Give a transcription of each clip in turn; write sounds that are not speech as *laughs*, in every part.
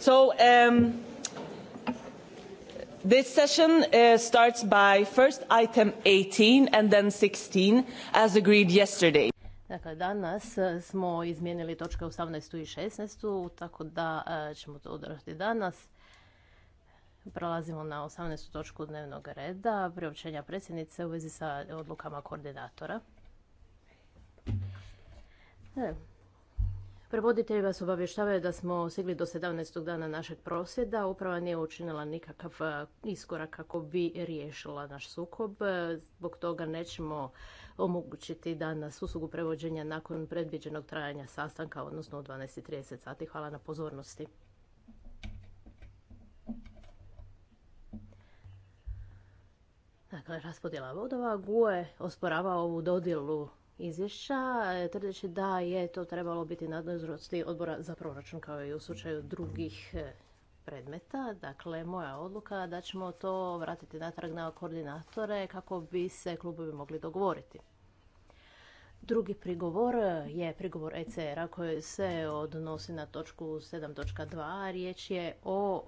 So um, this session uh, starts by first item 18 and then 16 as agreed yesterday. Dakle, danas uh, smo izmijenili točke 18. i 16. tako da uh, ćemo to odrati danas. Prelazimo na 18. točku dnevnog reda, priopćenja predsjednice u vezi sa odlukama koordinatora. E. Prevoditelji vas obavještavaju da smo sigli do 17. dana našeg prosvjeda. Uprava nije učinila nikakav e, iskorak kako bi riješila naš sukob. E, zbog toga nećemo omogućiti danas uslugu prevođenja nakon predviđenog trajanja sastanka, odnosno u 12.30 sati. Hvala na pozornosti. Dakle, raspodjela vodova. Gue osporava ovu dodjelu izvješća, e, tvrdeći da je to trebalo biti nadležnosti odbora za proračun kao i u slučaju drugih e, predmeta. Dakle, moja odluka da ćemo to vratiti natrag na koordinatore kako bi se klubovi mogli dogovoriti. Drugi prigovor e, je prigovor ECR-a koji se odnosi na točku 7.2. Riječ je o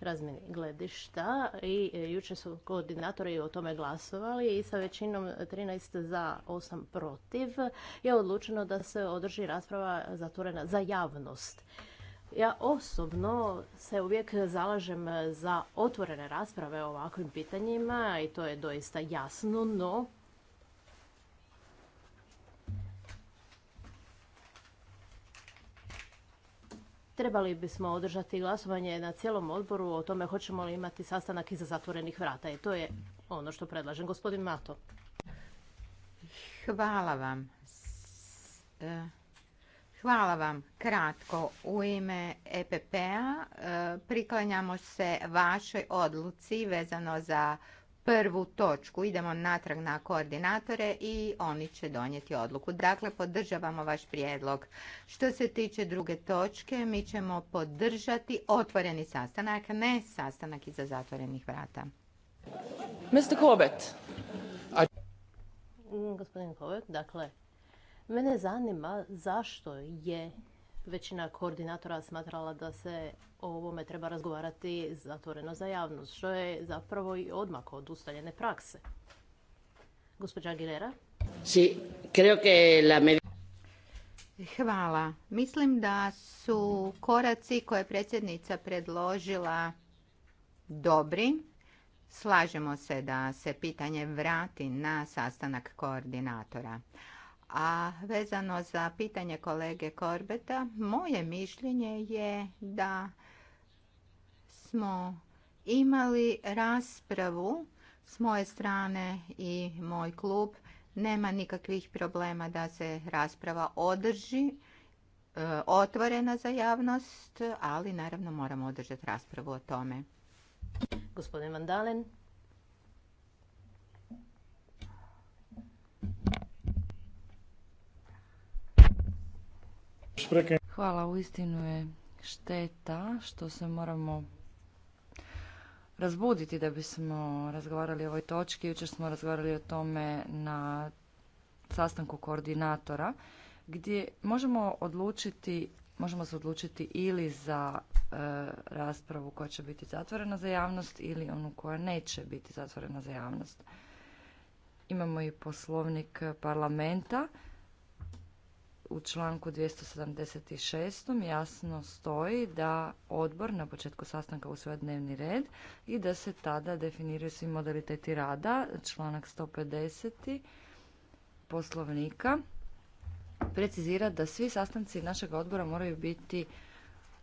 razmjeni gledišta i e, jučer su koordinatori o tome glasovali i sa većinom 13 za 8 protiv je odlučeno da se održi rasprava zatvorena za javnost. Ja osobno se uvijek zalažem za otvorene rasprave o ovakvim pitanjima i to je doista jasno, no Trebali bismo održati glasovanje na cijelom odboru o tome hoćemo li imati sastanak iza zatvorenih vrata i to je ono što predlažem. Gospodin Mato. Hvala vam. E, hvala vam. Kratko, u ime EPP-a e, priklanjamo se vašoj odluci vezano za prvu točku. Idemo natrag na koordinatore i oni će donijeti odluku. Dakle, podržavamo vaš prijedlog. Što se tiče druge točke, mi ćemo podržati otvoreni sastanak, ne sastanak iza zatvorenih vrata. Mr. Corbett. Mm, gospodin Corbett, dakle, mene zanima zašto je većina koordinatora smatrala da se o ovome treba razgovarati zatvoreno za javnost, što je zapravo i odmak od ustaljene prakse. Gospođa Aguilera? creo que la Hvala. Mislim da su koraci koje je predsjednica predložila dobri. Slažemo se da se pitanje vrati na sastanak koordinatora. A vezano za pitanje kolege Korbeta, moje mišljenje je da smo imali raspravu s moje strane i moj klub. Nema nikakvih problema da se rasprava održi, e, otvorena za javnost, ali naravno moramo održati raspravu o tome. Gospodin Vandalen. Hvala, uistinu je šteta što se moramo razbuditi da bismo razgovarali o ovoj točki. Jučer smo razgovarali o tome na sastanku koordinatora gdje možemo odlučiti možemo se odlučiti ili za e, raspravu koja će biti zatvorena za javnost ili onu koja neće biti zatvorena za javnost. Imamo i poslovnik parlamenta u članku 276. jasno stoji da odbor na početku sastanka usvoja dnevni red i da se tada definiraju svi modaliteti rada, članak 150. poslovnika precizira da svi sastanci našeg odbora moraju biti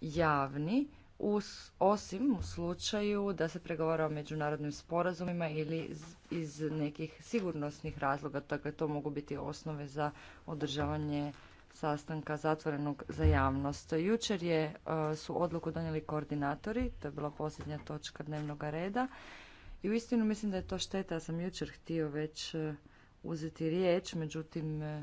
javni us, osim u slučaju da se pregovara o međunarodnim sporazumima ili iz, iz nekih sigurnosnih razloga. Dakle, to mogu biti osnove za održavanje sastanka zatvorenog za javnost. Jučer je, e, su odluku donijeli koordinatori, to je bila posljednja točka dnevnog reda. I uistinu mislim da je to šteta, ja sam jučer htio već e, uzeti riječ, međutim e,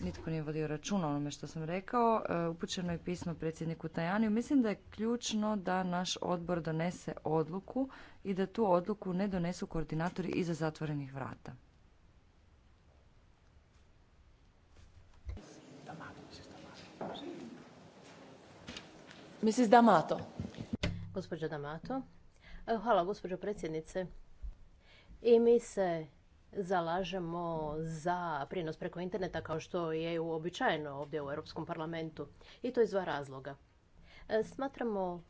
nitko nije vodio računa onome što sam rekao. Upućeno je pismo predsjedniku Tajaniju. Mislim da je ključno da naš odbor donese odluku i da tu odluku ne donesu koordinatori iza zatvorenih vrata. Mrs. D'Amato. Gospođa D'Amato. E, hvala, gospođo predsjednice. I mi se zalažemo za prijenos preko interneta kao što je uobičajeno ovdje u Europskom parlamentu. I to iz dva razloga. E, smatramo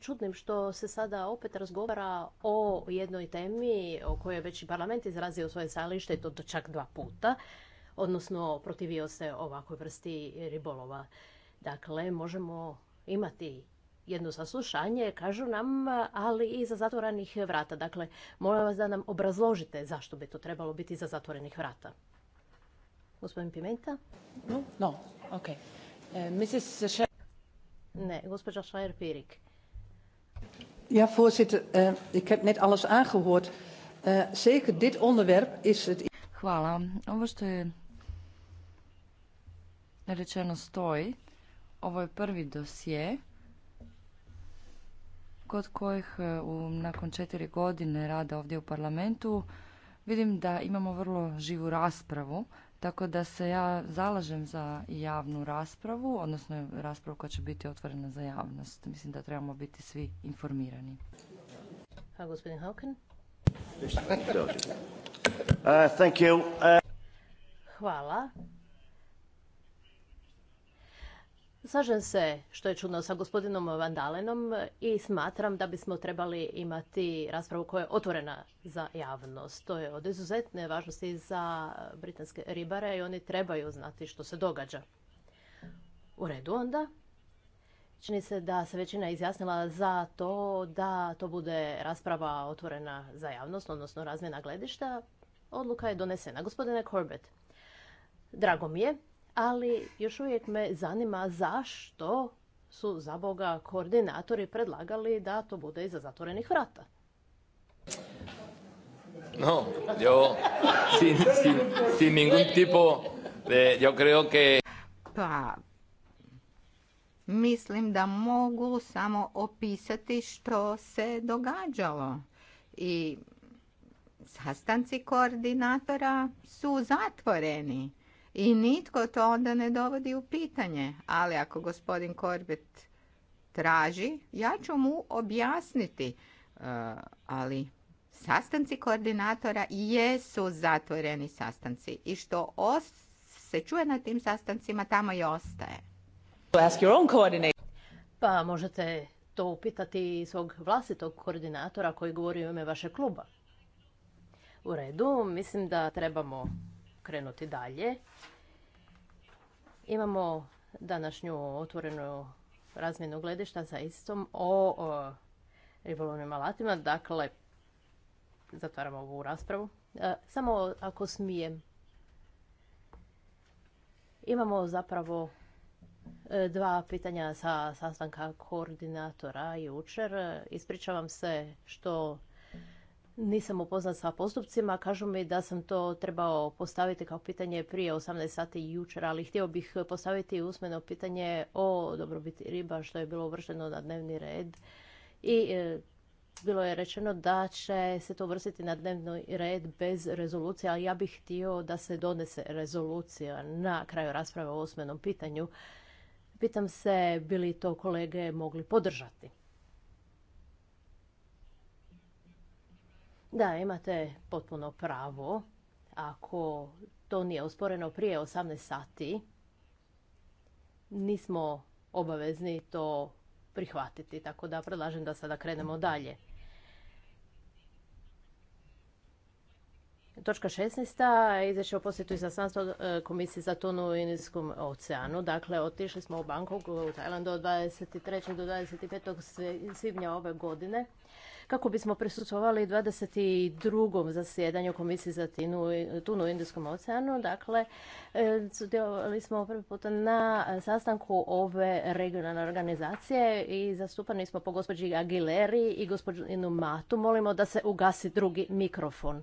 čudnim što se sada opet razgovara o jednoj temi o kojoj je već i parlament izrazio svoje stajalište i to čak dva puta, odnosno protivio se ovakvoj vrsti ribolova. Dakle, možemo imati jedno saslušanje, kažu nam, ali iza zatvorenih vrata. Dakle, molim vas da nam obrazložite zašto bi to trebalo biti iza zatvorenih vrata. Gospodin Pimenta? No, no. ok. E, ne, gospođa Šajer pirik Ja, voorzitter, e, ik heb net alles aangehoord. Uh, zeker dit onderwerp is het... Hvala. Ovo što je rečeno stoji. Ovo je prvi dosje kod kojih e, nakon četiri godine rada ovdje u parlamentu vidim da imamo vrlo živu raspravu, tako da se ja zalažem za javnu raspravu, odnosno raspravu koja će biti otvorena za javnost. Mislim da trebamo biti svi informirani. Hvala. Slažem se što je čudno sa gospodinom Vandalenom i smatram da bismo trebali imati raspravu koja je otvorena za javnost. To je od izuzetne važnosti za britanske ribare i oni trebaju znati što se događa. U redu onda. Čini se da se većina izjasnila za to da to bude rasprava otvorena za javnost, odnosno razmjena gledišta. Odluka je donesena. Gospodine Corbett, drago mi je ali još uvijek me zanima zašto su za Boga koordinatori predlagali da to bude iza zatvorenih vrata. No, sin, sin, tipo creo que... Pa, mislim da mogu samo opisati što se događalo. I sastanci koordinatora su zatvoreni i nitko to onda ne dovodi u pitanje. Ali ako gospodin Korbet traži, ja ću mu objasniti. E, ali sastanci koordinatora jesu zatvoreni sastanci i što se čuje na tim sastancima tamo i ostaje. Pa možete to upitati svog vlastitog koordinatora koji govori u ime vašeg kluba. U redu, mislim da trebamo krenuti dalje. Imamo današnju otvorenu razmjenu gledišta sa istom o, ribolovnim alatima. Dakle, zatvaramo ovu raspravu. E, samo ako smijem. Imamo zapravo e, dva pitanja sa sastanka koordinatora jučer. Ispričavam se što nisam upoznat sa postupcima, kažu mi da sam to trebao postaviti kao pitanje prije 18 sati jučer, ali htio bih postaviti usmeno pitanje o dobrobiti riba što je bilo uvršteno na dnevni red i e, bilo je rečeno da će se to uvrstiti na dnevni red bez rezolucije, ali ja bih htio da se donese rezolucija na kraju rasprave o usmenom pitanju. Pitam se bili to kolege mogli podržati. Da, imate potpuno pravo. Ako to nije usporeno prije 18 sati, nismo obavezni to prihvatiti. Tako da predlažem da sada krenemo dalje. Točka 16. Izvješće o posjetu izaslanstva e, Komisije za tonu u Indijskom oceanu. Dakle, otišli smo u Bangkok u Tajlandu od 23. do 25. svibnja ove godine kako bismo presučovali 22. zasjedanju Komisije za tinu, tunu u Indijskom oceanu. Dakle, e, sudjelovali smo prvi puta na sastanku ove regionalne organizacije i zastupani smo po gospođi Aguileri i gospođinu Matu. Molimo da se ugasi drugi mikrofon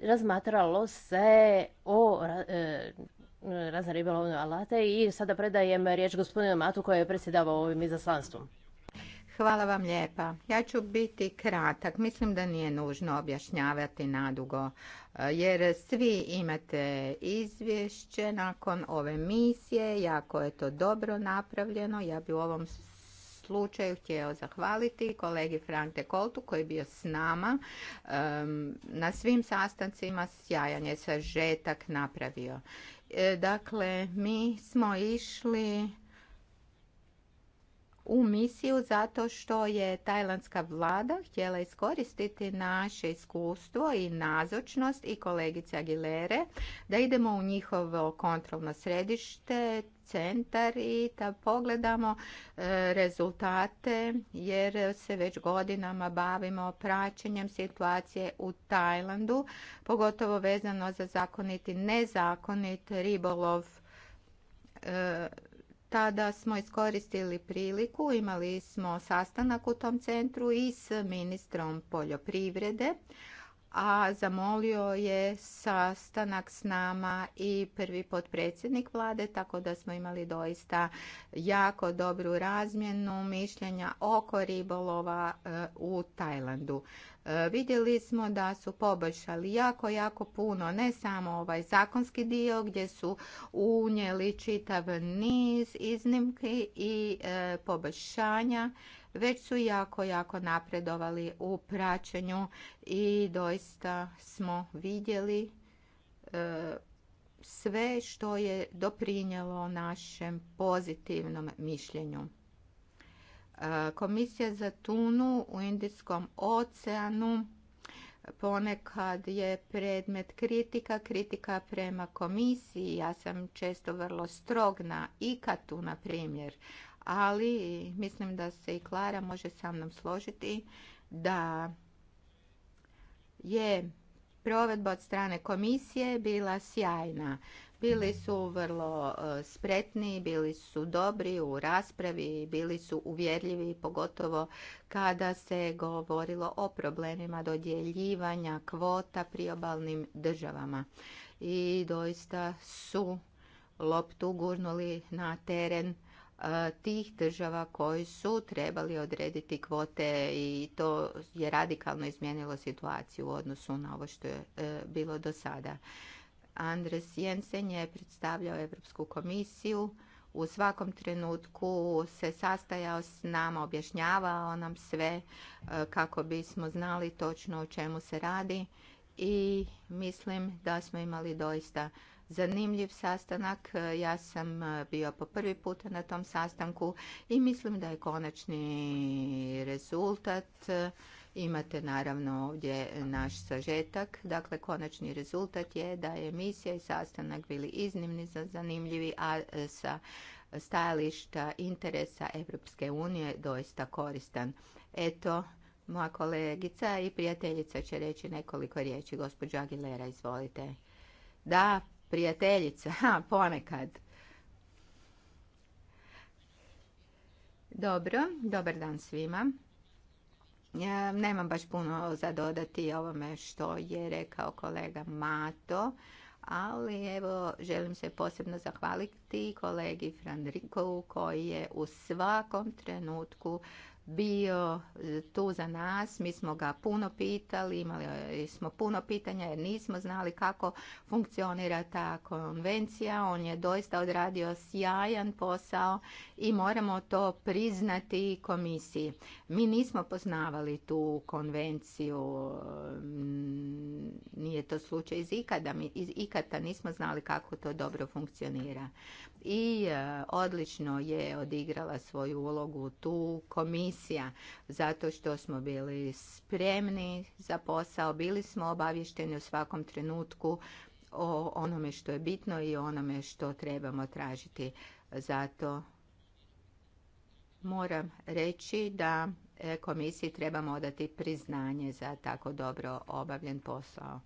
razmatralo se o e, razne alate i sada predajem riječ gospodinu Matu koji je predsjedavao ovim izaslanstvom. Hvala vam lijepa. Ja ću biti kratak. Mislim da nije nužno objašnjavati nadugo, e, jer svi imate izvješće nakon ove misije, jako je to dobro napravljeno. Ja bi u ovom slučaju htio zahvaliti kolegi Frante Koltu koji je bio s nama na svim sastancima sjajan je sažetak napravio. E, dakle, mi smo išli u misiju zato što je tajlandska vlada htjela iskoristiti naše iskustvo i nazočnost i kolegice Agilere da idemo u njihovo kontrolno središte, centar i da pogledamo e, rezultate jer se već godinama bavimo praćenjem situacije u Tajlandu, pogotovo vezano za zakoniti nezakonit ribolov e, tada smo iskoristili priliku, imali smo sastanak u tom centru i s ministrom poljoprivrede, a zamolio je sastanak s nama i prvi potpredsjednik vlade, tako da smo imali doista jako dobru razmjenu mišljenja oko ribolova e, u Tajlandu. E, vidjeli smo da su poboljšali jako, jako puno, ne samo ovaj zakonski dio gdje su unijeli čitav niz iznimki i e, poboljšanja, već su jako, jako napredovali u praćenju i doista smo vidjeli e, sve što je doprinjelo našem pozitivnom mišljenju. Komisija za tunu u Indijskom oceanu ponekad je predmet kritika, kritika prema komisiji. Ja sam često vrlo strog na ikatu, na primjer, ali mislim da se i Klara može sa mnom složiti da je provedba od strane komisije bila sjajna. Bili su vrlo e, spretni, bili su dobri u raspravi, bili su uvjerljivi, pogotovo kada se govorilo o problemima dodjeljivanja kvota priobalnim državama. I doista su loptu gurnuli na teren e, tih država koji su trebali odrediti kvote i to je radikalno izmijenilo situaciju u odnosu na ovo što je e, bilo do sada. Andres Jensen je predstavljao Europsku komisiju. U svakom trenutku se sastajao s nama, objašnjavao nam sve e, kako bismo znali točno o čemu se radi i mislim da smo imali doista zanimljiv sastanak. Ja sam e, bio po prvi puta na tom sastanku i mislim da je konačni rezultat Imate naravno ovdje naš sažetak. Dakle, konačni rezultat je da je emisija i sastanak bili iznimni zanimljivi, a e, sa stajališta interesa Europske unije doista koristan. Eto, moja kolegica i prijateljica će reći nekoliko riječi. Gospođa Aguilera, izvolite. Da, prijateljica, ponekad. Dobro, dobar dan svima. Nemam baš puno za dodati ovome što je rekao kolega Mato, ali evo želim se posebno zahvaliti kolegi Frandrikovu koji je u svakom trenutku bio e, tu za nas, mi smo ga puno pitali, imali e, smo puno pitanja jer nismo znali kako funkcionira ta konvencija. On je doista odradio sjajan posao i moramo to priznati komisiji. Mi nismo poznavali tu konvenciju, mm, nije to slučaj iz ikada, mi ikada nismo znali kako to dobro funkcionira. I e, odlično je odigrala svoju ulogu tu komisiju zato što smo bili spremni za posao, bili smo obavješteni u svakom trenutku o onome što je bitno i onome što trebamo tražiti. Zato moram reći da e, komisiji trebamo odati priznanje za tako dobro obavljen posao.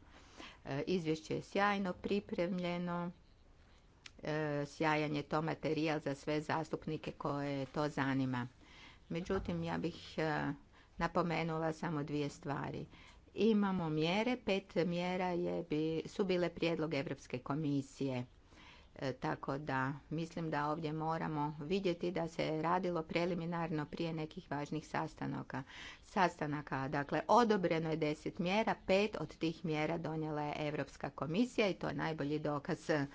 E, izvješće je sjajno pripremljeno, e, sjajan je to materijal za sve zastupnike koje to zanima. Međutim, ja bih e, napomenula samo dvije stvari. Imamo mjere, pet mjera je, su bile prijedlog Europske komisije. E, tako da mislim da ovdje moramo vidjeti da se radilo preliminarno prije nekih važnih sastanaka. Dakle, odobreno je deset mjera, pet od tih mjera donijela je Europska komisija i to je najbolji dokaz e,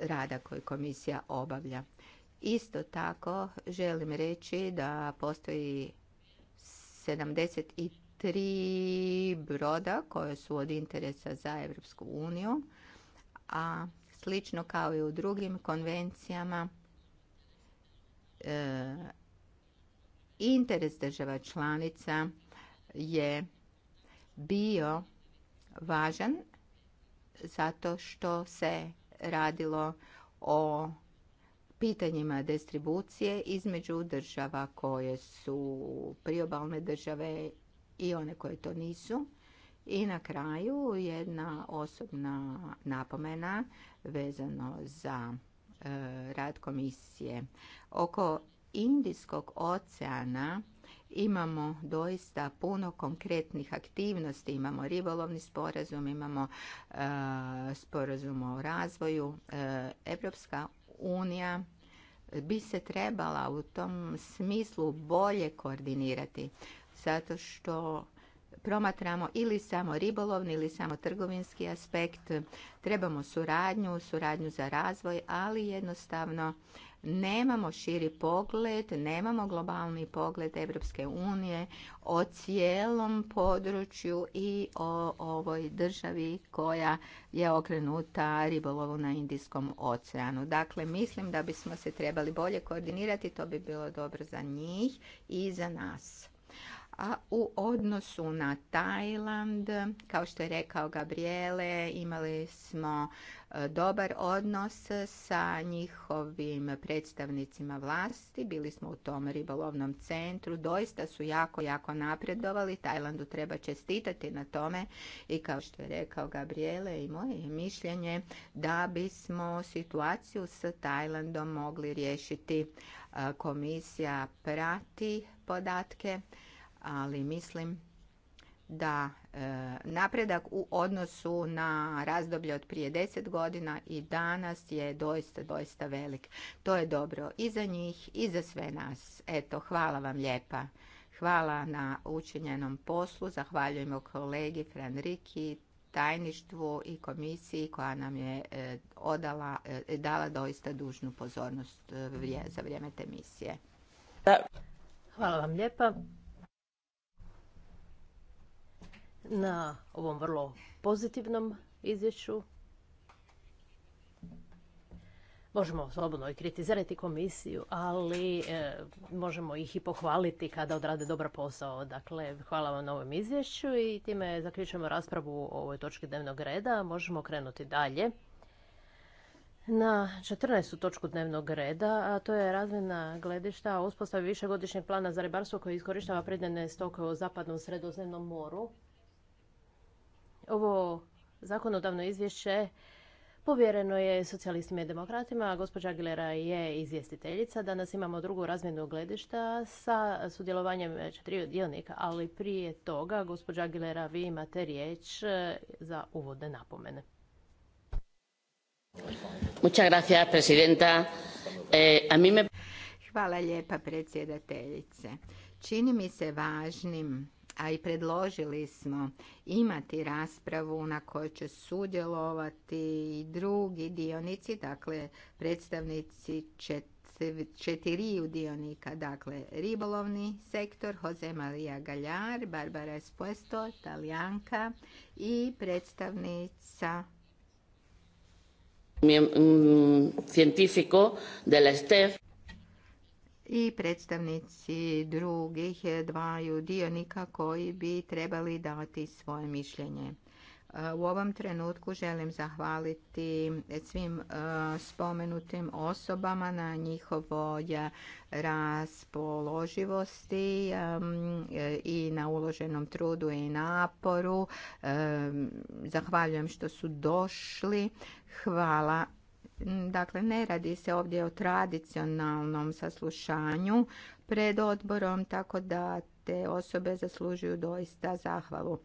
rada koji komisija obavlja. Isto tako želim reći da postoji 73 broda koje su od interesa za Europsku uniju, a slično kao i u drugim konvencijama e, interes država članica je bio važan zato što se radilo o pitanjima distribucije između država koje su priobalne države i one koje to nisu. I na kraju jedna osobna napomena vezano za e, rad komisije. Oko Indijskog oceana imamo doista puno konkretnih aktivnosti. Imamo ribolovni sporazum, imamo e, sporazum o razvoju. E, unija bi se trebala u tom smislu bolje koordinirati zato što promatramo ili samo ribolovni ili samo trgovinski aspekt trebamo suradnju suradnju za razvoj ali jednostavno nemamo širi pogled, nemamo globalni pogled Evropske unije o cijelom području i o ovoj državi koja je okrenuta ribolovu na Indijskom oceanu. Dakle, mislim da bismo se trebali bolje koordinirati, to bi bilo dobro za njih i za nas. A u odnosu na Tajland, kao što je rekao Gabriele, imali smo e, dobar odnos sa njihovim predstavnicima vlasti. Bili smo u tom ribolovnom centru. Doista su jako, jako napredovali. Tajlandu treba čestitati na tome. I kao što je rekao Gabriele i moje mišljenje, da bismo situaciju s Tajlandom mogli riješiti. E, komisija prati podatke ali mislim da e, napredak u odnosu na razdoblje od prije deset godina i danas je doista, doista velik. To je dobro i za njih i za sve nas. Eto, hvala vam lijepa. Hvala na učinjenom poslu. Zahvaljujemo kolegi Franriki, tajništvu i komisiji koja nam je e, odala, e, dala doista dužnu pozornost za vrijeme te misije. Hvala vam lijepa. na ovom vrlo pozitivnom izvješću. Možemo slobodno i kritizirati komisiju, ali e, možemo ih i pohvaliti kada odrade dobar posao. Dakle, hvala vam na ovom izvješću i time zaključujemo raspravu o ovoj točki dnevnog reda. Možemo krenuti dalje. Na 14. točku dnevnog reda, a to je razmjena gledišta o uspostavi višegodišnjeg plana za ribarstvo koji iskorištava predane stoke u zapadnom sredozemnom moru. Ovo zakonodavno izvješće povjereno je socijalistima i demokratima. Gospođa Aguilera je izvjestiteljica. Danas imamo drugu razmjenu gledišta sa sudjelovanjem četiri dionika, ali prije toga, gospođa Aguilera, vi imate riječ e, za uvodne napomene. Eh, Hvala lijepa predsjedateljice. Čini mi se važnim a i predložili smo imati raspravu na kojoj će sudjelovati i drugi dionici, dakle predstavnici četiriju dionika, dakle ribolovni sektor, Jose Maria Galjar, Barbara Espuesto, Talijanka i predstavnica mm, científico de la i predstavnici drugih dvaju dionika koji bi trebali dati svoje mišljenje. E, u ovom trenutku želim zahvaliti svim e, spomenutim osobama na njihovoj raspoloživosti e, i na uloženom trudu i naporu. Zahvaljujem što su došli. Hvala Mm, dakle, ne radi se ovdje o tradicionalnom saslušanju pred odborom, tako da te osobe zaslužuju doista zahvalu.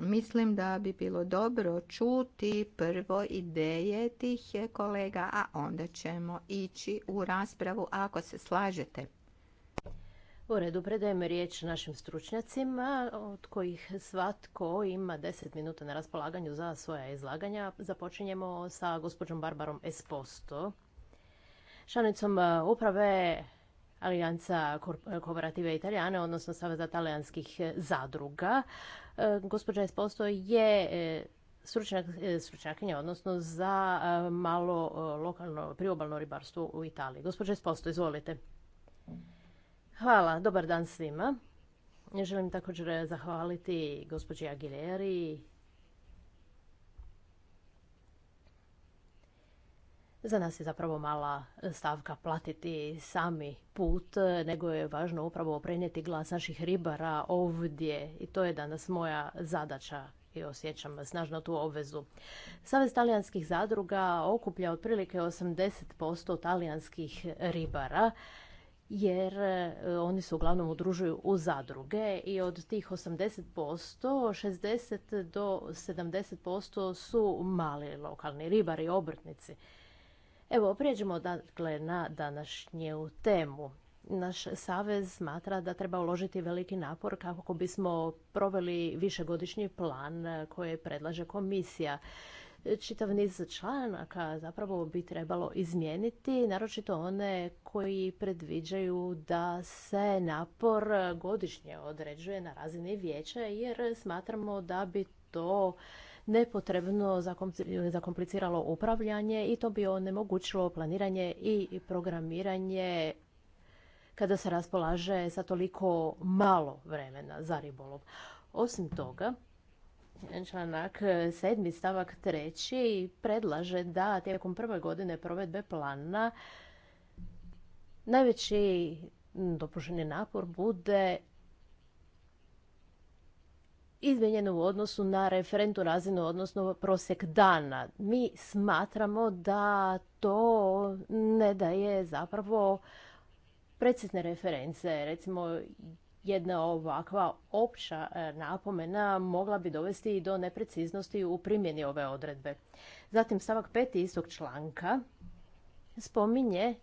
Mislim da bi bilo dobro čuti prvo ideje tih kolega, a onda ćemo ići u raspravu ako se slažete. U redu, predajem riječ našim stručnjacima, od kojih svatko ima deset minuta na raspolaganju za svoja izlaganja. Započinjemo sa gospođom Barbarom Esposto, članicom e, uprave Alijanca Kooperative Italijane, odnosno Saveza talijanskih zadruga. E, gospođa Esposto je e, stručnjak, stručnjakinja, odnosno za malo lokalno priobalno ribarstvo u Italiji. Gospođa Esposto, izvolite. Hvala, dobar dan svima. Želim također zahvaliti gospođi Aguileri Za nas je zapravo mala stavka platiti sami put, nego je važno upravo prenijeti glas naših ribara ovdje i to je danas moja zadaća i osjećam snažno tu obvezu. Savez talijanskih zadruga okuplja otprilike 80% talijanskih ribara jer e, oni se uglavnom udružuju u zadruge i od tih 80%, 60 do 70% su mali lokalni ribari, obrtnici. Evo, prijeđemo dakle na današnju temu. Naš savez smatra da treba uložiti veliki napor kako bismo proveli višegodišnji plan koje predlaže komisija čitav niz članaka zapravo bi trebalo izmijeniti, naročito one koji predviđaju da se napor godišnje određuje na razini vijeća jer smatramo da bi to nepotrebno zakompliciralo upravljanje i to bi onemogućilo planiranje i programiranje kada se raspolaže sa toliko malo vremena za ribolov. Osim toga, Članak e, sedmi stavak treći predlaže da tijekom prve godine provedbe plana najveći dopušteni napor bude izmijenjen u odnosu na referentnu razinu, odnosno prosjek dana. Mi smatramo da to ne daje zapravo precizne reference. Recimo, jedna ovakva opća e, napomena mogla bi dovesti i do nepreciznosti u primjeni ove odredbe. Zatim stavak 5. istog članka spominje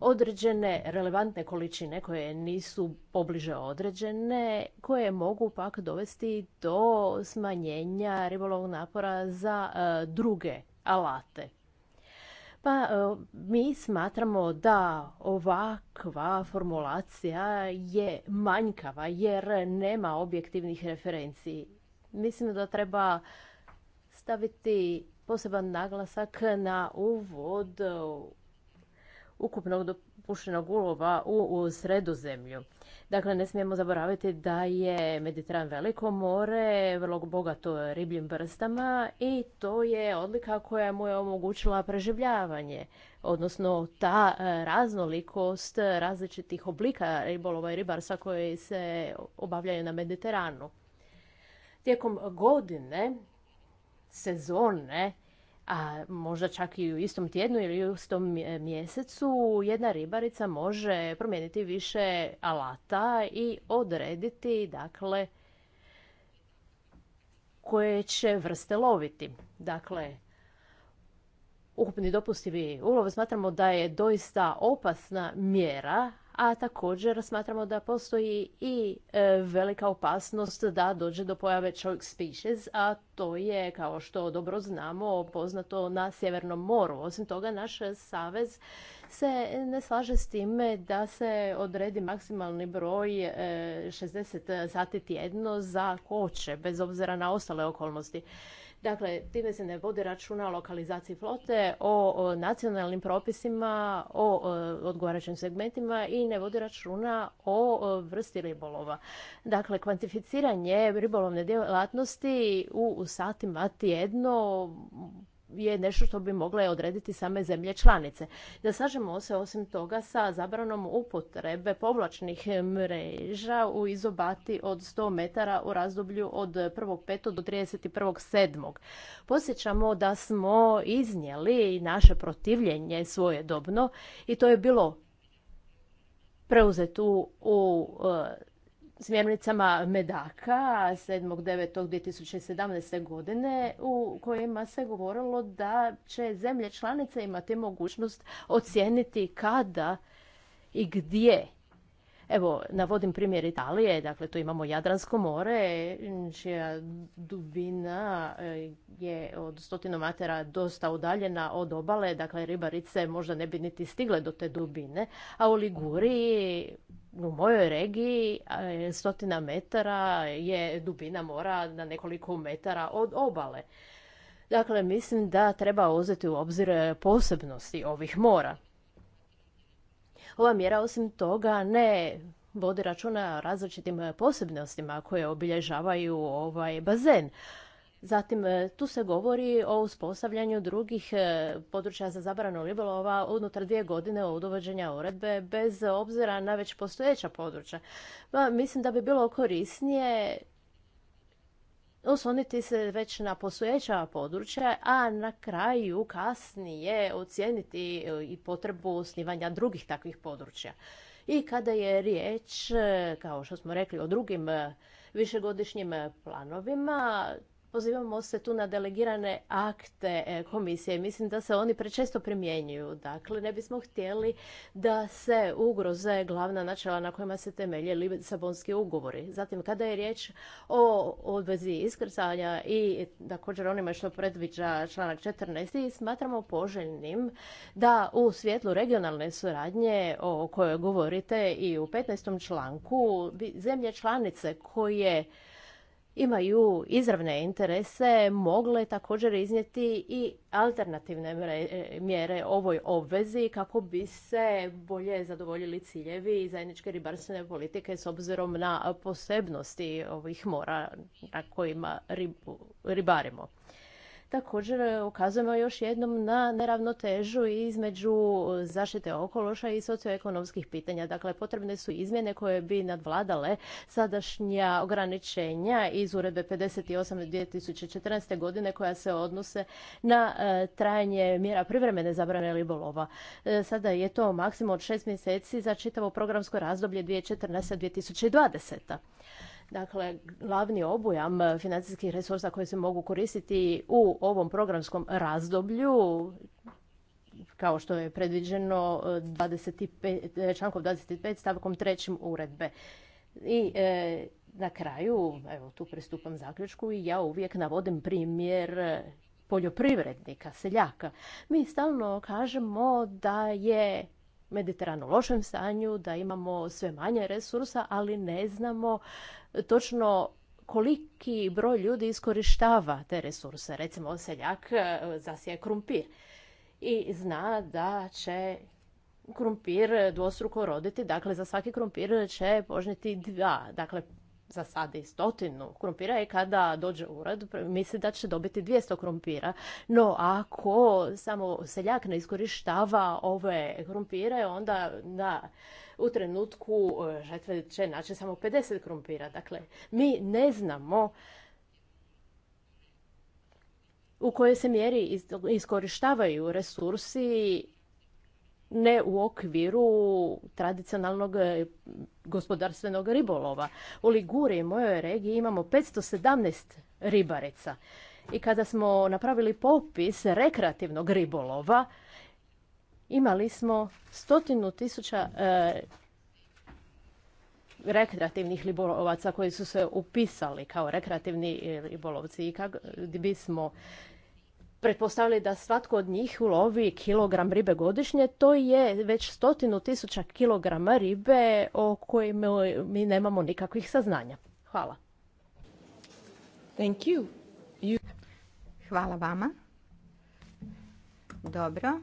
određene relevantne količine koje nisu pobliže određene, koje mogu pak dovesti do smanjenja ribolovnog napora za e, druge alate. Pa e, mi smatramo da ovakva formulacija je manjkava jer nema objektivnih referenciji. Mislim da treba staviti poseban naglasak na uvod ukupnog pušenog ulova u, sredozemlju. Dakle, ne smijemo zaboraviti da je Mediteran veliko more, vrlo bogato ribljim vrstama i to je odlika koja mu je omogućila preživljavanje. Odnosno, ta e, raznolikost različitih oblika ribolova i ribarstva koji se obavljaju na Mediteranu. Tijekom godine, sezone, a možda čak i u istom tjednu ili u istom mjesecu jedna ribarica može promijeniti više alata i odrediti dakle koje će vrste loviti. Dakle, ukupni dopustivi ulov smatramo da je doista opasna mjera a također smatramo da postoji i e, velika opasnost da dođe do pojave choke species, a to je, kao što dobro znamo, poznato na Sjevernom moru. Osim toga, naš savez se ne slaže s time da se odredi maksimalni broj 60 e, sati tjedno za koće, bez obzira na ostale okolnosti. Dakle, time se ne vodi računa o lokalizaciji flote, o nacionalnim propisima, o odgovarajućim segmentima i ne vodi računa o vrsti ribolova. Dakle, kvantificiranje ribolovne djelatnosti u satima tjedno je nešto što bi mogle odrediti same zemlje članice. Da sažemo se osim toga sa zabranom upotrebe povlačnih mreža u izobati od 100 metara u razdoblju od 1.5. do 31.7. Posjećamo da smo iznijeli naše protivljenje svojedobno i to je bilo preuzetu u smjernicama Medaka 7.9.2017. godine u kojima se govorilo da će zemlje članice imati mogućnost ocijeniti kada i gdje Evo, navodim primjer Italije, dakle tu imamo Jadransko more, čija dubina e, je od stotinu matera dosta udaljena od obale, dakle ribarice možda ne bi niti stigle do te dubine, a u Liguriji u mojoj regiji stotina metara je dubina mora na nekoliko metara od obale. Dakle, mislim da treba uzeti u obzir posebnosti ovih mora. Ova mjera osim toga ne vodi računa o različitim posebnostima koje obilježavaju ovaj bazen. Zatim e, tu se govori o uspostavljanju drugih e, područja za zabranu ribolova unutar dvije godine od uvođenja uredbe bez obzira na već postojeća područja. Pa, mislim da bi bilo korisnije osloniti se već na postojeća područja, a na kraju kasnije ocijeniti e, i potrebu osnivanja drugih takvih područja. I kada je riječ, kao što smo rekli, o drugim višegodišnjim planovima, Pozivamo se tu na delegirane akte e, komisije. Mislim da se oni prečesto primjenjuju. Dakle, ne bismo htjeli da se ugroze glavna načela na kojima se temelje Lisabonski ugovori. Zatim, kada je riječ o odvezi iskrcanja i također onima što predviđa članak 14. smatramo poželjnim da u svjetlu regionalne suradnje o kojoj govorite i u 15. članku zemlje članice koje imaju izravne interese mogle također iznijeti i alternativne e, mjere ovoj obvezi kako bi se bolje zadovoljili ciljevi zajedničke ribarstvene politike s obzirom na posebnosti ovih mora na kojima ribarimo. Također e, ukazujemo još jednom na neravnotežu između zaštite okološa i socioekonomskih pitanja. Dakle, potrebne su izmjene koje bi nadvladale sadašnja ograničenja iz uredbe 58 2014. godine koja se odnose na e, trajanje mjera privremene zabrane ribolova. E, sada je to maksimum od šest mjeseci za čitavo programsko razdoblje 2014-2020. Dakle, glavni obujam e, financijskih resursa koje se mogu koristiti u ovom programskom razdoblju kao što je predviđeno 25, e, e, člankom 25 stavkom 3 uredbe. I na kraju, evo tu pristupam zaključku i ja uvijek navodim primjer poljoprivrednika, seljaka. Mi stalno kažemo da je mediteranu lošem stanju, da imamo sve manje resursa, ali ne znamo točno koliki broj ljudi iskorištava te resurse. Recimo, seljak e, zasije krumpir i zna da će krumpir dvostruko roditi, dakle za svaki krumpir će požniti dva, dakle zasadi stotinu krumpira i kada dođe u urad misli da će dobiti 200 krumpira. No ako samo seljak ne iskorištava ove krumpire, onda da, u trenutku e, žetve će naći samo 50 krumpira. Dakle, mi ne znamo u kojoj se mjeri iskorištavaju resursi ne u okviru tradicionalnog eh, gospodarstvenog ribolova. U Liguri, mojoj regiji, imamo 517 ribarica. I kada smo napravili popis rekreativnog ribolova, imali smo stotinu tisuća eh, rekreativnih ribolovaca koji su se upisali kao rekreativni eh, ribolovci i kako bismo pretpostavili da svatko od njih ulovi kilogram ribe godišnje, to je već stotinu tisuća kilograma ribe o kojim mi nemamo nikakvih saznanja. Hvala. Thank you. Hvala vama. Dobro.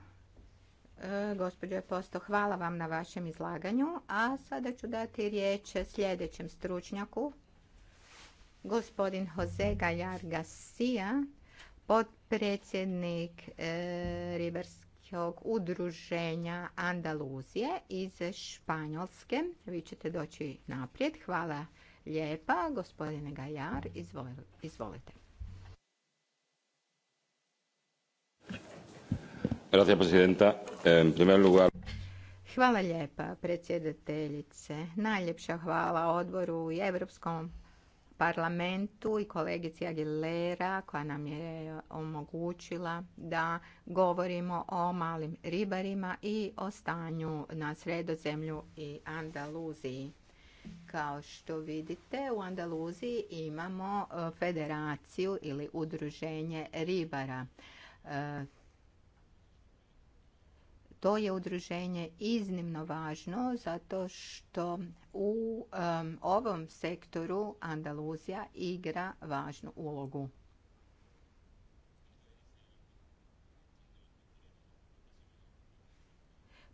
E, gospođo Posto, hvala vam na vašem izlaganju. A sada ću dati riječ sljedećem stručnjaku, gospodin Jose Gajar Garcia potpredsjednik e, ribarskog udruženja Andaluzije iz Španjolske. Vi ćete doći naprijed. Hvala lijepa. Gospodine Gajar, izvolite. Hvala lijepa predsjedateljice. Najljepša hvala odboru i Europskom parlamentu i kolegici Aguilera koja nam je omogućila da govorimo o malim ribarima i o stanju na sredozemlju i Andaluziji. Kao što vidite, u Andaluziji imamo e, federaciju ili udruženje ribara e, to je udruženje iznimno važno zato što u ovom sektoru Andaluzija igra važnu ulogu.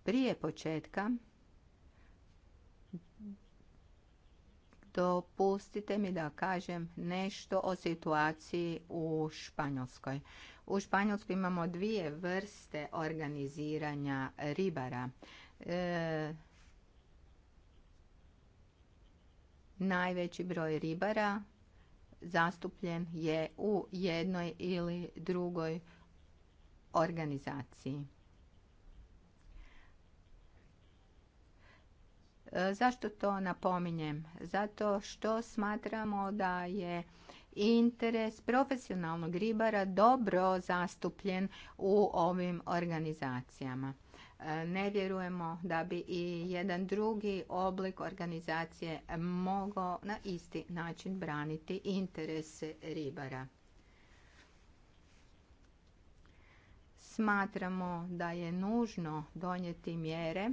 Prije početka dopustite mi da kažem nešto o situaciji u Španjolskoj. U Španjolsku imamo dvije vrste organiziranja ribara. E, najveći broj ribara zastupljen je u jednoj ili drugoj organizaciji. E, zašto to napominjem? Zato što smatramo da je interes profesionalnog ribara dobro zastupljen u ovim organizacijama. E, ne vjerujemo da bi i jedan drugi oblik organizacije mogao na isti način braniti interese ribara. Smatramo da je nužno donijeti mjere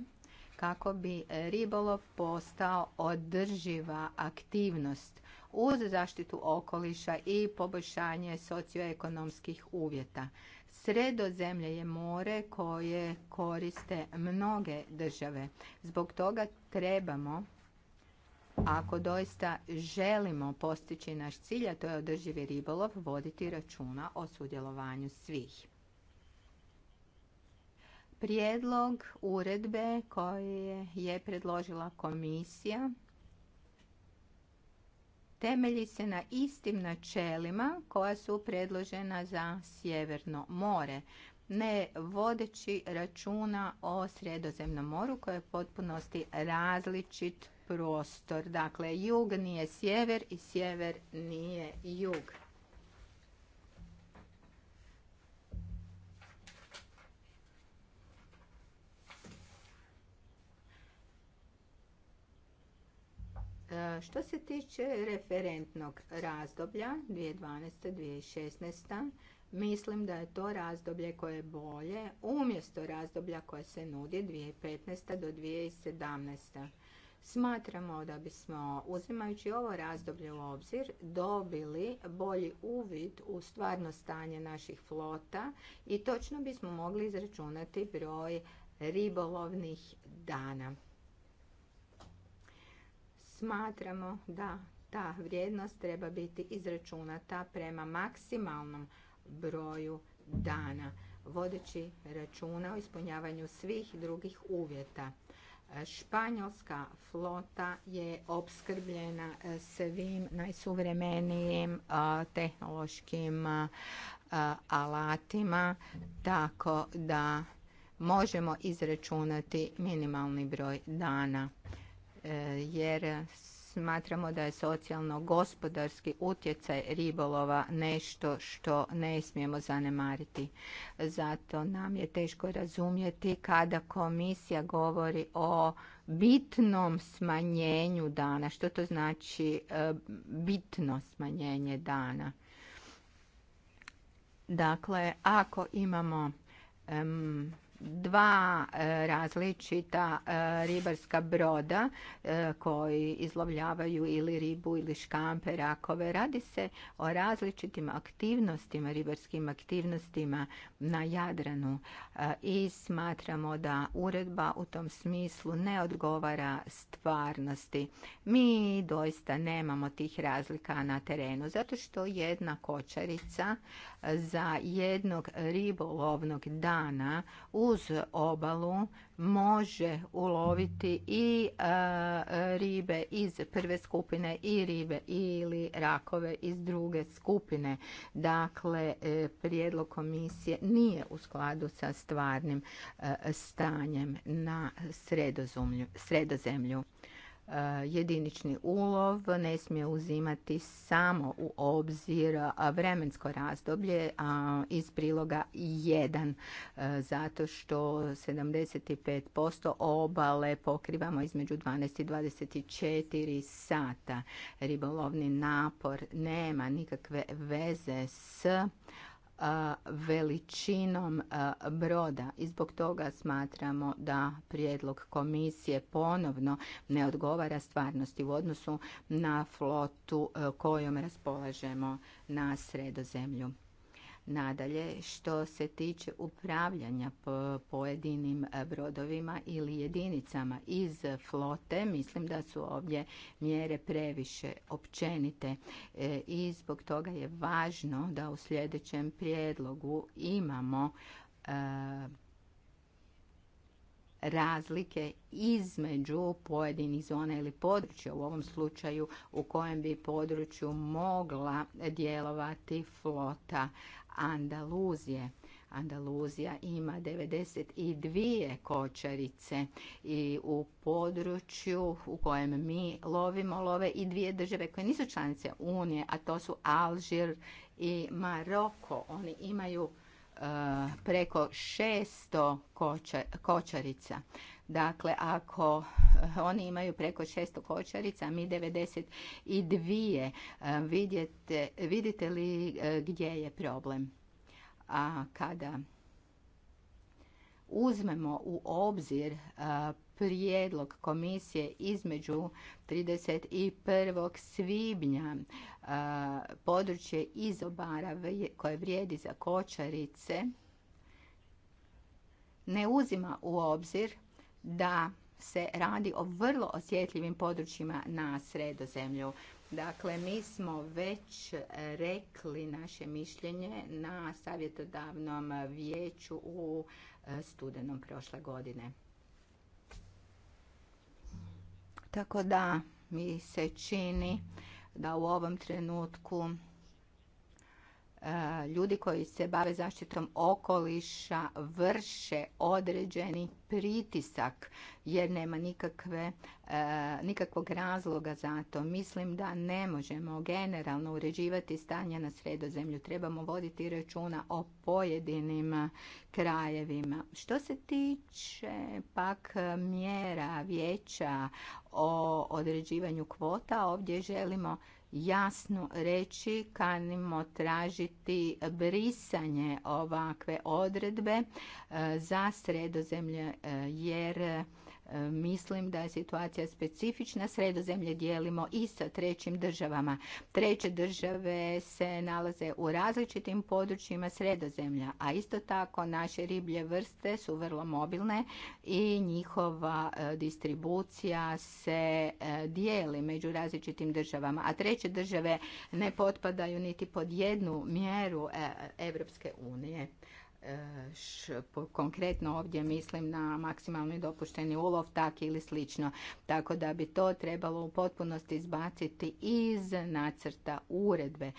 kako bi ribolov postao održiva aktivnost uz zaštitu okoliša i poboljšanje socioekonomskih uvjeta. Sredozemlje je more koje koriste mnoge države. Zbog toga trebamo ako doista želimo postići naš cilj, a to je održivi ribolov, voditi računa o sudjelovanju svih. Prijedlog uredbe koje je predložila komisija temelji se na istim načelima koja su predložena za Sjeverno more, ne vodeći računa o Sredozemnom moru koje je potpunosti različit prostor. Dakle, jug nije sjever i sjever nije jug. E, što se tiče referentnog razdoblja 2012-2016, mislim da je to razdoblje koje je bolje umjesto razdoblja koje se nudi 2015. do 2017. Smatramo da bismo, uzimajući ovo razdoblje u obzir, dobili bolji uvid u stvarno stanje naših flota i točno bismo mogli izračunati broj ribolovnih dana smatramo da ta vrijednost treba biti izračunata prema maksimalnom broju dana, vodeći računa o ispunjavanju svih drugih uvjeta. Španjolska flota je opskrbljena e, svim najsuvremenijim e, tehnološkim e, alatima, tako da možemo izračunati minimalni broj dana E, jer smatramo da je socijalno-gospodarski utjecaj ribolova nešto što ne smijemo zanemariti. Zato nam je teško razumjeti kada komisija govori o bitnom smanjenju dana. Što to znači e, bitno smanjenje dana? Dakle, ako imamo dva e, različita e, ribarska broda e, koji izlovljavaju ili ribu ili škampe, rakove. Radi se o različitim aktivnostima, ribarskim aktivnostima na Jadranu i smatramo da uredba u tom smislu ne odgovara stvarnosti. Mi doista nemamo tih razlika na terenu zato što jedna kočarica za jednog ribolovnog dana u uz obalu može uloviti i e, ribe iz prve skupine i ribe ili rakove iz druge skupine. Dakle, e, prijedlog komisije nije u skladu sa stvarnim e, stanjem na sredozemlju jedinični ulov ne smije uzimati samo u obzir vremensko razdoblje iz priloga 1 e, zato što 75% obale pokrivamo između 12 i 24 sata. Ribolovni napor nema nikakve veze s veličinom broda i zbog toga smatramo da prijedlog komisije ponovno ne odgovara stvarnosti u odnosu na flotu kojom raspolažemo na sredozemlju. Nadalje, što se tiče upravljanja pojedinim brodovima ili jedinicama iz flote, mislim da su ovdje mjere previše općenite e, i zbog toga je važno da u sljedećem prijedlogu imamo e, razlike između pojedinih zona ili područja u ovom slučaju u kojem bi području mogla djelovati flota Andaluzije. Andaluzija ima 92 kočarice i u području u kojem mi lovimo love i dvije države koje nisu članice Unije, a to su Alžir i Maroko. Oni imaju e, preko 600 kočarica. Dakle, ako eh, oni imaju preko 600 kočarica, mi 92, eh, vidite, vidite li eh, gdje je problem? A kada uzmemo u obzir prijedlog komisije između 31. svibnja područje izobara koje vrijedi za kočarice ne uzima u obzir da se radi o vrlo osjetljivim područjima na sredozemlju. Dakle, mi smo već rekli naše mišljenje na savjetodavnom vijeću u e, studenom prošle godine. Tako da mi se čini da u ovom trenutku Eh, ljudi koji se bave zaštitom okoliša vrše određeni pritisak jer nema nikakve, eh, nikakvog razloga za to. Mislim da ne možemo generalno uređivati stanje na sredozemlju. Trebamo voditi računa o pojedinim eh, krajevima. Što se tiče pak mjera vijeća o određivanju kvota, ovdje želimo jasno reći kanimo tražiti brisanje ovakve odredbe e, za sredozemlje e, jer E, mislim da je situacija specifična. Sredozemlje dijelimo i sa trećim državama. Treće države se nalaze u različitim područjima sredozemlja, a isto tako naše riblje vrste su vrlo mobilne i njihova e, distribucija se e, dijeli među različitim državama. A treće države ne potpadaju niti pod jednu mjeru Europske unije konkretno ovdje mislim na maksimalni dopušteni ulov, tak ili slično. Tako da bi to trebalo u potpunosti izbaciti iz nacrta uredbe. E,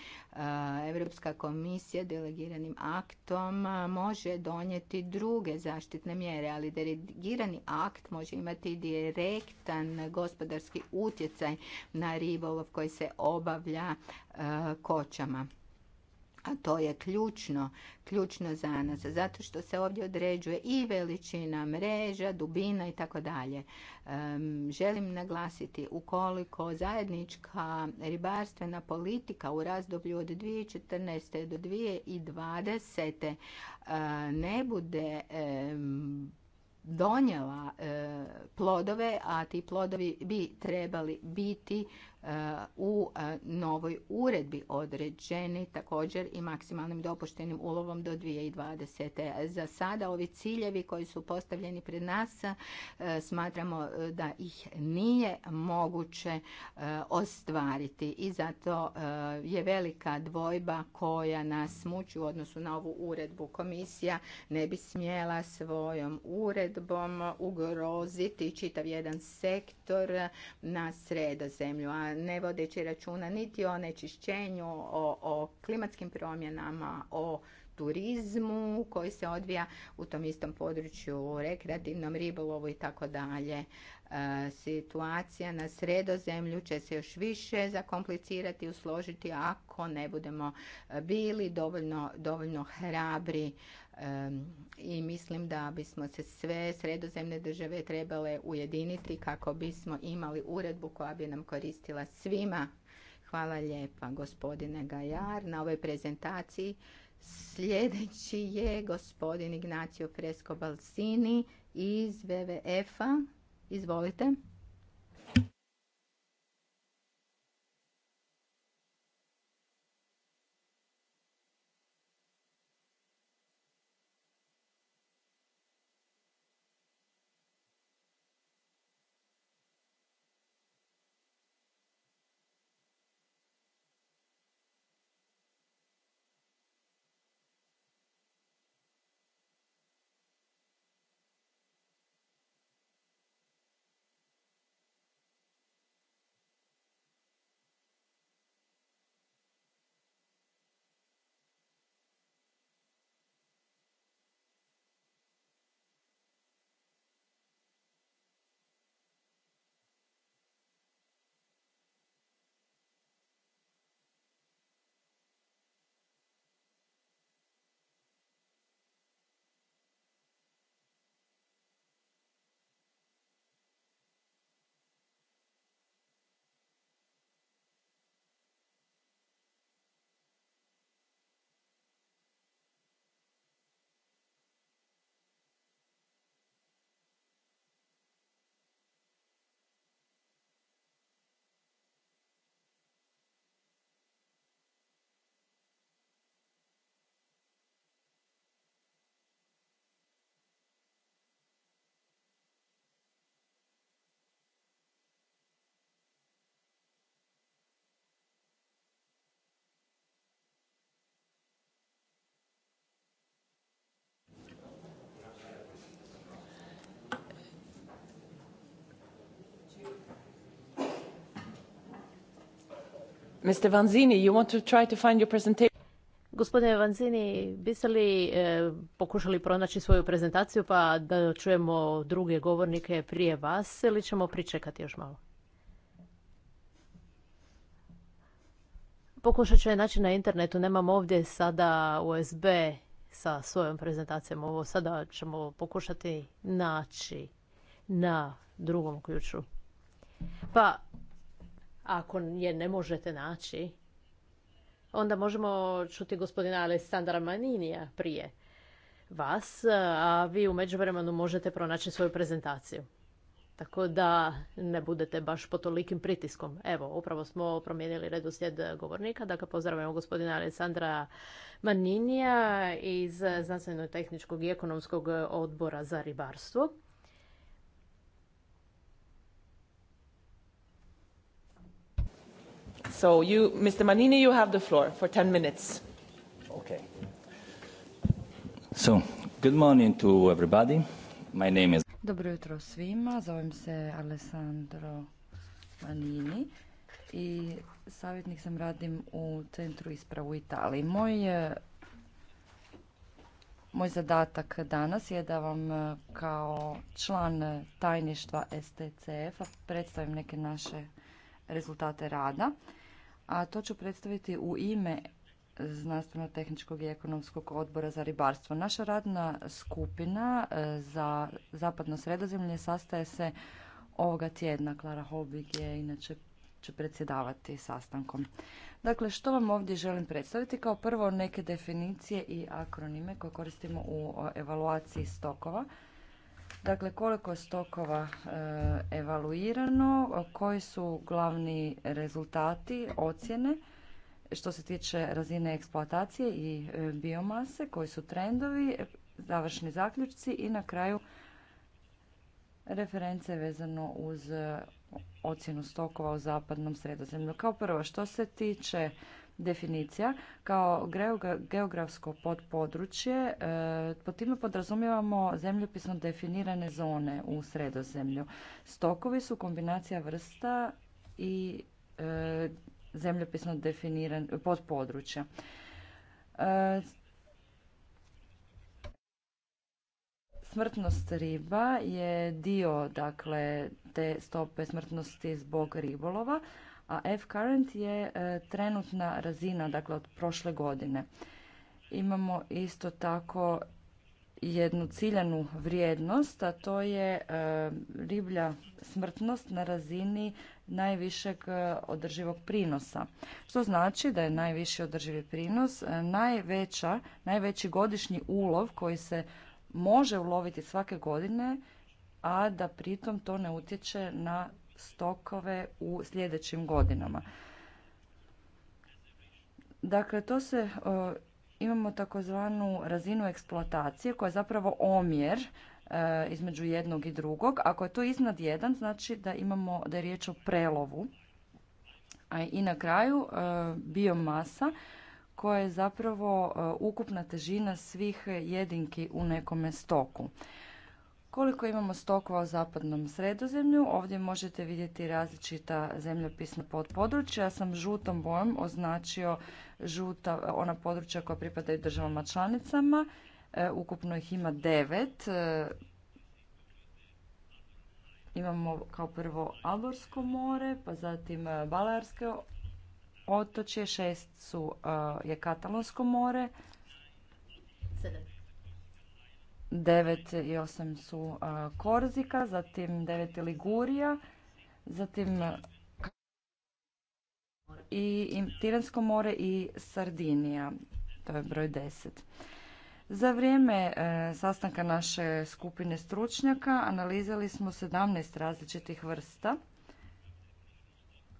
Europska komisija delegiranim aktom e, može donijeti druge zaštitne mjere, ali delegirani akt može imati direktan gospodarski utjecaj na ribolov koji se obavlja e, kočama a to je ključno, ključno za nas, zato što se ovdje određuje i veličina mreža, dubina i tako dalje. Želim naglasiti ukoliko zajednička ribarstvena politika u razdoblju od 2014. do 2020. E, ne bude donijela e, plodove, a ti plodovi bi trebali biti E, u e, novoj uredbi određeni također i maksimalnim dopuštenim ulovom do 2020. Za sada ovi ciljevi koji su postavljeni pred nas e, smatramo da ih nije moguće ostvariti i zato je velika dvojba koja nas muči u odnosu na ovu uredbu. Komisija ne bi smjela svojom uredbom ugroziti čitav jedan sektor na sredozemlju, a ne vodeći računa niti o nečišćenju, o, klimatskim promjenama, o turizmu koji se odvija u tom istom području, rekreativnom ribolovu i tako dalje. E, situacija na sredozemlju će se još više zakomplicirati i usložiti ako ne budemo e, bili dovoljno, dovoljno hrabri i mislim da bismo se sve sredozemne države trebale ujediniti kako bismo imali uredbu koja bi nam koristila svima. Hvala lijepa gospodine Gajar na ovoj prezentaciji. Sljedeći je gospodin Ignacio Fresco Balsini iz WWF-a. Izvolite. Mr. Vanzini, you want to Gospodine Vanzini, biste li e, pokušali pronaći svoju prezentaciju pa da čujemo druge govornike prije vas ili ćemo pričekati još malo? Pokušat ću je naći na internetu, nemam ovdje sada USB sa svojom prezentacijom. Ovo sada ćemo pokušati naći na drugom ključu. Pa ako je ne možete naći, onda možemo čuti gospodina Alessandra Maninija prije vas, a vi u međuvremenu možete pronaći svoju prezentaciju. Tako da ne budete baš pod tolikim pritiskom. Evo, upravo smo promijenili redoslijed govornika. Dakle, pozdravljamo gospodina Alessandra Maninija iz Znanstveno-tehničkog i ekonomskog odbora za ribarstvo. So you, Mr. Manini, you have the floor for 10 minutes. Okay. So, good morning to everybody. My name is... Dobro jutro svima. Zovem se Alessandro Manini i savjetnik sam radim u centru ispravu u Italiji. Moj, eh, moj zadatak danas je da vam eh, kao član eh, tajništva STCF-a predstavim neke naše rezultate rada a to ću predstaviti u ime Znanstveno-tehničkog i ekonomskog odbora za ribarstvo. Naša radna skupina e, za zapadno sredozemlje sastaje se ovoga tjedna. Klara Hobig je inače će predsjedavati sastankom. Dakle, što vam ovdje želim predstaviti? Kao prvo neke definicije i akronime koje koristimo u evaluaciji stokova. Dakle, koliko je stokova e, evaluirano, koji su glavni rezultati ocjene što se tiče razine eksploatacije i e, biomase, koji su trendovi, završni zaključci i na kraju reference vezano uz e, ocjenu stokova u zapadnom sredozemlju. Kao prvo, što se tiče definicija kao geografsko podpodručje. E, pod time podrazumijevamo zemljopisno definirane zone u sredozemlju. Stokovi su kombinacija vrsta i e, zemljopisno definiran podpodručja. E, smrtnost riba je dio dakle, te stope smrtnosti zbog ribolova, a F-current je e, trenutna razina, dakle od prošle godine. Imamo isto tako jednu ciljanu vrijednost, a to je e, riblja smrtnost na razini najvišeg e, održivog prinosa. Što znači da je najviši održivi prinos najveća, najveći godišnji ulov koji se može uloviti svake godine, a da pritom to ne utječe na stokove u sljedećim godinama. Dakle, to se e, imamo takozvanu razinu eksploatacije koja je zapravo omjer e, između jednog i drugog. Ako je to iznad jedan, znači da imamo da je riječ o prelovu. i na kraju e, biomasa koja je zapravo ukupna težina svih jedinki u nekome stoku. Koliko imamo stokova u zapadnom sredozemlju, ovdje možete vidjeti različita zemljopisna područja Ja sam žutom bojom označio žuta, ona područja koja pripadaju državama članicama. E, ukupno ih ima devet. E, imamo kao prvo Alborsko more, pa zatim e, Balearske otočje, šest su, je Katalonsko more. 9 i 8 su Korzika, zatim 9 je Ligurija, zatim i Tiransko more i Sardinija, to je broj 10. Za vrijeme e, sastanka naše skupine stručnjaka analizali smo 17 različitih vrsta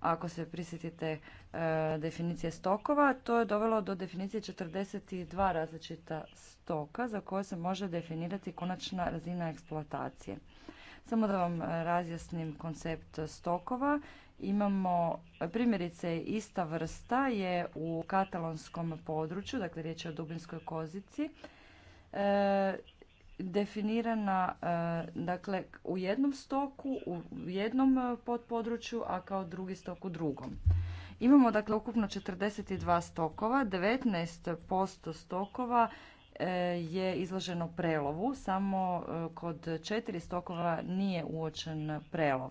ako se prisjetite e, definicije stokova, to je dovelo do definicije 42 različita stoka za koje se može definirati konačna razina eksploatacije. Samo da vam razjasnim koncept stokova. Imamo primjerice ista vrsta je u katalonskom području, dakle riječ je o dublinskoj kozici. E, definirana e, dakle u jednom stoku, u jednom e, podpodručju, a kao drugi stok u drugom. Imamo dakle ukupno 42 stokova, 19% stokova e, je izloženo prelovu, samo kod četiri stokova nije uočen prelov.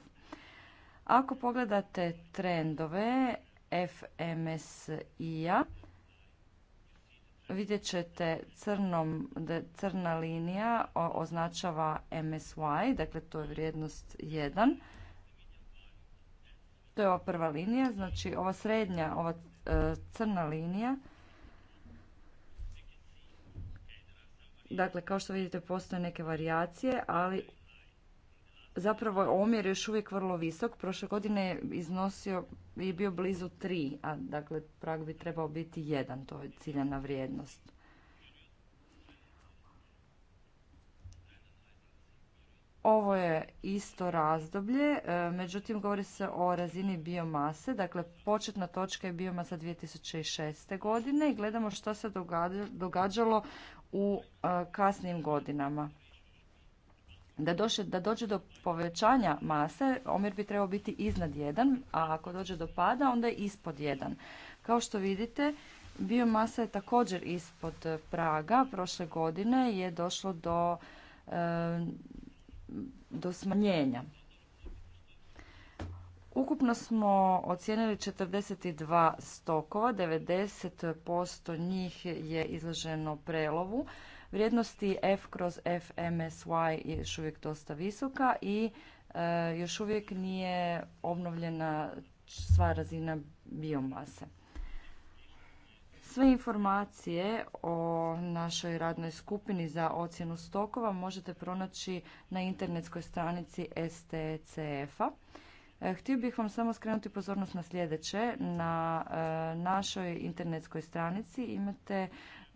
Ako pogledate trendove FMSI-a, vidjet ćete crnom, da crna linija označava MSY, dakle to je vrijednost 1. To je ova prva linija, znači ova srednja, ova e, crna linija. Dakle, kao što vidite postoje neke varijacije, ali zapravo je omjer još uvijek vrlo visok. Prošle godine je iznosio i bio blizu tri, a dakle prag bi trebao biti jedan. to je ciljana vrijednost. Ovo je isto razdoblje, e, međutim govori se o razini biomase, dakle početna točka je biomasa 2006. godine i gledamo što se događalo u e, kasnim godinama da, doše, da dođe do povećanja mase, omjer bi trebao biti iznad 1, a ako dođe do pada, onda je ispod 1. Kao što vidite, biomasa je također ispod praga. Prošle godine je došlo do, do smanjenja. Ukupno smo ocijenili 42 stokova, 90% njih je izloženo prelovu. Vrijednosti F kroz F je još uvijek dosta visoka i e, još uvijek nije obnovljena sva razina biomase. Sve informacije o našoj radnoj skupini za ocjenu stokova možete pronaći na internetskoj stranici STCF-a. E, htio bih vam samo skrenuti pozornost na sljedeće. Na e, našoj internetskoj stranici imate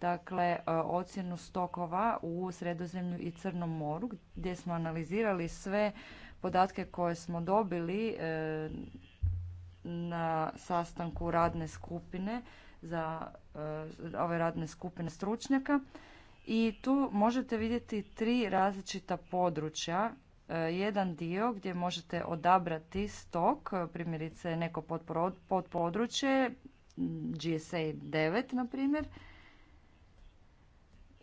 dakle e, ocjenu stokova u Sredozemlju i Crnom moru gdje smo analizirali sve podatke koje smo dobili e, na sastanku radne skupine za e, ove radne skupine stručnjaka i tu možete vidjeti tri različita područja jedan dio gdje možete odabrati stok, primjerice neko podpodručje, GSA 9 na primjer,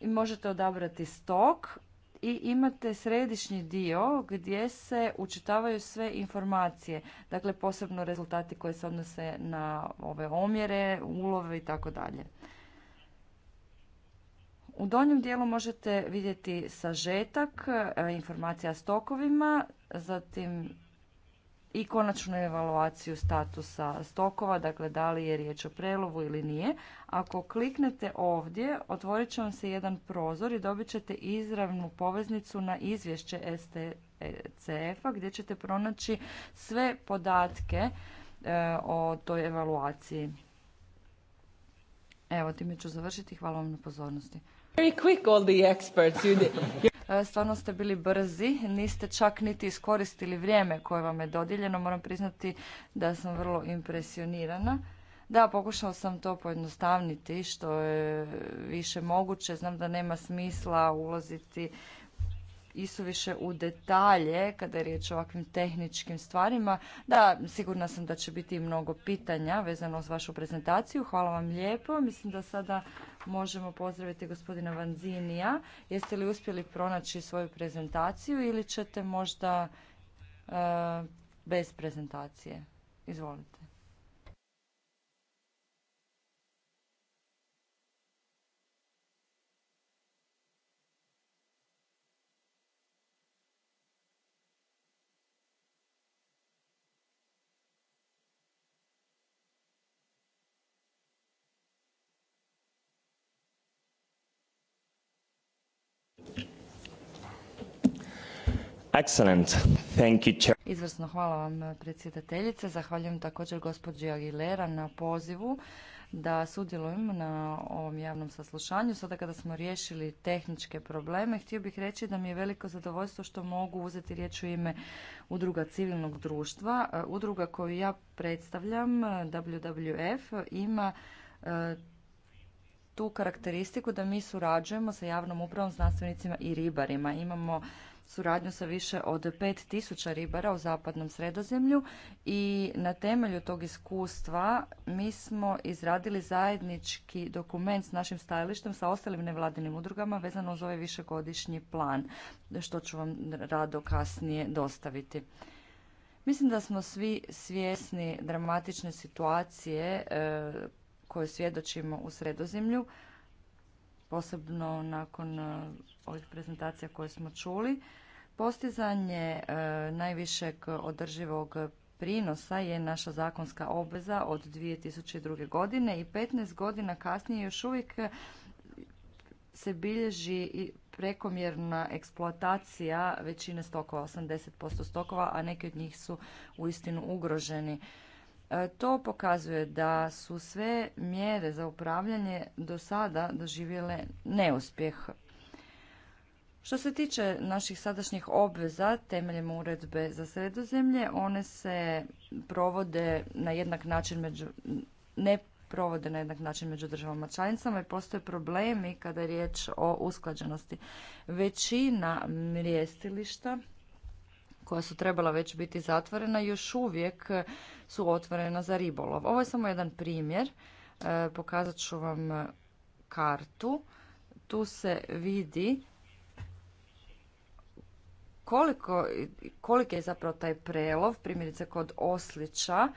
možete odabrati stok i imate središnji dio gdje se učitavaju sve informacije, dakle posebno rezultati koji se odnose na ove omjere, ulove i tako dalje. U donjem dijelu možete vidjeti sažetak e, informacija stokovima, zatim i konačnu evaluaciju statusa stokova, dakle da li je riječ o prelovu ili nije. Ako kliknete ovdje, otvorit će vam se jedan prozor i dobit ćete izravnu poveznicu na izvješće STCF-a e gdje ćete pronaći sve podatke e, o toj evaluaciji. Evo, time ću završiti. Hvala vam na pozornosti. Very quick all *laughs* e, Stvarno ste bili brzi, niste čak niti iskoristili vrijeme koje vam je dodijeljeno. Moram priznati da sam vrlo impresionirana. Da, pokušao sam to pojednostavniti što je više moguće. Znam da nema smisla ulaziti isuviše u detalje kada je riječ o ovakvim tehničkim stvarima. Da, sigurna sam da će biti mnogo pitanja vezano s vašu prezentaciju. Hvala vam lijepo. Mislim da sada možemo pozdraviti gospodina Vanzinija. Jeste li uspjeli pronaći svoju prezentaciju ili ćete možda e, bez prezentacije? Izvolite. Izvrsno, hvala vam predsjedateljice. Zahvaljujem također gospođi Aguilera na pozivu da sudjelujem na ovom javnom saslušanju. Sada kada smo riješili tehničke probleme, htio bih reći da mi je veliko zadovoljstvo što mogu uzeti riječ u ime udruga civilnog društva. Udruga koju ja predstavljam, WWF, ima eh, tu karakteristiku da mi surađujemo sa javnom upravom, znanstvenicima i ribarima. Imamo suradnju sa više od 5000 ribara u zapadnom sredozemlju i na temelju tog iskustva mi smo izradili zajednički dokument s našim stajalištem sa ostalim nevladinim udrugama vezano uz ovaj višegodišnji plan, što ću vam rado kasnije dostaviti. Mislim da smo svi svjesni dramatične situacije e, koje svjedočimo u sredozemlju, posebno nakon e, ovih prezentacija koje smo čuli. Postizanje e, najvišeg održivog prinosa je naša zakonska obveza od 2002. godine i 15 godina kasnije još uvijek se bilježi i prekomjerna eksploatacija većine stokova, 80% stokova, a neki od njih su uistinu ugroženi. E, to pokazuje da su sve mjere za upravljanje do sada doživjele neuspjeh što se tiče naših sadašnjih obveza temeljem uredbe za sredozemlje, one se provode na jednak način među, ne provode na jednak način među državama članicama i postoje problemi kada je riječ o usklađenosti. Većina mrijestilišta koja su trebala već biti zatvorena još uvijek su otvorena za ribolov. Ovo je samo jedan primjer. E, pokazat ću vam kartu. Tu se vidi koliko, koliki je zapravo taj prelov, primjerice kod oslića,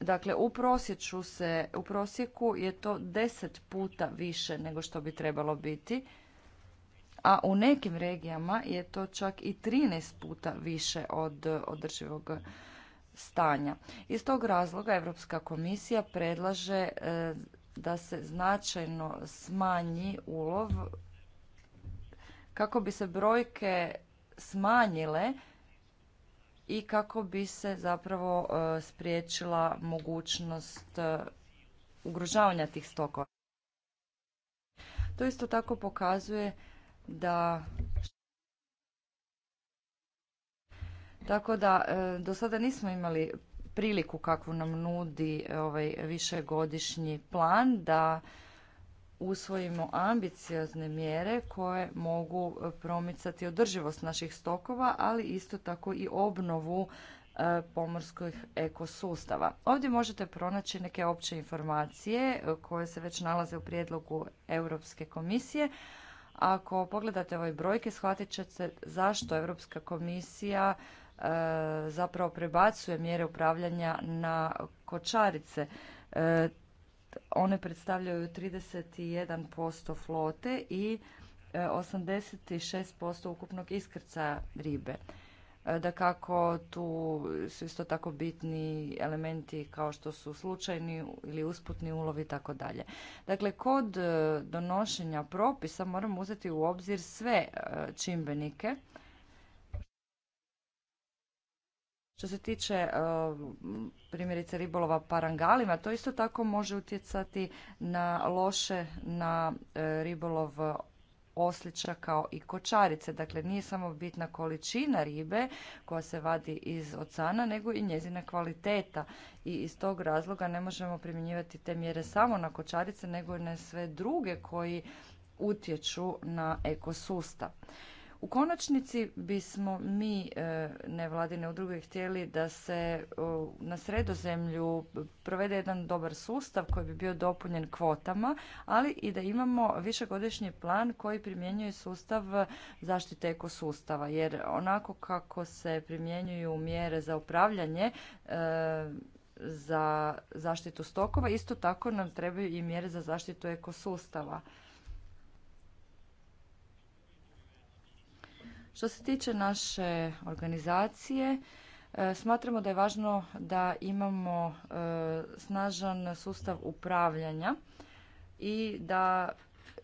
Dakle, u, prosječu se, u prosjeku je to deset puta više nego što bi trebalo biti, a u nekim regijama je to čak i 13 puta više od održivog stanja. Iz tog razloga Europska komisija predlaže e, da se značajno smanji ulov kako bi se brojke smanjile i kako bi se zapravo e, spriječila mogućnost e, ugrožavanja tih stokova. To isto tako pokazuje da tako da e, do sada nismo imali priliku kakvu nam nudi ovaj višegodišnji plan da usvojimo ambiciozne mjere koje mogu promicati održivost naših stokova, ali isto tako i obnovu e, pomorskih ekosustava. Ovdje možete pronaći neke opće informacije e, koje se već nalaze u prijedlogu Europske komisije. Ako pogledate ove brojke, shvatit ćete zašto Europska komisija e, zapravo prebacuje mjere upravljanja na kočarice one predstavljaju 31% flote i 86% e, ukupnog iskrca ribe. E, da kako tu su isto tako bitni elementi kao što su slučajni ili usputni ulovi i tako dalje. Dakle, kod e, donošenja propisa moramo uzeti u obzir sve čimbenike Što se tiče e, primjerice ribolova parangalima, to isto tako može utjecati na loše na e, ribolov oslića kao i kočarice. Dakle, nije samo bitna količina ribe koja se vadi iz ocana, nego i njezina kvaliteta. I iz tog razloga ne možemo primjenjivati te mjere samo na kočarice, nego i na sve druge koji utječu na ekosustav. U konačnici bismo mi e, nevladine udruge htjeli da se e, na sredozemlju provede jedan dobar sustav koji bi bio dopunjen kvotama, ali i da imamo višegodišnji plan koji primjenjuje sustav zaštite ekosustava. Jer onako kako se primjenjuju mjere za upravljanje e, za zaštitu stokova, isto tako nam trebaju i mjere za zaštitu ekosustava. Što se tiče naše organizacije, e, smatramo da je važno da imamo e, snažan sustav upravljanja i da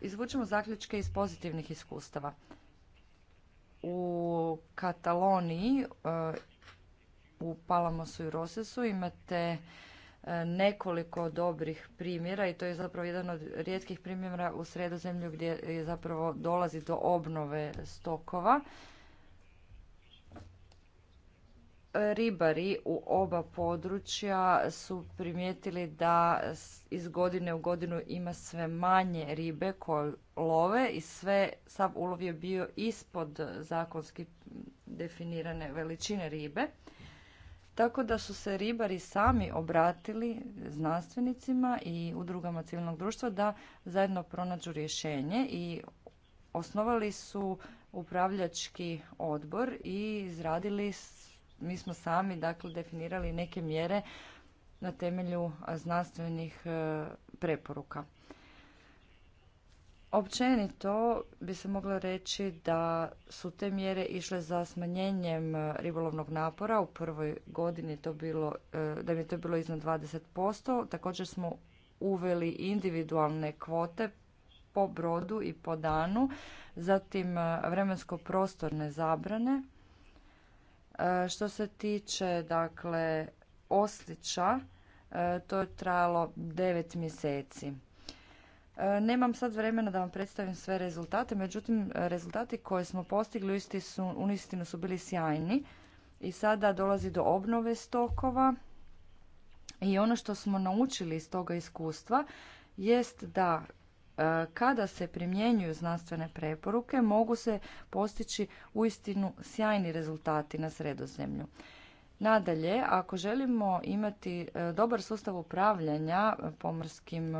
izvučemo zaključke iz pozitivnih iskustava. U Kataloniji, e, u Palamosu i Rosesu imate E, nekoliko dobrih primjera i to je zapravo jedan od rijetkih primjera u sredozemlju gdje je zapravo dolazi do obnove stokova. Ribari u oba područja su primijetili da iz godine u godinu ima sve manje ribe koje love i sve, sav ulov je bio ispod zakonski definirane veličine ribe. Tako da su se ribari sami obratili znanstvenicima i udrugama civilnog društva da zajedno pronađu rješenje i osnovali su upravljački odbor i izradili, mi smo sami dakle definirali neke mjere na temelju znanstvenih e, preporuka. Općenito bi se moglo reći da su te mjere išle za smanjenjem e, ribolovnog napora. U prvoj godini to bilo, e, da bi je to bilo iznad 20%. Također smo uveli individualne kvote po brodu i po danu. Zatim e, vremensko-prostorne zabrane. Što se tiče dakle, oslića, to je trajalo 9 mjeseci. E, nemam sad vremena da vam predstavim sve rezultate, međutim rezultati koje smo postigli uistinu su, su bili sjajni i sada dolazi do obnove stokova i ono što smo naučili iz toga iskustva jest da e, kada se primjenjuju znanstvene preporuke mogu se postići uistinu sjajni rezultati na sredozemlju. Nadalje, ako želimo imati e, dobar sustav upravljanja pomorskim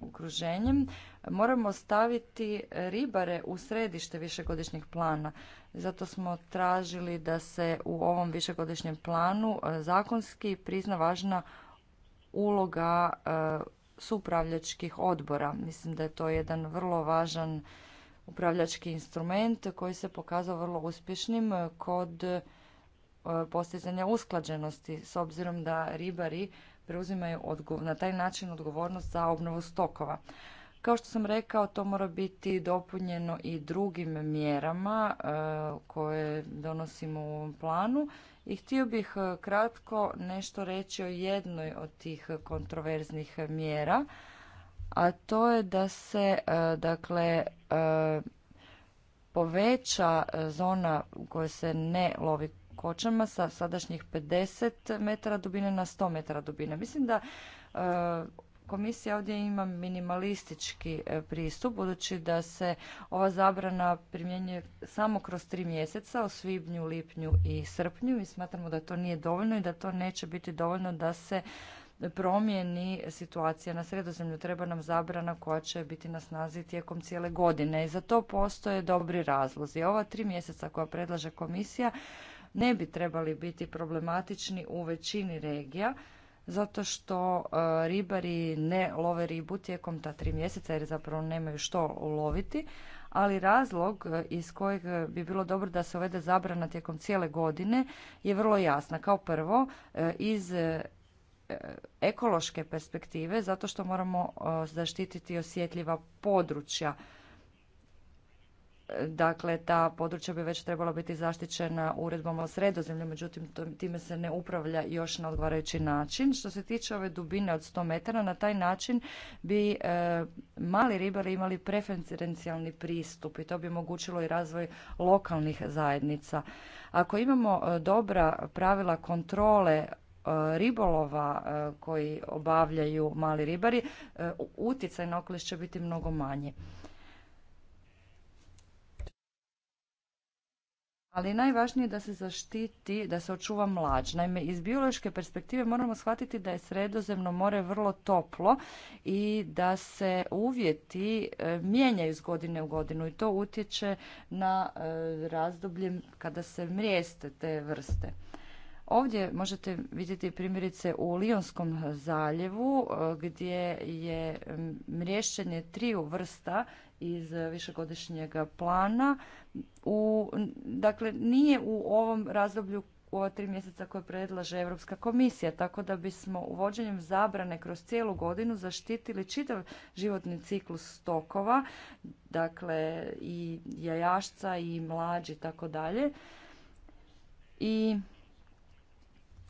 okruženjem, moramo staviti ribare u središte višegodišnjeg plana. Zato smo tražili da se u ovom višegodišnjem planu e, zakonski prizna važna uloga e, supravljačkih odbora. Mislim da je to jedan vrlo važan upravljački instrument koji se pokazao vrlo uspješnim e, kod postizanja usklađenosti s obzirom da ribari preuzimaju na taj način odgovornost za obnovu stokova. Kao što sam rekao, to mora biti dopunjeno i drugim mjerama e, koje donosimo u ovom planu. I htio bih e, kratko nešto reći o jednoj od tih kontroverznih mjera, a to je da se e, dakle poveća zona koja se ne lovi teškoćama sa sadašnjih 50 metara dubine na 100 metara dubine. Mislim da e, komisija ovdje ima minimalistički e, pristup budući da se ova zabrana primjenjuje samo kroz tri mjeseca u svibnju, lipnju i srpnju i smatramo da to nije dovoljno i da to neće biti dovoljno da se promijeni situacija na sredozemlju. Treba nam zabrana koja će biti na snazi tijekom cijele godine i za to postoje dobri razlozi. Ova tri mjeseca koja predlaže komisija ne bi trebali biti problematični u većini regija zato što e, ribari ne love ribu tijekom ta tri mjeseca jer zapravo nemaju što uloviti, ali razlog e, iz kojeg bi bilo dobro da se uvede zabrana tijekom cijele godine je vrlo jasna. Kao prvo, e, iz ekološke perspektive, zato što moramo zaštititi osjetljiva područja Dakle, ta područja bi već trebala biti zaštićena uredbom o sredozemlju, međutim time se ne upravlja još na odgovarajući način. Što se tiče ove dubine od 100 metara, na taj način bi e, mali ribari imali preferencijalni pristup i to bi omogućilo i razvoj lokalnih zajednica. Ako imamo e, dobra pravila kontrole e, ribolova koji obavljaju mali ribari, utjecaj na okoliš će biti mnogo manji. ali najvažnije je da se zaštiti, da se očuva mlađ. Naime, iz biološke perspektive moramo shvatiti da je sredozemno more vrlo toplo i da se uvjeti e, mijenjaju iz godine u godinu i to utječe na e, razdoblje kada se mrijeste te vrste. Ovdje možete vidjeti primjerice u Lijonskom zaljevu e, gdje je mriješćenje triju vrsta iz e, višegodišnjeg plana. U, dakle, nije u ovom razdoblju u ova tri mjeseca koje predlaže Europska komisija, tako da bismo uvođenjem zabrane kroz cijelu godinu zaštitili čitav životni ciklus stokova, dakle i jajašca i mlađi i tako dalje. I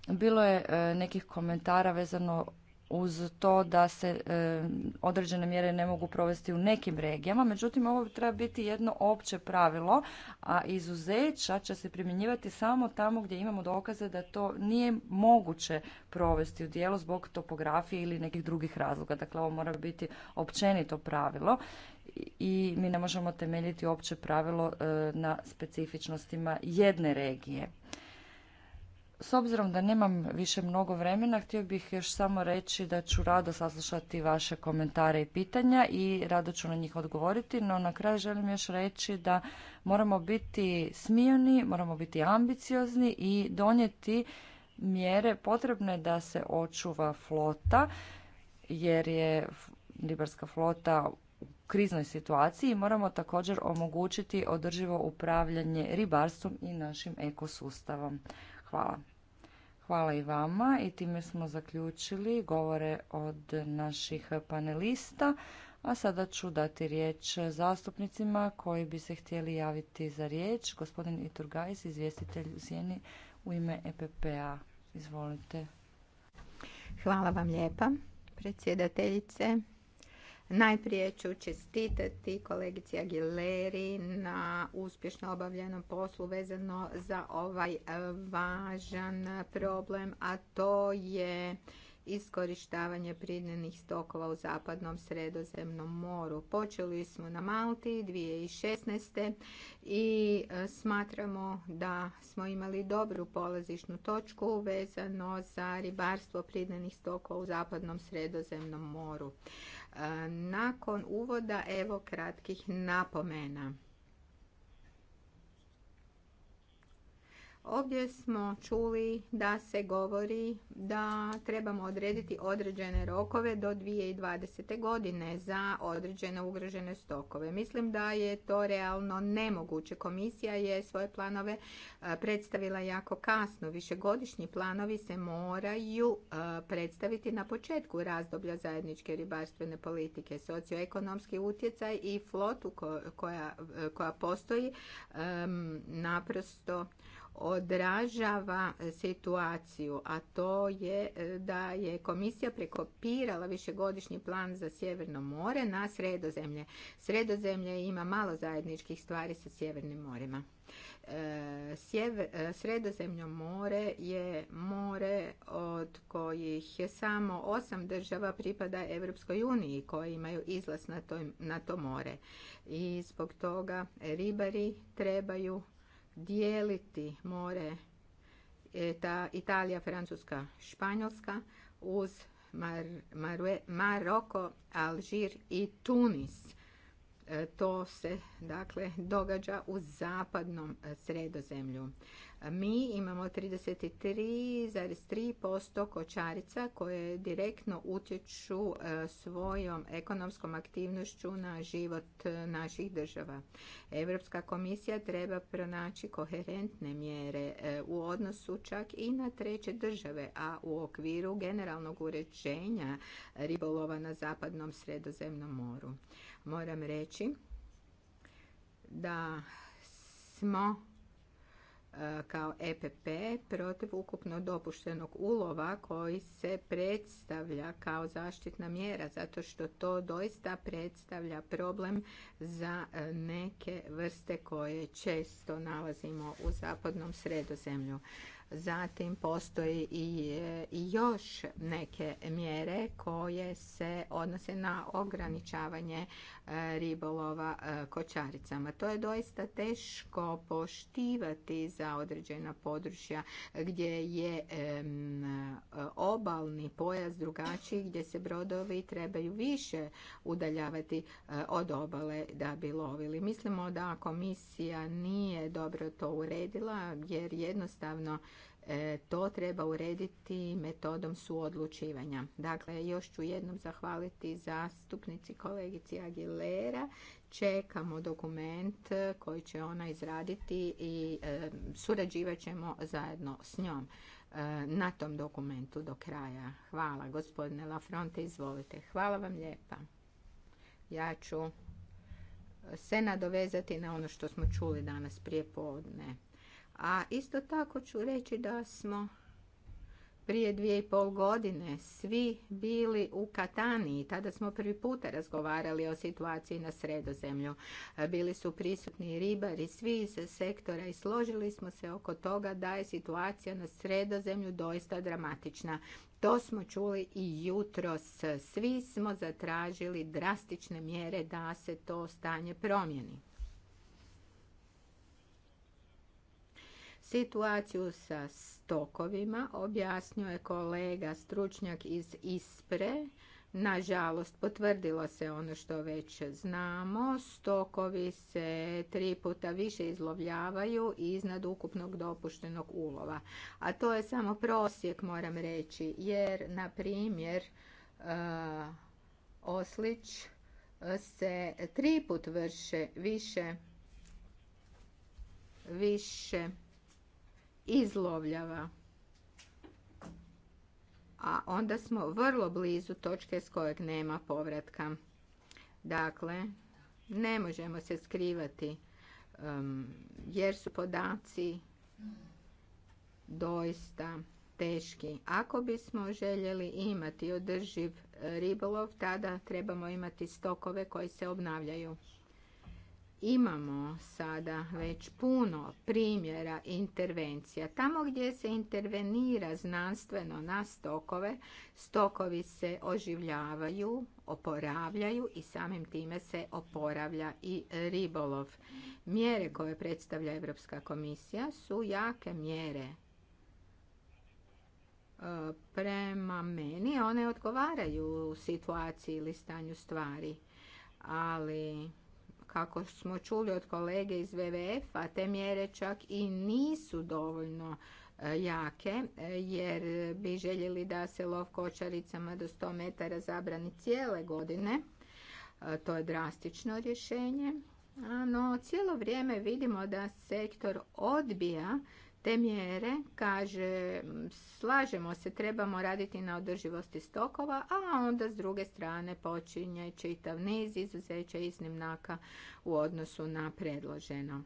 bilo je e, nekih komentara vezano uz to da se e, određene mjere ne mogu provesti u nekim regijama. Međutim, ovo treba biti jedno opće pravilo, a izuzeća će se primjenjivati samo tamo gdje imamo dokaze da to nije moguće provesti u dijelo zbog topografije ili nekih drugih razloga. Dakle, ovo mora biti općenito pravilo i mi ne možemo temeljiti opće pravilo e, na specifičnostima jedne regije. S obzirom da nemam više mnogo vremena, htio bih još samo reći da ću rado saslušati vaše komentare i pitanja i rado ću na njih odgovoriti, no na kraju želim još reći da moramo biti smijeni, moramo biti ambiciozni i donijeti mjere potrebne da se očuva flota, jer je ribarska flota u kriznoj situaciji i moramo također omogućiti održivo upravljanje ribarstvom i našim ekosustavom. Hvala. Hvala i vama i time smo zaključili govore od naših panelista. A sada ću dati riječ zastupnicima koji bi se htjeli javiti za riječ. Gospodin Gajs, izvjestitelj u Sjeni u ime EPPA. Izvolite. Hvala vam lijepa, predsjedateljice. Najprije ću čestitati kolegici Aguileri na uspješno obavljenom poslu vezano za ovaj e, važan problem, a to je iskorištavanje pridnenih stokova u zapadnom sredozemnom moru. Počeli smo na Malti 2016. i e, smatramo da smo imali dobru polazišnu točku vezano za ribarstvo pridnenih stokova u zapadnom sredozemnom moru. E, nakon uvoda evo kratkih napomena. Ovdje smo čuli da se govori da trebamo odrediti određene rokove do 2020. godine za određene ugrožene stokove. Mislim da je to realno nemoguće. Komisija je svoje planove e, predstavila jako kasno. Višegodišnji planovi se moraju e, predstaviti na početku razdoblja zajedničke ribarstvene politike. Socioekonomski utjecaj i flotu e, koja postoji naprosto odražava e, situaciju, a to je e, da je komisija prekopirala višegodišnji plan za Sjeverno more na Sredozemlje. Sredozemlje ima malo zajedničkih stvari sa Sjevernim morima. E, sjever, more je more od kojih je samo osam država pripada Europskoj uniji koji imaju izlaz na to, na to more. I zbog toga ribari trebaju dijeliti more e, Italija, Francuska, Španjolska uz Maroko, Alžir i Tunis. E, to se dakle događa u zapadnom e, sredozemlju. Mi imamo 33,3% kočarica koje direktno utječu e, svojom ekonomskom aktivnošću na život e, naših država. Europska komisija treba pronaći koherentne mjere e, u odnosu čak i na treće države, a u okviru generalnog uređenja ribolova na zapadnom sredozemnom moru. Moram reći da smo kao EPP protiv ukupno dopuštenog ulova koji se predstavlja kao zaštitna mjera zato što to doista predstavlja problem za e, neke vrste koje često nalazimo u zapadnom sredozemlju. Zatim postoji i, još neke mjere koje se odnose na ograničavanje e, ribolova e, kočaricama. To je doista teško poštivati za određena područja gdje je obalni pojas drugačiji, gdje se brodovi trebaju više udaljavati e, od obale da bi lovili. Mislimo da komisija nije dobro to uredila jer jednostavno E, to treba urediti metodom suodlučivanja. Dakle, još ću jednom zahvaliti zastupnici kolegici Aguilera. Čekamo dokument koji će ona izraditi i e, surađivat ćemo zajedno s njom e, na tom dokumentu do kraja. Hvala gospodine Lafronte, izvolite. Hvala vam lijepa. Ja ću se nadovezati na ono što smo čuli danas prije podne. A isto tako ću reći da smo prije dvije i pol godine svi bili u Kataniji. Tada smo prvi puta razgovarali o situaciji na sredozemlju. E, bili su prisutni ribari, svi iz sektora i složili smo se oko toga da je situacija na sredozemlju doista dramatična. To smo čuli i jutros. Svi smo zatražili drastične mjere da se to stanje promijeni. Situaciju sa stokovima objasnio je kolega stručnjak iz ISPRE. Nažalost, potvrdilo se ono što već znamo. Stokovi se tri puta više izlovljavaju iznad ukupnog dopuštenog ulova. A to je samo prosjek, moram reći, jer, na primjer, eh, oslić eh, se tri put vrše više, više izlovljava. A onda smo vrlo blizu točke s kojeg nema povratka. Dakle, ne možemo se skrivati um, jer su podaci doista teški. Ako bismo željeli imati održiv ribolov, tada trebamo imati stokove koji se obnavljaju imamo sada već puno primjera intervencija. Tamo gdje se intervenira znanstveno na stokove, stokovi se oživljavaju, oporavljaju i samim time se oporavlja i ribolov. Mjere koje predstavlja Europska komisija su jake mjere e, prema meni one odgovaraju situaciji ili stanju stvari ali kako smo čuli od kolege iz WWF-a, te mjere čak i nisu dovoljno e, jake, e, jer bi željeli da se lov kočaricama do 100 metara zabrani cijele godine. E, to je drastično rješenje. No, cijelo vrijeme vidimo da sektor odbija te mjere, kaže, slažemo se, trebamo raditi na održivosti stokova, a onda s druge strane počinje čitav niz izuzeća iznimnaka u odnosu na predloženo.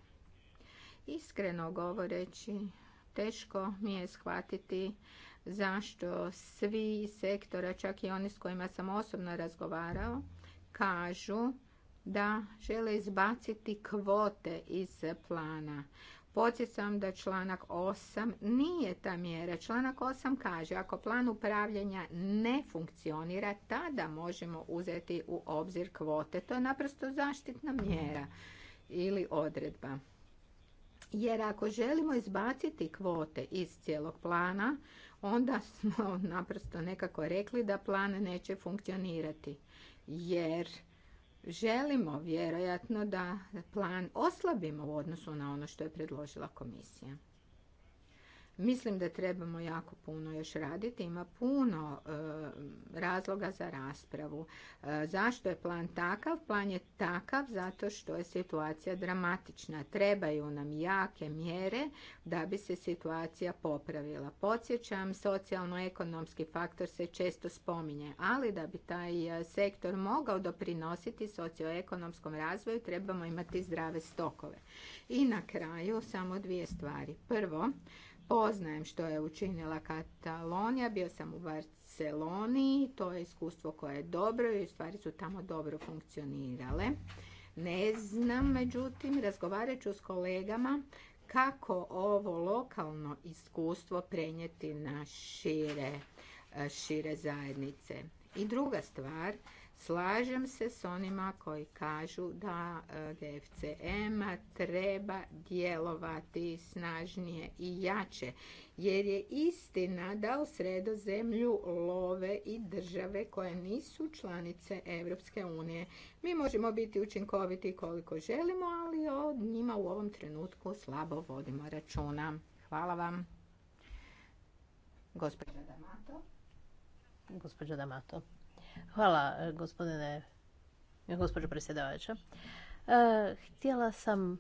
Iskreno govoreći, teško mi je shvatiti zašto svi sektora, čak i oni s kojima sam osobno razgovarao, kažu da žele izbaciti kvote iz plana podsjećam da članak 8 nije ta mjera. Članak 8 kaže ako plan upravljanja ne funkcionira, tada možemo uzeti u obzir kvote. To je naprosto zaštitna mjera ili odredba. Jer ako želimo izbaciti kvote iz cijelog plana, onda smo naprosto nekako rekli da plan neće funkcionirati. Jer želimo vjerojatno da plan oslabimo u odnosu na ono što je predložila komisija. Mislim da trebamo jako puno još raditi. Ima puno e, razloga za raspravu. E, zašto je plan takav? Plan je takav zato što je situacija dramatična. Trebaju nam jake mjere da bi se situacija popravila. Podsjećam, socijalno-ekonomski faktor se često spominje, ali da bi taj e, sektor mogao doprinositi socioekonomskom razvoju trebamo imati zdrave stokove. I na kraju samo dvije stvari. Prvo, poznajem što je učinila Katalonija, bio sam u Barceloni, to je iskustvo koje je dobro i stvari su tamo dobro funkcionirale. Ne znam, međutim, razgovarat ću s kolegama kako ovo lokalno iskustvo prenijeti na šire, šire zajednice. I druga stvar, Slažem se s onima koji kažu da e, GFCM treba djelovati snažnije i jače, jer je istina da u sredozemlju love i države koje nisu članice Europske unije. Mi možemo biti učinkoviti koliko želimo, ali o njima u ovom trenutku slabo vodimo računa. Hvala vam. Gospođa D'Amato. Gospođa D'Amato. Hvala, e, gospodine, gospođo predsjedavajuća. E, htjela sam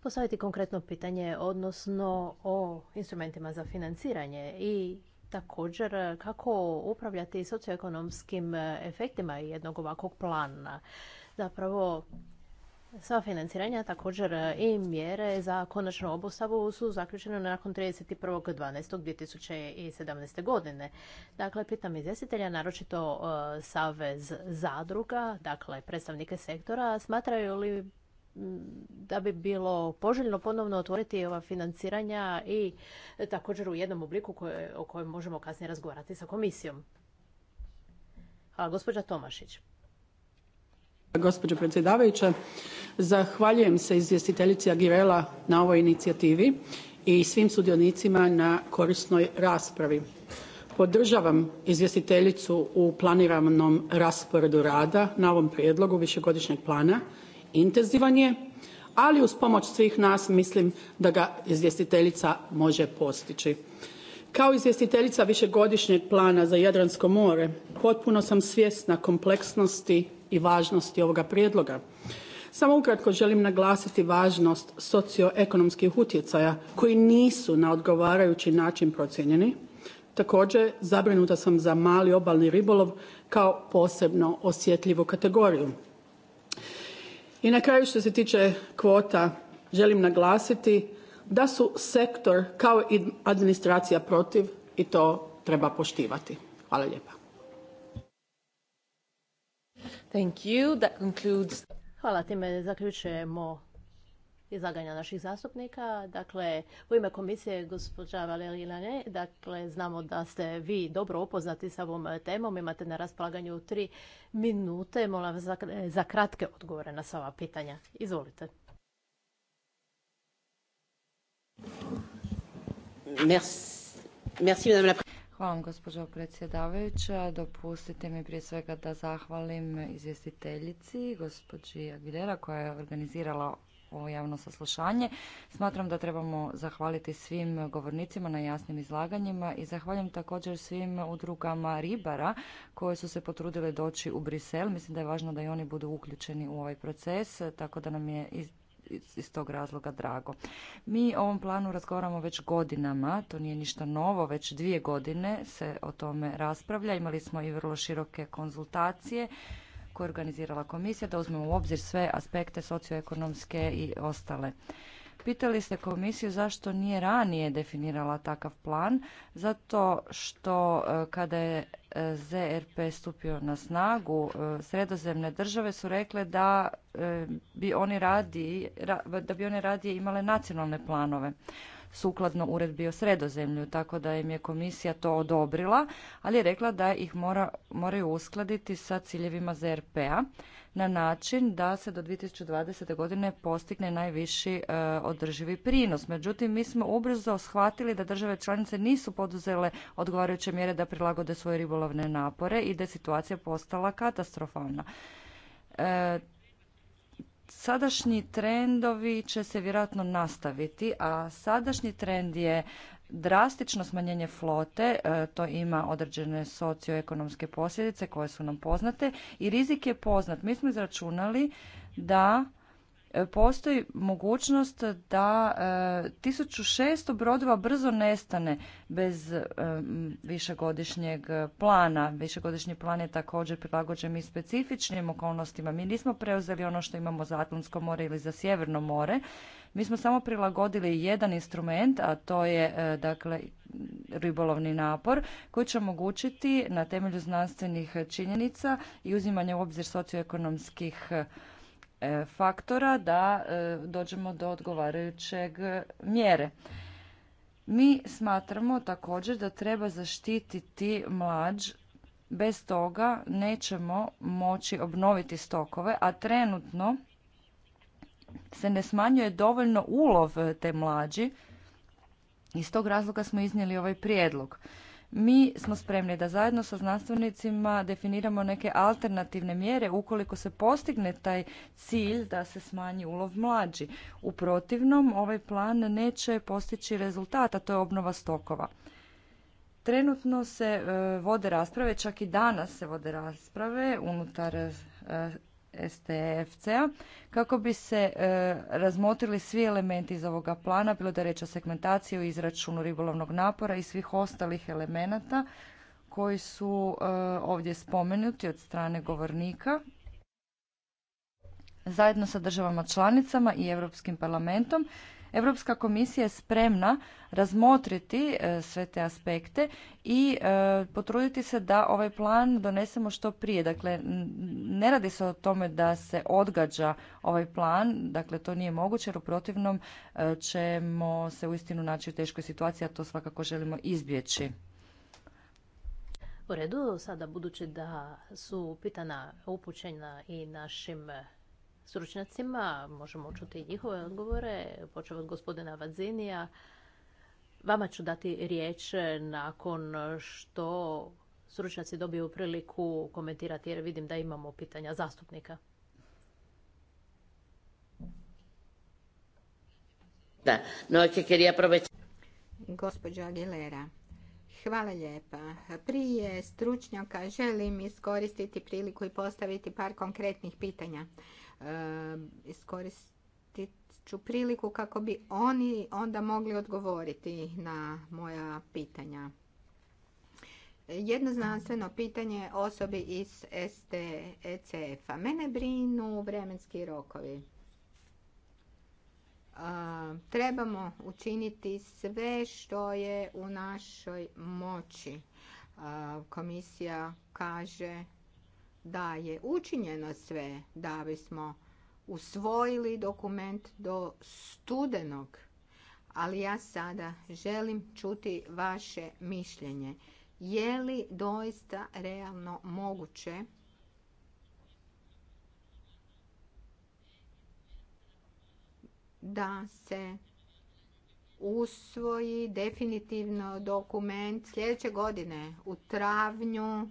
postaviti konkretno pitanje, odnosno o instrumentima za financiranje i također kako upravljati socioekonomskim efektima jednog ovakvog plana. Zapravo, Sva financiranja, također e, i mjere za konačnu obustavu su zaključene nakon 31.12.2017. godine. Dakle, pitam izvjestitelja, naročito e, Savez zadruga, dakle predstavnike sektora, smatraju li da bi bilo poželjno ponovno otvoriti ova financiranja i e, također u jednom obliku o kojem možemo kasnije razgovarati sa komisijom. Hvala, gospođa Tomašić. Gospođo predsjedavajuća, zahvaljujem se izvjestiteljici Agirela na ovoj inicijativi i svim sudionicima na korisnoj raspravi. Podržavam izvjestiteljicu u planiranom rasporedu rada na ovom prijedlogu višegodišnjeg plana. Intenzivan je, ali uz pomoć svih nas mislim da ga izvjestiteljica može postići. Kao izvjestiteljica višegodišnjeg plana za Jadransko more potpuno sam svjesna kompleksnosti i važnosti ovoga prijedloga. Samo ukratko želim naglasiti važnost socioekonomskih utjecaja koji nisu na odgovarajući način procijenjeni. Također, zabrinuta sam za mali obalni ribolov kao posebno osjetljivu kategoriju. I na kraju što se tiče kvota, želim naglasiti da su sektor kao i administracija protiv i to treba poštivati. Hvala lijepa. Hvala, time zaključujemo izlaganja naših zastupnika. Dakle, u ime komisije gospođa Valerija Lane, dakle, znamo da ste vi dobro upoznati sa ovom temom. Imate na raspolaganju tri minute. Molim vas za, kratke odgovore na sva pitanja. Izvolite. Merci. Merci, madame la Hvala vam, gospođo predsjedavajuća. Dopustite mi prije svega da zahvalim izvjestiteljici, gospođi Aguilera, koja je organizirala ovo javno saslušanje. Smatram da trebamo zahvaliti svim govornicima na jasnim izlaganjima i zahvaljujem također svim udrugama ribara koje su se potrudile doći u Brisel. Mislim da je važno da i oni budu uključeni u ovaj proces, tako da nam je iz tog razloga drago. Mi o ovom planu razgovaramo već godinama, to nije ništa novo, već dvije godine se o tome raspravlja. Imali smo i vrlo široke konzultacije koje je organizirala komisija da uzmemo u obzir sve aspekte socioekonomske i ostale. Pitali ste komisiju zašto nije ranije definirala takav plan, zato što e, kada je ZRP stupio na snagu, e, sredozemne države su rekle da e, bi oni radije, da bi one radije imale nacionalne planove sukladno uredbi o sredozemlju, tako da im je komisija to odobrila, ali je rekla da ih mora, moraju uskladiti sa ciljevima ZRP-a na način da se do 2020. godine postigne najviši e, održivi prinos. Međutim, mi smo ubrzo shvatili da države članice nisu poduzele odgovarajuće mjere da prilagode svoje ribolovne napore i da je situacija postala katastrofalna. E, sadašnji trendovi će se vjerojatno nastaviti, a sadašnji trend je drastično smanjenje flote, e, to ima određene socioekonomske posljedice koje su nam poznate i rizik je poznat. Mi smo izračunali da E, postoji mogućnost da 1600 e, brodova brzo nestane bez e, višegodišnjeg plana. Višegodišnji plan je također prilagođen i specifičnim okolnostima. Mi nismo preuzeli ono što imamo za Atlantsko more ili za Sjeverno more. Mi smo samo prilagodili jedan instrument, a to je dakle ribolovni napor koji će omogućiti na temelju znanstvenih činjenica i uzimanje u obzir socioekonomskih E, faktora da e, dođemo do odgovarajućeg mjere. Mi smatramo također da treba zaštititi mlađ bez toga nećemo moći obnoviti stokove, a trenutno se ne smanjuje dovoljno ulov te mlađi. Iz tog razloga smo iznijeli ovaj prijedlog. Mi smo spremni da zajedno sa znanstvenicima definiramo neke alternativne mjere ukoliko se postigne taj cilj da se smanji ulov mlađi. U protivnom, ovaj plan neće postići rezultata, to je obnova stokova. Trenutno se e, vode rasprave, čak i danas se vode rasprave unutar e, STFC-a kako bi se e, razmotrili svi elementi iz ovoga plana, bilo da je reč o segmentaciji, o izračunu ribolovnog napora i svih ostalih elemenata koji su e, ovdje spomenuti od strane govornika zajedno sa državama članicama i Europskim parlamentom Europska komisija je spremna razmotriti e, sve te aspekte i e, potruditi se da ovaj plan donesemo što prije. Dakle, ne radi se o tome da se odgađa ovaj plan, dakle to nije moguće jer u protivnom e, ćemo se uistinu naći u teškoj situaciji, a to svakako želimo izbjeći. U redu, sada budući da su pitana upućena i našim stručnjacima, možemo čuti njihove odgovore, počeo od gospodina Vadzinija. Vama ću dati riječ nakon što stručnjaci dobiju priliku komentirati jer vidim da imamo pitanja zastupnika. Da, Aguilera, Hvala lijepa. Prije stručnjaka želim iskoristiti priliku i postaviti par konkretnih pitanja iskoristit ću priliku kako bi oni onda mogli odgovoriti na moja pitanja. Jedno znanstveno pitanje osobi iz STECF-a. Mene brinu vremenski rokovi. Trebamo učiniti sve što je u našoj moći. Komisija kaže da je učinjeno sve da bismo usvojili dokument do studenog, ali ja sada želim čuti vaše mišljenje. Je li doista realno moguće da se usvoji definitivno dokument sljedeće godine u travnju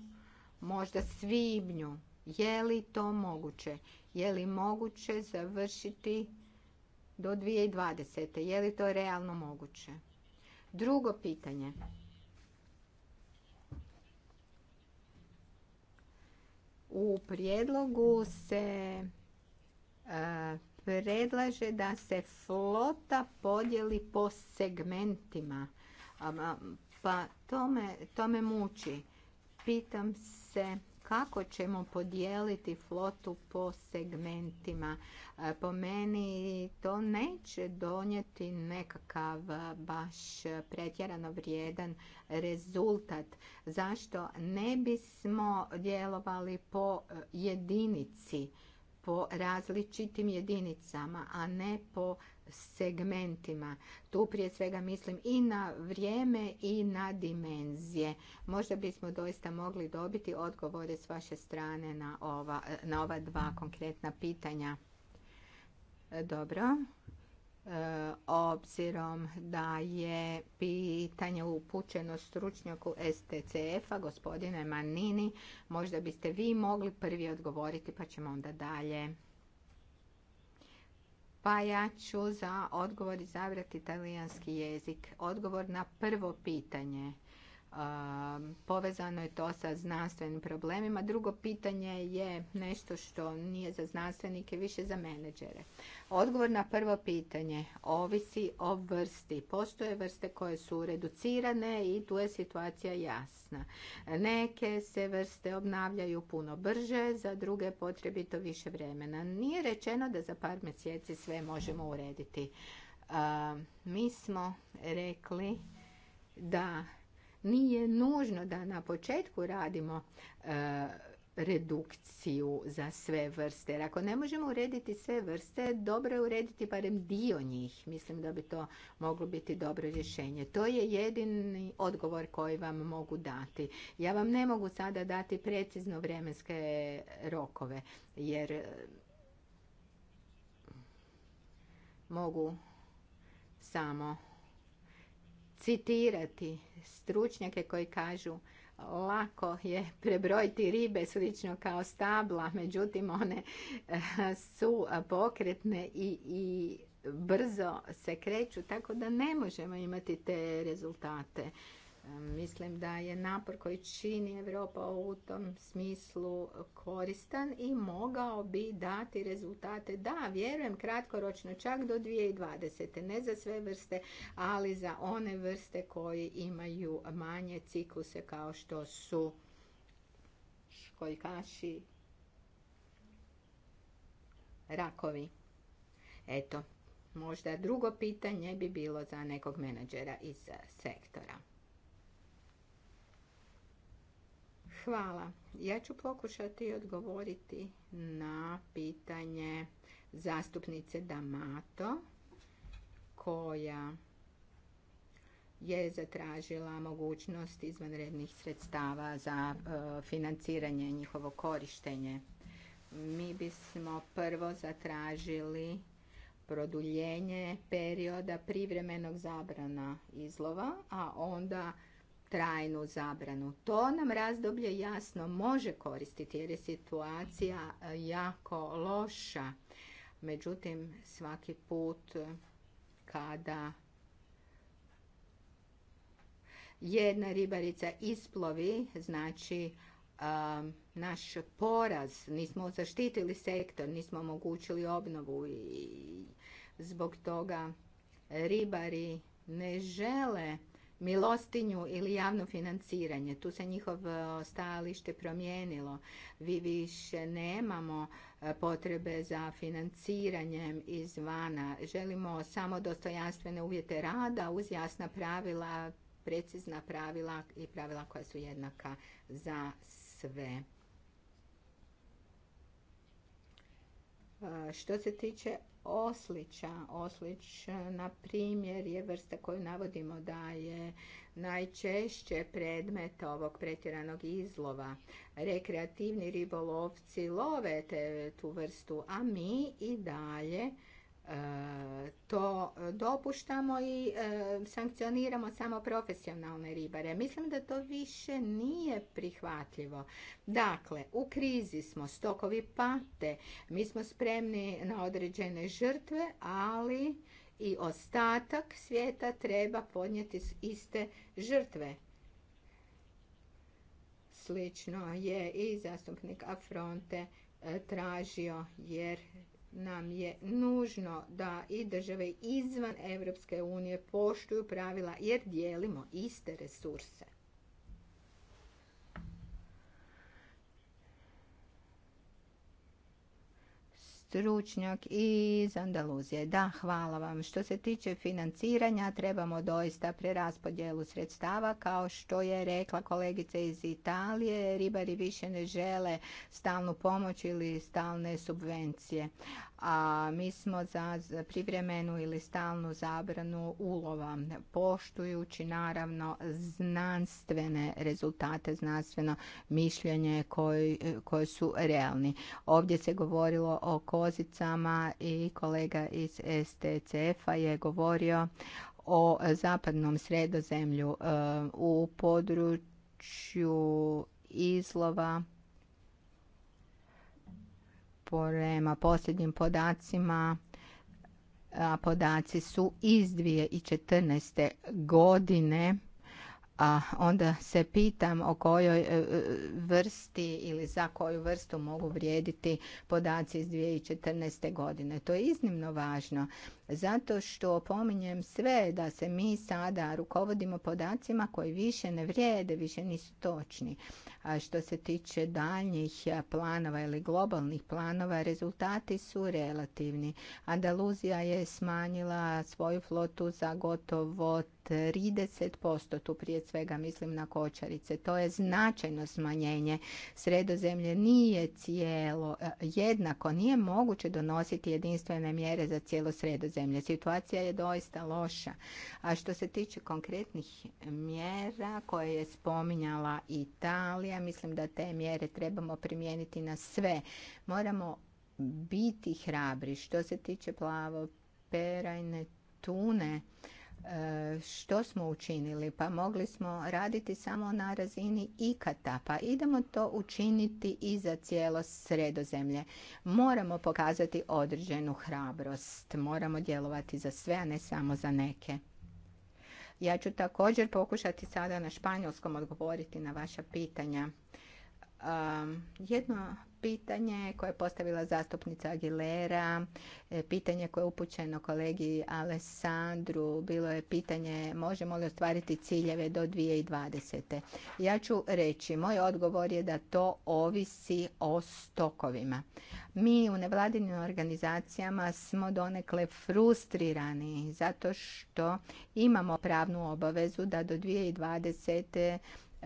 možda svibnju. Je li to moguće? Je li moguće završiti do 2020. Je li to realno moguće? Drugo pitanje. U prijedlogu se e, predlaže da se flota podijeli po segmentima. Pa to me muči. Pitam se kako ćemo podijeliti flotu po segmentima. E, po meni to neće donijeti nekakav e, baš pretjerano vrijedan rezultat. Zašto ne bismo djelovali po e, jedinici, po različitim jedinicama, a ne po segmentima. Tu prije svega mislim i na vrijeme i na dimenzije. Možda bismo doista mogli dobiti odgovore s vaše strane na ova, na ova dva konkretna pitanja. E, dobro. E, obzirom da je pitanje upućeno stručnjaku STCF-a, gospodine Manini, možda biste vi mogli prvi odgovoriti pa ćemo onda dalje pa ja ću za odgovor izabrati talijanski jezik. Odgovor na prvo pitanje povezano je to sa znanstvenim problemima. Drugo pitanje je nešto što nije za znanstvenike, više za menadžere. Odgovor na prvo pitanje ovisi o vrsti. Postoje vrste koje su reducirane i tu je situacija jasna. Neke se vrste obnavljaju puno brže, za druge potrebito više vremena. Nije rečeno da za par mjeseci sve možemo urediti. Mi smo rekli da nije nužno da na početku radimo e, redukciju za sve vrste. Jer ako ne možemo urediti sve vrste, dobro je urediti barem dio njih. Mislim da bi to moglo biti dobro rješenje. To je jedini odgovor koji vam mogu dati. Ja vam ne mogu sada dati precizno vremenske rokove, jer e, mogu samo citirati stručnjake koji kažu lako je prebrojiti ribe slično kao stabla, međutim one eh, su pokretne i, i brzo se kreću, tako da ne možemo imati te rezultate. Mislim da je napor koji čini Europa u tom smislu koristan i mogao bi dati rezultate. Da, vjerujem kratkoročno čak do 2020. Ne za sve vrste, ali za one vrste koji imaju manje cikluse kao što su školjkaši, rakovi. Eto, možda drugo pitanje bi bilo za nekog menadžera iz sektora. Hvala. Ja ću pokušati odgovoriti na pitanje zastupnice Damato koja je zatražila mogućnost izvanrednih sredstava za e, financiranje njihovo korištenje. Mi bismo prvo zatražili produljenje perioda privremenog zabrana izlova, a onda trajnu zabranu. To nam razdoblje jasno može koristiti jer je situacija e, jako loša. Međutim, svaki put kada jedna ribarica isplovi, znači e, naš poraz, nismo zaštitili sektor, nismo omogućili obnovu i zbog toga ribari ne žele milostinju ili javno financiranje. Tu se njihovo e, stajalište promijenilo. Vi više nemamo e, potrebe za financiranjem izvana. Želimo samo dostojanstvene uvjete rada uz jasna pravila, precizna pravila i pravila koja su jednaka za sve. E, što se tiče oslića. Oslić, na primjer, je vrsta koju navodimo da je najčešće predmet ovog pretjeranog izlova. Rekreativni ribolovci love tu vrstu, a mi i dalje to dopuštamo i e, sankcioniramo samo profesionalne ribare. Mislim da to više nije prihvatljivo. Dakle, u krizi smo, stokovi pate, mi smo spremni na određene žrtve, ali i ostatak svijeta treba podnijeti iste žrtve. Slično je i zastupnik Afronte e, tražio jer nam je nužno da i države izvan Europske unije poštuju pravila jer dijelimo iste resurse. stručnjak iz Andaluzije. Da, hvala vam. Što se tiče financiranja, trebamo doista preraspodjelu sredstava. Kao što je rekla kolegica iz Italije, ribari više ne žele stalnu pomoć ili stalne subvencije a mi smo za privremenu ili stalnu zabranu ulova, poštujući naravno znanstvene rezultate, znanstveno mišljenje koji, su realni. Ovdje se govorilo o kozicama i kolega iz STCF-a je govorio o zapadnom sredozemlju e, u području izlova prema posljednjim podacima, a podaci su iz 2014. godine, a onda se pitam o kojoj e, vrsti ili za koju vrstu mogu vrijediti podaci iz 2014. godine. To je iznimno važno zato što pominjem sve da se mi sada rukovodimo podacima koji više ne vrijede, više nisu točni. A što se tiče daljnjih planova ili globalnih planova, rezultati su relativni. Andaluzija je smanjila svoju flotu za gotovo 30%, tu prije svega mislim na kočarice. To je značajno smanjenje. Sredozemlje nije cijelo eh, jednako, nije moguće donositi jedinstvene mjere za cijelo sredozemlje zemlje. Situacija je doista loša. A što se tiče konkretnih mjera koje je spominjala Italija, mislim da te mjere trebamo primijeniti na sve. Moramo biti hrabri. Što se tiče plavo perajne tune, E, što smo učinili? Pa mogli smo raditi samo na razini ikata, pa idemo to učiniti i za cijelo sredozemlje. Moramo pokazati određenu hrabrost, moramo djelovati za sve, a ne samo za neke. Ja ću također pokušati sada na španjolskom odgovoriti na vaša pitanja. E, jedno pitanje koje je postavila zastupnica Aguilera, e, pitanje koje je upućeno kolegi Alessandru, bilo je pitanje možemo li ostvariti ciljeve do 2020. Ja ću reći, moj odgovor je da to ovisi o stokovima. Mi u nevladinim organizacijama smo donekle frustrirani zato što imamo pravnu obavezu da do 2020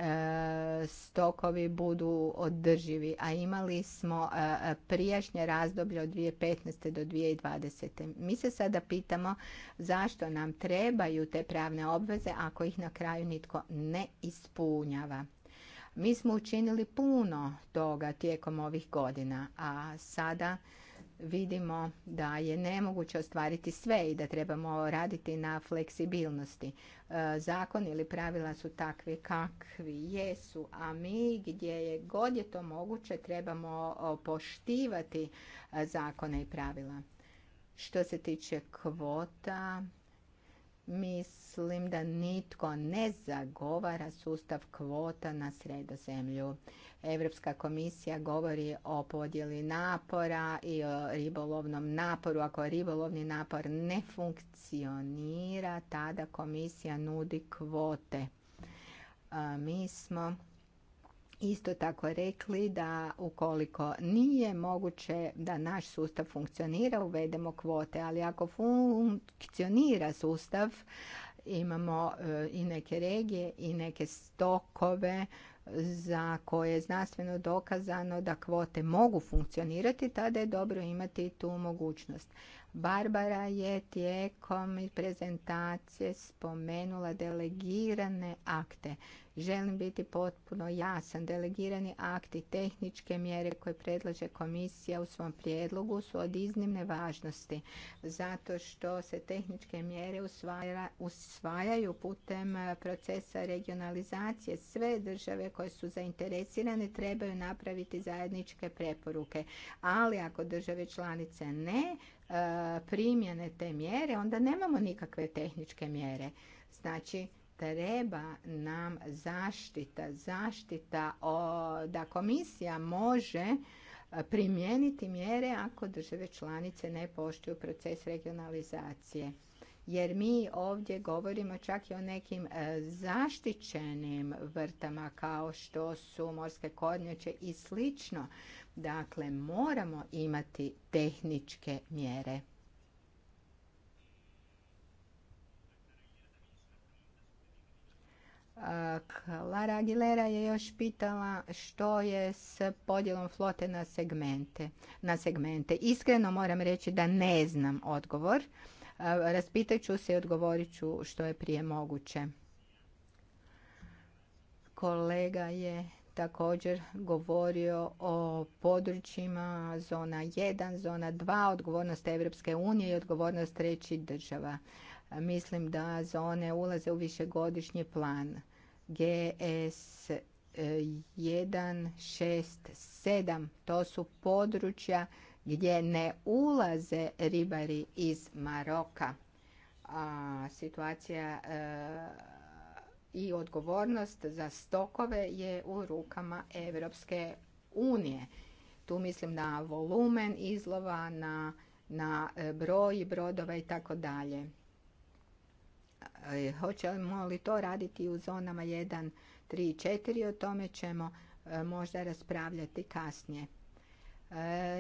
E, stokovi budu održivi, a imali smo e, prijašnje razdoblje od 2015. do 2020. Mi se sada pitamo zašto nam trebaju te pravne obveze ako ih na kraju nitko ne ispunjava. Mi smo učinili puno toga tijekom ovih godina, a sada vidimo da je nemoguće ostvariti sve i da trebamo raditi na fleksibilnosti. E, Zakon ili pravila su takvi kakvi jesu, a mi gdje je god je to moguće trebamo poštivati e, zakone i pravila. Što se tiče kvota, Mislim da nitko ne zagovara sustav kvota na sredozemlju. Europska komisija govori o podjeli napora i o ribolovnom naporu. Ako ribolovni napor ne funkcionira, tada komisija nudi kvote. Mi smo isto tako rekli da ukoliko nije moguće da naš sustav funkcionira, uvedemo kvote, ali ako funkcionira sustav, imamo e, i neke regije i neke stokove za koje je znanstveno dokazano da kvote mogu funkcionirati, tada je dobro imati tu mogućnost. Barbara je tijekom prezentacije spomenula delegirane akte. Želim biti potpuno jasan. Delegirani akti, tehničke mjere koje predlaže komisija u svom prijedlogu su od iznimne važnosti zato što se tehničke mjere usvajaju putem e, procesa regionalizacije. Sve države koje su zainteresirane trebaju napraviti zajedničke preporuke. Ali ako države članice ne E, primjene te mjere, onda nemamo nikakve tehničke mjere. Znači, treba nam zaštita, zaštita o, da komisija može e, primijeniti mjere ako države članice ne poštuju proces regionalizacije. Jer mi ovdje govorimo čak i o nekim e, zaštićenim vrtama kao što su morske kornjače i slično. Dakle, moramo imati tehničke mjere. Lara Aguilera je još pitala što je s podjelom flote na segmente. Na segmente. Iskreno moram reći da ne znam odgovor. Raspitat ću se i odgovorit ću što je prije moguće. Kolega je također govorio o područjima zona 1, zona 2, odgovornost Evropske unije i odgovornost trećih država. Mislim da zone ulaze u višegodišnji plan. GS 1, 6, 7, to su područja gdje ne ulaze ribari iz Maroka. A, situacija e, i odgovornost za stokove je u rukama Europske unije. Tu mislim na volumen izlova, na, na e, broj brodova i tako dalje. E, hoćemo li to raditi u zonama 1, 3, 4, o tome ćemo e, možda raspravljati kasnije.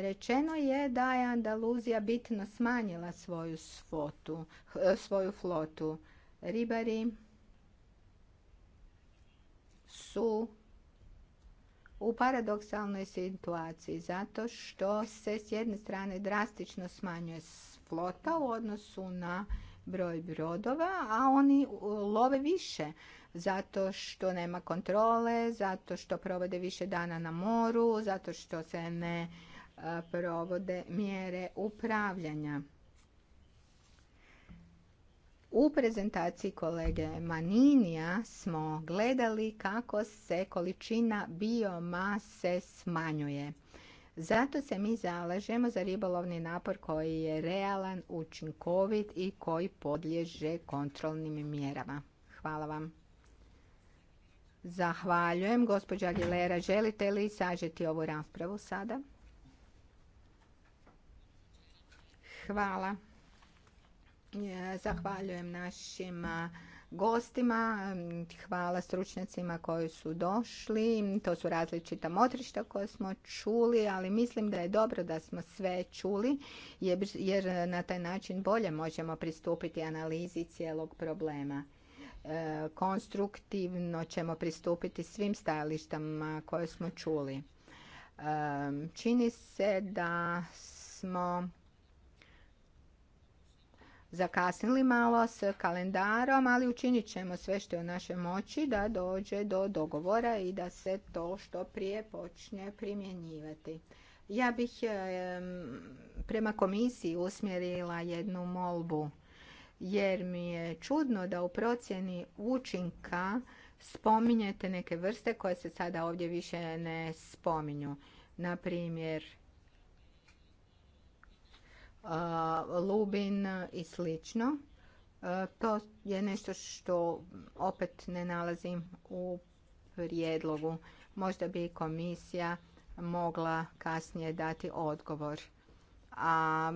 Rečeno je da je Andaluzija bitno smanjila svoju svoju flotu. Ribari su u paradoksalnoj situaciji zato što se s jedne strane drastično smanjuje flota u odnosu na broj brodova, a oni love više zato što nema kontrole, zato što provode više dana na moru, zato što se ne e, provode mjere upravljanja. U prezentaciji kolege Maninija smo gledali kako se količina biomase smanjuje. Zato se mi zalažemo za ribolovni napor koji je realan, učinkovit i koji podliježe kontrolnim mjerama. Hvala vam. Zahvaljujem. Gospođa Aguilera, želite li sažeti ovu raspravu sada? Hvala. Zahvaljujem našim gostima, hvala stručnjacima koji su došli. To su različita motrišta koje smo čuli, ali mislim da je dobro da smo sve čuli jer na taj način bolje možemo pristupiti analizi cijelog problema. E, konstruktivno ćemo pristupiti svim stajalištama koje smo čuli. E, čini se da smo zakasnili malo s kalendarom, ali učinit ćemo sve što je u našoj moći da dođe do dogovora i da se to što prije počne primjenjivati. Ja bih prema komisiji usmjerila jednu molbu jer mi je čudno da u procjeni učinka spominjete neke vrste koje se sada ovdje više ne spominju. Na primjer, Lubin i slično. To je nešto što opet ne nalazim u prijedlogu. Možda bi komisija mogla kasnije dati odgovor. A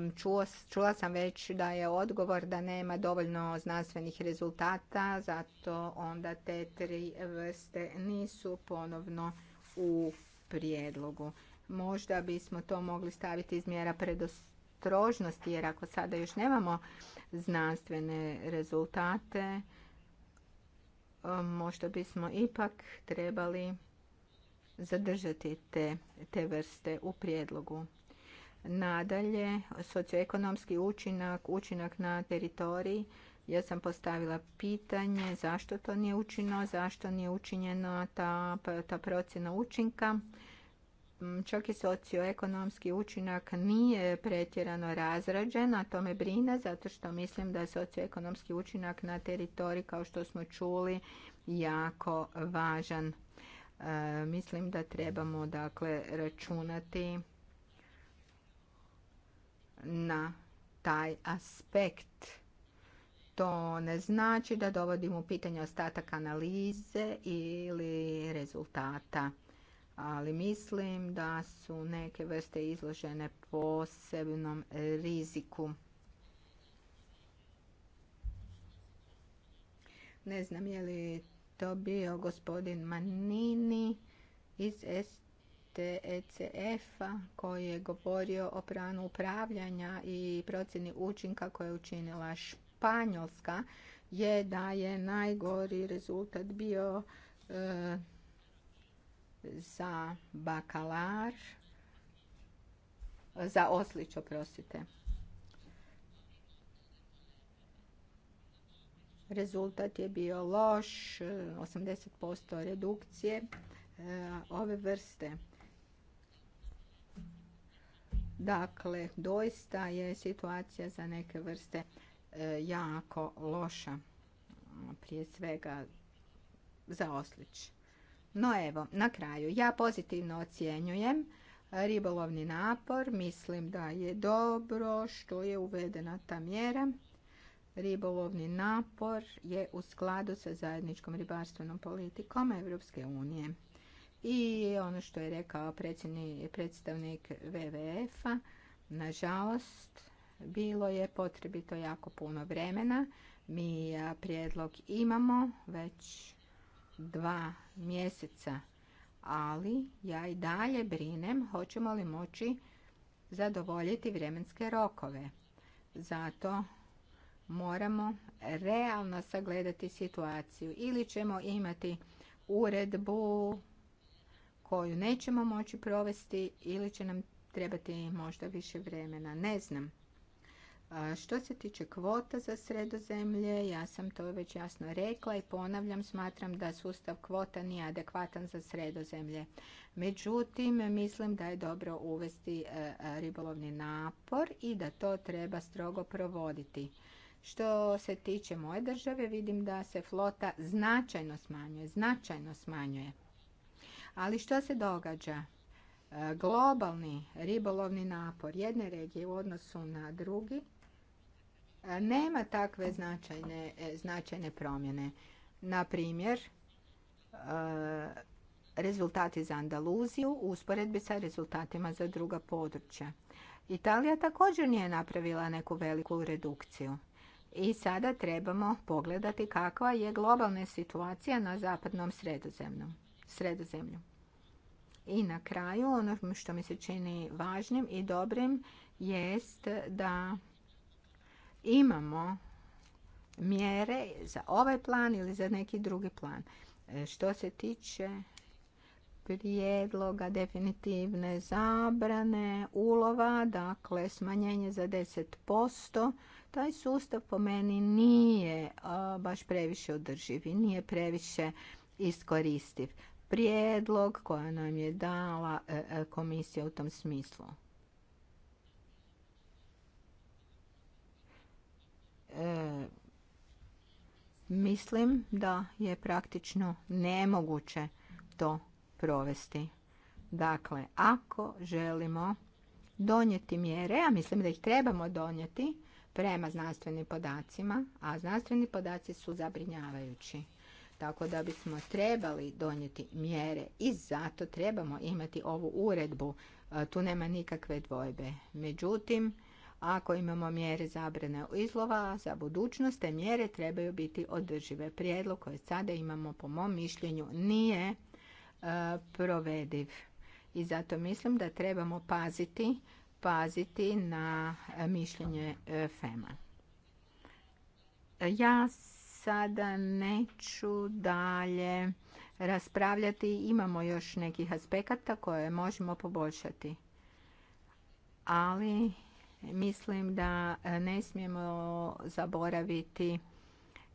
čula, sam već da je odgovor da nema dovoljno znanstvenih rezultata, zato onda te tri vrste nisu ponovno u prijedlogu. Možda bismo to mogli staviti iz mjera predostavljanja, ostrožnosti, jer ako sada još nemamo znanstvene rezultate, um, možda bismo ipak trebali zadržati te, te vrste u prijedlogu. Nadalje, socioekonomski učinak, učinak na teritoriji. Ja sam postavila pitanje zašto to nije učinjeno, zašto nije učinjena ta, ta procjena učinka. Mm, čak i socioekonomski učinak nije pretjerano razrađen, a to me brine zato što mislim da je socioekonomski učinak na teritoriji, kao što smo čuli, jako važan. E, mislim da trebamo dakle računati na taj aspekt. To ne znači da dovodimo u pitanje ostatak analize ili rezultata ali mislim da su neke vrste izložene posebnom riziku. Ne znam je li to bio gospodin Manini iz stecf a koji je govorio o pranu upravljanja i procjeni učinka koje je učinila Španjolska je da je najgori rezultat bio e, za bakalar, za oslić, oprostite. Rezultat je bio loš, 80% redukcije e, ove vrste. Dakle, doista je situacija za neke vrste e, jako loša. Prije svega za oslić. No evo, na kraju, ja pozitivno ocjenjujem ribolovni napor, mislim da je dobro što je uvedena ta mjera. Ribolovni napor je u skladu sa zajedničkom ribarstvenom politikom Europske unije. I ono što je rekao predstavnik WWF-a, nažalost, bilo je potrebito jako puno vremena. Mi prijedlog imamo već dva mjeseca, ali ja i dalje brinem hoćemo li moći zadovoljiti vremenske rokove. Zato moramo realno sagledati situaciju ili ćemo imati uredbu koju nećemo moći provesti ili će nam trebati možda više vremena. Ne znam. Što se tiče kvota za sredozemlje, ja sam to već jasno rekla i ponavljam, smatram da sustav kvota nije adekvatan za sredozemlje. Međutim, mislim da je dobro uvesti e, e, ribolovni napor i da to treba strogo provoditi. Što se tiče moje države, vidim da se flota značajno smanjuje, značajno smanjuje. Ali što se događa? E, globalni ribolovni napor jedne regije u odnosu na drugi nema takve značajne, e, značajne promjene. Na primjer, e, rezultati za Andaluziju u usporedbi sa rezultatima za druga područja. Italija također nije napravila neku veliku redukciju. I sada trebamo pogledati kakva je globalna situacija na zapadnom sredozemlju. I na kraju, ono što mi se čini važnim i dobrim, jest da imamo mjere za ovaj plan ili za neki drugi plan. E, što se tiče prijedloga definitivne zabrane ulova, dakle smanjenje za 10%, taj sustav po meni nije e, baš previše održiv i nije previše iskoristiv. Prijedlog koja nam je dala e, komisija u tom smislu. E, mislim da je praktično nemoguće to provesti. Dakle, ako želimo donijeti mjere, a mislim da ih trebamo donijeti prema znanstvenim podacima, a znanstveni podaci su zabrinjavajući. Tako da bismo trebali donijeti mjere i zato trebamo imati ovu uredbu. E, tu nema nikakve dvojbe. Međutim, ako imamo mjere zabrane izlova za budućnost, te mjere trebaju biti održive. Prijedlog koji sada imamo, po mom mišljenju, nije e, provediv. I zato mislim da trebamo paziti, paziti na e, mišljenje e, FEMA. Ja sada neću dalje raspravljati. Imamo još nekih aspekata koje možemo poboljšati. Ali Mislim da e, ne smijemo zaboraviti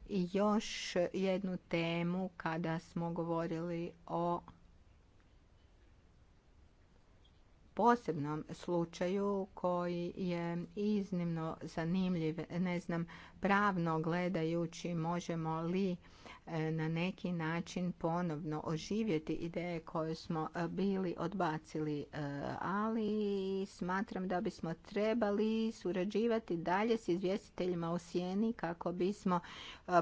još jednu temu kada smo govorili o posebnom slučaju koji je iznimno zanimljiv. Ne znam pravno gledajući možemo li e, na neki način ponovno oživjeti ideje koje smo e, bili odbacili, e, ali smatram da bismo trebali surađivati dalje s izvjestiteljima u sjeni kako bismo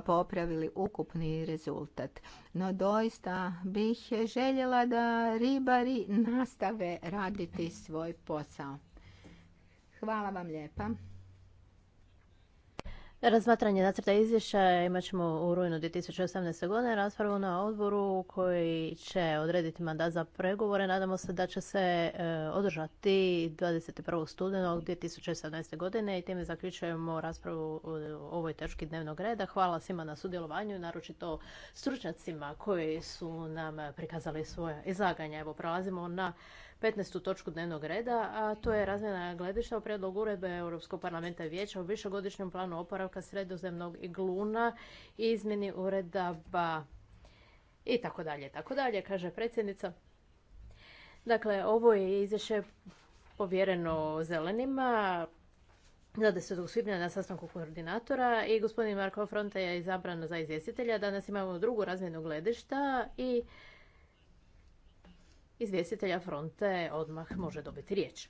popravili ukupni rezultat. No doista bih željela da ribari nastave raditi svoj posao. Hvala vam lijepa. Razmatranje nacrta izvješća imat ćemo u rujnu 2018. godine raspravu na odboru koji će odrediti mandat za pregovore. Nadamo se da će se e, održati 21. studenog 2018. godine i time zaključujemo raspravu o ovoj točki dnevnog reda. Hvala svima na sudjelovanju, naročito stručnjacima koji su nam prikazali svoja izlaganja. Evo, prelazimo na 15. točku dnevnog reda, a to je razmjena gledišta o prijedlogu uredbe Europskog parlamenta i vijeća o višegodišnjem planu oporavka sredozemnog igluna i izmjeni uredaba i tako dalje, tako dalje, kaže predsjednica. Dakle, ovo je izvješće povjereno zelenima, 10. svibnja na sastanku koordinatora i gospodin Marko fronta je izabran za izvjestitelja. Danas imamo drugu razmjenu gledišta i izvjestitelja fronte odmah može dobiti riječ.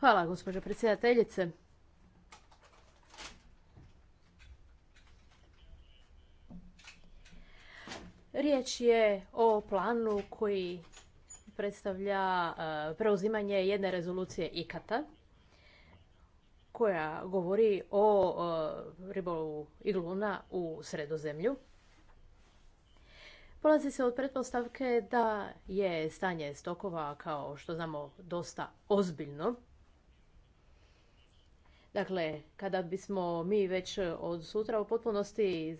Hvala, gospođo predsjedateljice. Riječ je o planu koji predstavlja e, preuzimanje jedne rezolucije IKATA koja govori o e, ribolovu igluna u sredozemlju. Polazi se od pretpostavke da je stanje stokova, kao što znamo, dosta ozbiljno Dakle, kada bismo mi već e, od sutra u potpunosti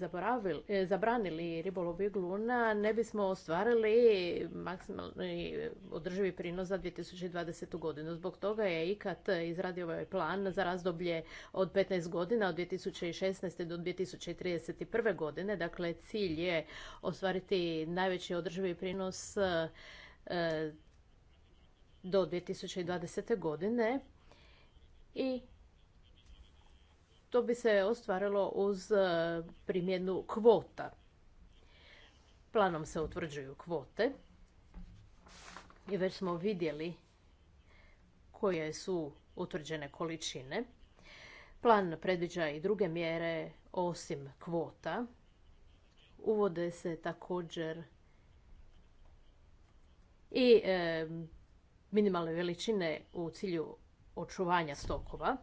e, zabranili ribolov gluna, ne bismo ostvarili maksimalni e, održivi prinos za 2020. godinu. Zbog toga je IKAT izradio ovaj plan za razdoblje od 15 godina, od 2016. do 2031. godine. Dakle, cilj je ostvariti najveći održivi prinos do 2020. godine i to bi se ostvarilo uz e, primjenu kvota. Planom se utvrđuju kvote i već smo vidjeli koje su utvrđene količine. Plan predviđa i druge mjere osim kvota. Uvode se također i e, minimalne veličine u cilju očuvanja stokova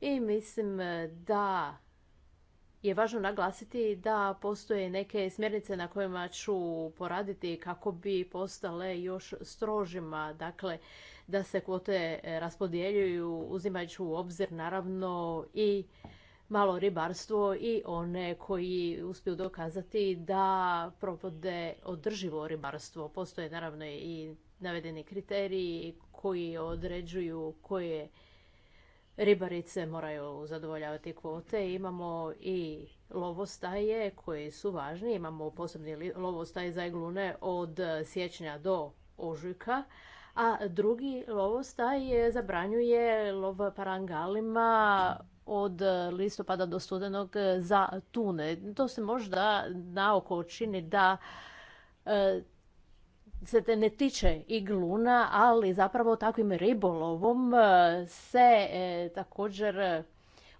i mislim e, da je važno naglasiti da postoje neke smjernice na kojima ću poraditi kako bi postale još strožima, dakle da se kvote e, raspodjeljuju uzimajući u obzir naravno i malo ribarstvo i one koji uspiju dokazati da provode održivo ribarstvo. Postoje naravno i navedeni kriteriji koji određuju koje ribarice moraju zadovoljavati kvote. Imamo i lovostaje koji su važni. Imamo posebni lovostaj za iglune od siječnja do ožujka, a drugi lovostaj zabranjuje lov parangalima od listopada do studenog za tune. To se možda naoko čini da e, se ne tiče igluna, ali zapravo takvim ribolovom e, se e, također e,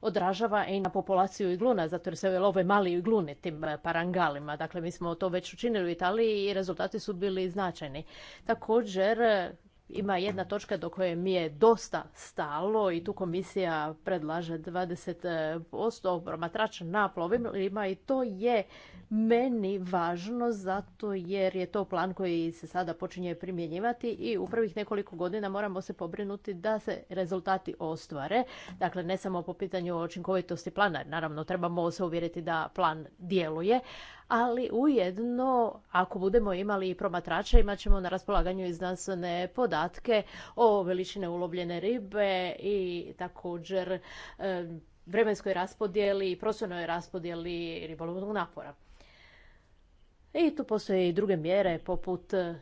odražava i na populaciju igluna, zato jer se love mali igluni tim parangalima. Dakle, mi smo to već učinili u Italiji i rezultati su bili značajni. Također, ima jedna točka do koje mi je dosta stalo i tu komisija predlaže 20% promatrač na ima i to je meni važno zato jer je to plan koji se sada počinje primjenjivati i u prvih nekoliko godina moramo se pobrinuti da se rezultati ostvare. Dakle, ne samo po pitanju učinkovitosti plana, naravno trebamo se uvjeriti da plan djeluje, ali ujedno ako budemo imali i promatrače imat ćemo na raspolaganju i znanstvene podatke o veličine ulovljene ribe i također vremenskoj raspodjeli i prostornoj raspodjeli ribolovnog napora. I tu postoje i druge mjere poput eh,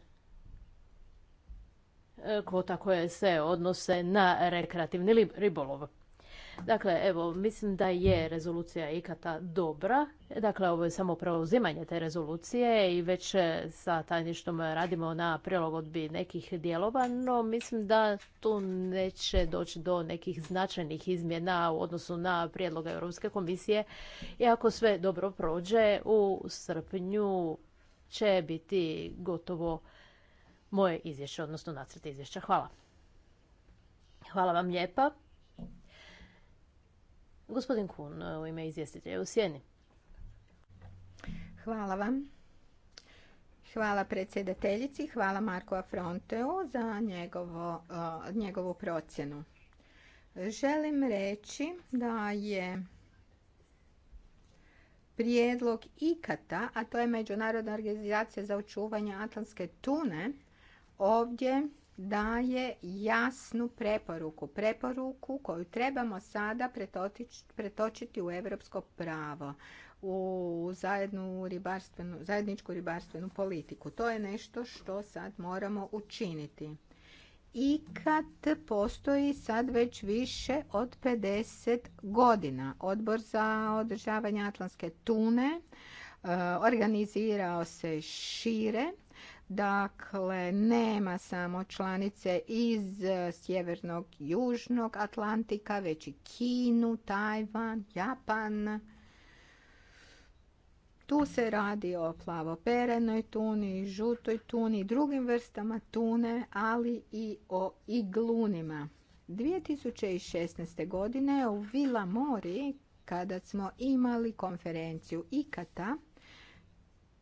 kvota koje se odnose na rekreativni ribolov. Dakle, evo, mislim da je rezolucija ikata dobra. Dakle, ovo je samo preuzimanje te rezolucije i već sa tajništom radimo na prilagodbi nekih dijelova, no mislim da tu neće doći do nekih značajnih izmjena u odnosu na prijedloga Europske komisije. I ako sve dobro prođe, u srpnju će biti gotovo moje izvješće, odnosno nacrt izvješća. Hvala. Hvala vam lijepa. Gospodin Kun, e, u ime izvjestitelja u Sjeni. Hvala vam. Hvala predsjedateljici, hvala Marko Afronteo za e, njegovu procjenu. Želim reći da je prijedlog IKATA, a to je Međunarodna organizacija za očuvanje Atlantske tune, ovdje daje jasnu preporuku. Preporuku koju trebamo sada pretočiti u europsko pravo, u zajednu zajedničku ribarstvenu politiku. To je nešto što sad moramo učiniti. I kad postoji sad već više od 50 godina odbor za održavanje atlantske tune, e, organizirao se šire Dakle, nema samo članice iz eh, sjevernog, južnog Atlantika, već i Kinu, Tajvan, Japan. Tu se radi o plavoperenoj tuni, žutoj tuni, drugim vrstama tune, ali i o iglunima. 2016. godine u Vila Mori, kada smo imali konferenciju IKATA,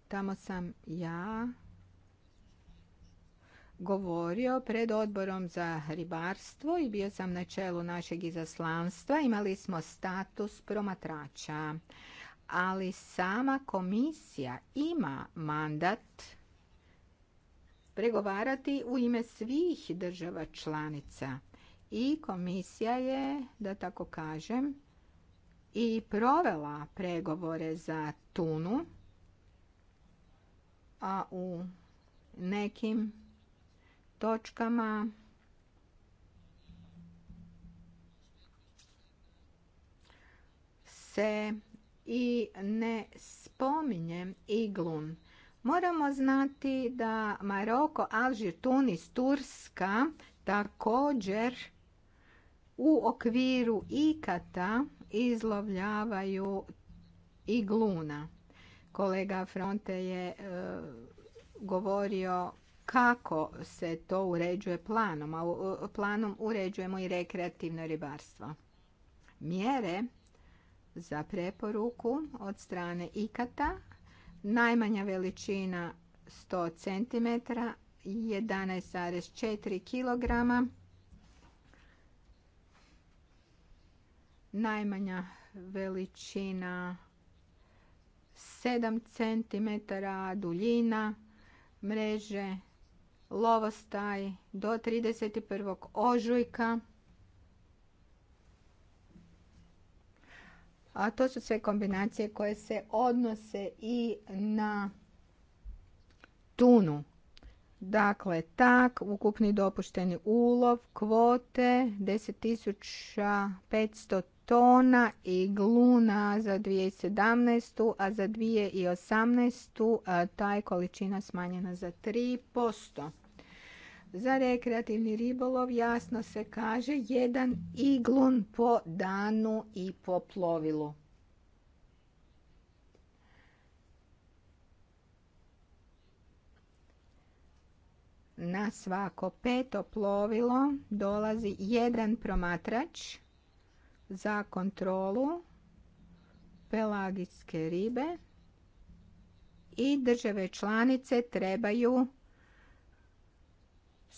tamo sam ja govorio pred odborom za ribarstvo i bio sam na čelu našeg izaslanstva. Imali smo status promatrača, ali sama komisija ima mandat pregovarati u ime svih država članica. I komisija je, da tako kažem, i provela pregovore za tunu, a u nekim točkama. Se i ne spominjem iglun. Moramo znati da Maroko, Alžir, Tunis, Turska također u okviru ikata izlovljavaju igluna. Kolega Fronte je e, govorio kako se to uređuje planom, a planom uređujemo i rekreativno ribarstvo. Mjere za preporuku od strane ikata, najmanja veličina 100 cm, 11,4 kg, najmanja veličina 7 cm duljina mreže lovostaj do 31. ožujka. A to su sve kombinacije koje se odnose i na tunu. Dakle, tak, ukupni dopušteni ulov, kvote 10.500 tona i gluna za 2017. a za 2018. ta količina smanjena za 3% za rekreativni ribolov jasno se kaže jedan iglun po danu i po plovilu. Na svako peto plovilo dolazi jedan promatrač za kontrolu pelagijske ribe i države članice trebaju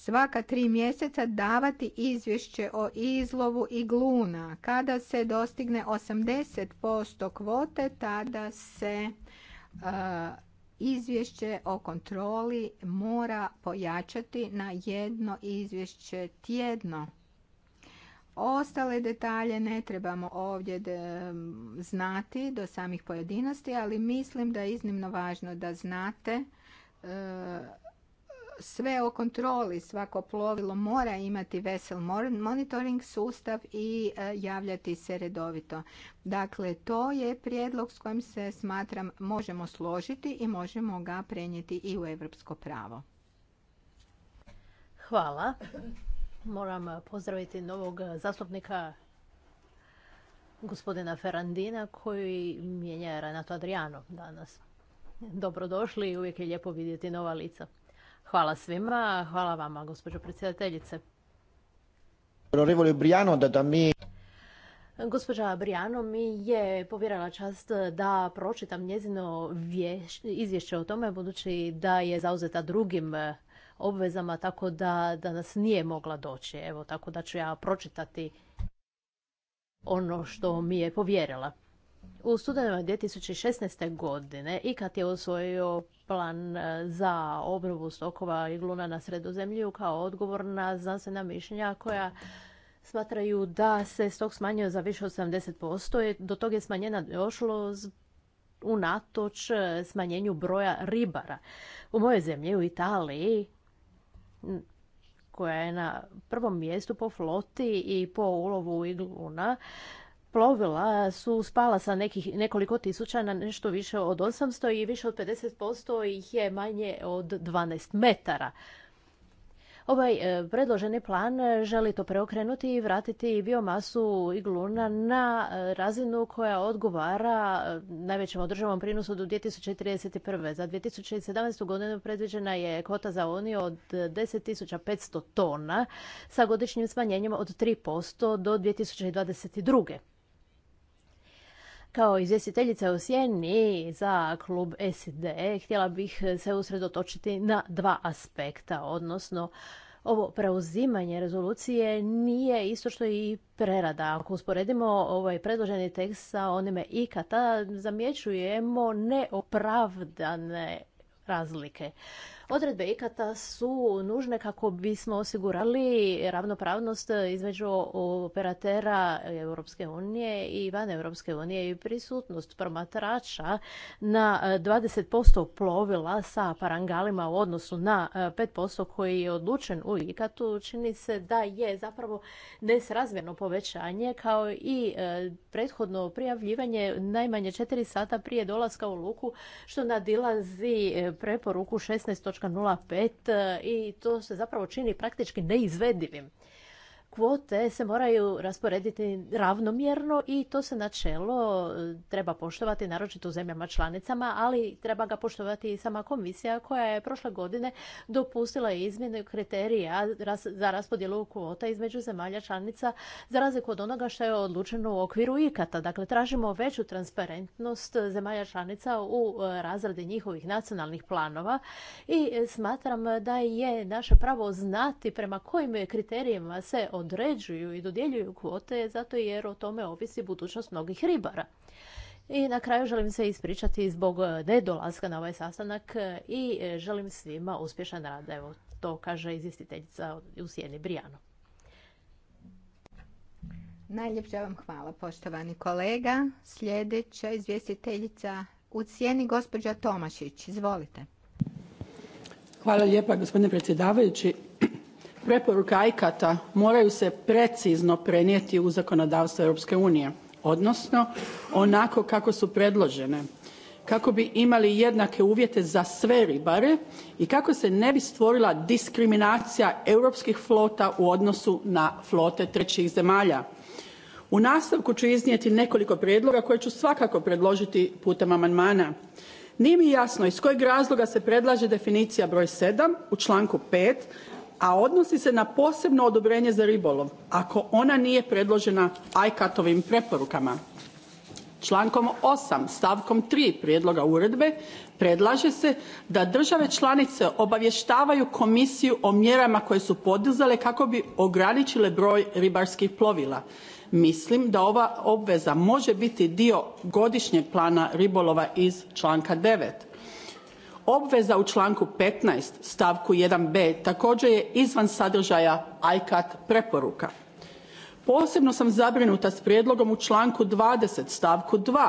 svaka tri mjeseca davati izvješće o izlovu i gluna. Kada se dostigne 80% kvote, tada se e, izvješće o kontroli mora pojačati na jedno izvješće tjedno. Ostale detalje ne trebamo ovdje znati do samih pojedinosti, ali mislim da je iznimno važno da znate e, sve o kontroli. Svako plovilo mora imati vesel monitoring sustav i e, javljati se redovito. Dakle, to je prijedlog s kojim se smatram možemo složiti i možemo ga prenijeti i u europsko pravo. Hvala. Moram e, pozdraviti novog e, zastupnika gospodina Ferandina koji mijenja Renato Adriano danas. Dobrodošli i uvijek je lijepo vidjeti nova lica. Hvala svima, hvala vama, gospođo predsjedateljice. Gospođa Brijano mi je povjerala čast da pročitam njezino izvješće o tome, budući da je zauzeta drugim obvezama, tako da danas nije mogla doći. Evo, tako da ću ja pročitati ono što mi je povjerila. U studenome 2016. godine kad je osvojio plan e, za obnovu stokova igluna gluna na sredozemlju kao odgovor na znanstvena mišljenja koja smatraju da se stok smanjio za više od 70%. Do toga je smanjena došlo unatoč e, smanjenju broja ribara. U mojoj zemlji, u Italiji, koja je na prvom mjestu po floti i po ulovu igluna, plovila su spala sa nekih, nekoliko tisuća na nešto više od 800 i više od 50% ih je manje od 12 metara. Ovaj e, predloženi plan želi to preokrenuti i vratiti biomasu igluna na e, razinu koja odgovara e, najvećem održavom prinosu do 2031. Za 2017. godinu predviđena je kvota za oni od 10.500 tona sa godišnjim smanjenjem od 3% do 2022. Kao izvjestiteljica u Sjeni za klub SD, htjela bih se usredotočiti na dva aspekta, odnosno ovo preuzimanje rezolucije nije isto što i prerada. Ako usporedimo ovaj predloženi tekst sa onime ikata, zamjećujemo neopravdane razlike. Odredbe ikata su nužne kako bismo osigurali ravnopravnost između operatera Europske unije i van Europske unije i prisutnost promatrača na 20% e, plovila sa parangalima u odnosu na 5% e, koji je odlučen u ikatu čini se da je zapravo nesrazmjerno povećanje kao i e, prethodno prijavljivanje najmanje 4 sata prije dolaska u luku što nadilazi preporuku 16 nulapet e, i to se zapravo čini praktički neizvedivim kvote se moraju rasporediti ravnomjerno i to se načelo eh, treba poštovati naročito u zemljama članicama, ali treba ga poštovati i sama komisija koja je prošle godine dopustila izmjene kriterija za raspodjelu kvota između zemalja članica za razliku od onoga što je odlučeno u okviru ikata. Dakle, tražimo veću transparentnost zemalja članica u eh, razradi njihovih nacionalnih planova i eh, smatram da je naše pravo znati prema kojim kriterijima se odlučuje određuju i dodjeljuju kvote zato jer o tome ovisi budućnost mnogih ribara. I na kraju želim se ispričati zbog e, nedolaska na ovaj sastanak e, i e, želim svima uspješan rad. Evo, to kaže izvjestiteljica u Sjeni Brijano. Najljepša vam hvala, poštovani kolega. Sljedeća izvjestiteljica u sjeni gospođa Tomašić. Izvolite. Hvala lijepa, gospodine predsjedavajući preporuke iccat moraju se precizno prenijeti u zakonodavstvo europske unije odnosno onako kako su predložene kako bi imali jednake uvjete za sve ribare i kako se ne bi stvorila diskriminacija europskih flota u odnosu na flote trećih zemalja. u nastavku ću iznijeti nekoliko prijedloga koje ću svakako predložiti putem amandmana. nije mi jasno iz kojeg razloga se predlaže definicija broj sedam u članku five a odnosi se na posebno odobrenje za ribolov ako ona nije predložena ICCAT-ovim preporukama. Člankom 8. stavkom 3. prijedloga uredbe predlaže se da države članice obavještavaju komisiju o mjerama koje su poduzele kako bi ograničile broj ribarskih plovila. Mislim da ova obveza može biti dio godišnjeg plana ribolova iz članka 9. Obveza u članku 15. stavku 1b. također je izvan sadržaja ICCAT preporuka. Posebno sam zabrinuta s prijedlogom u članku 20. stavku 2.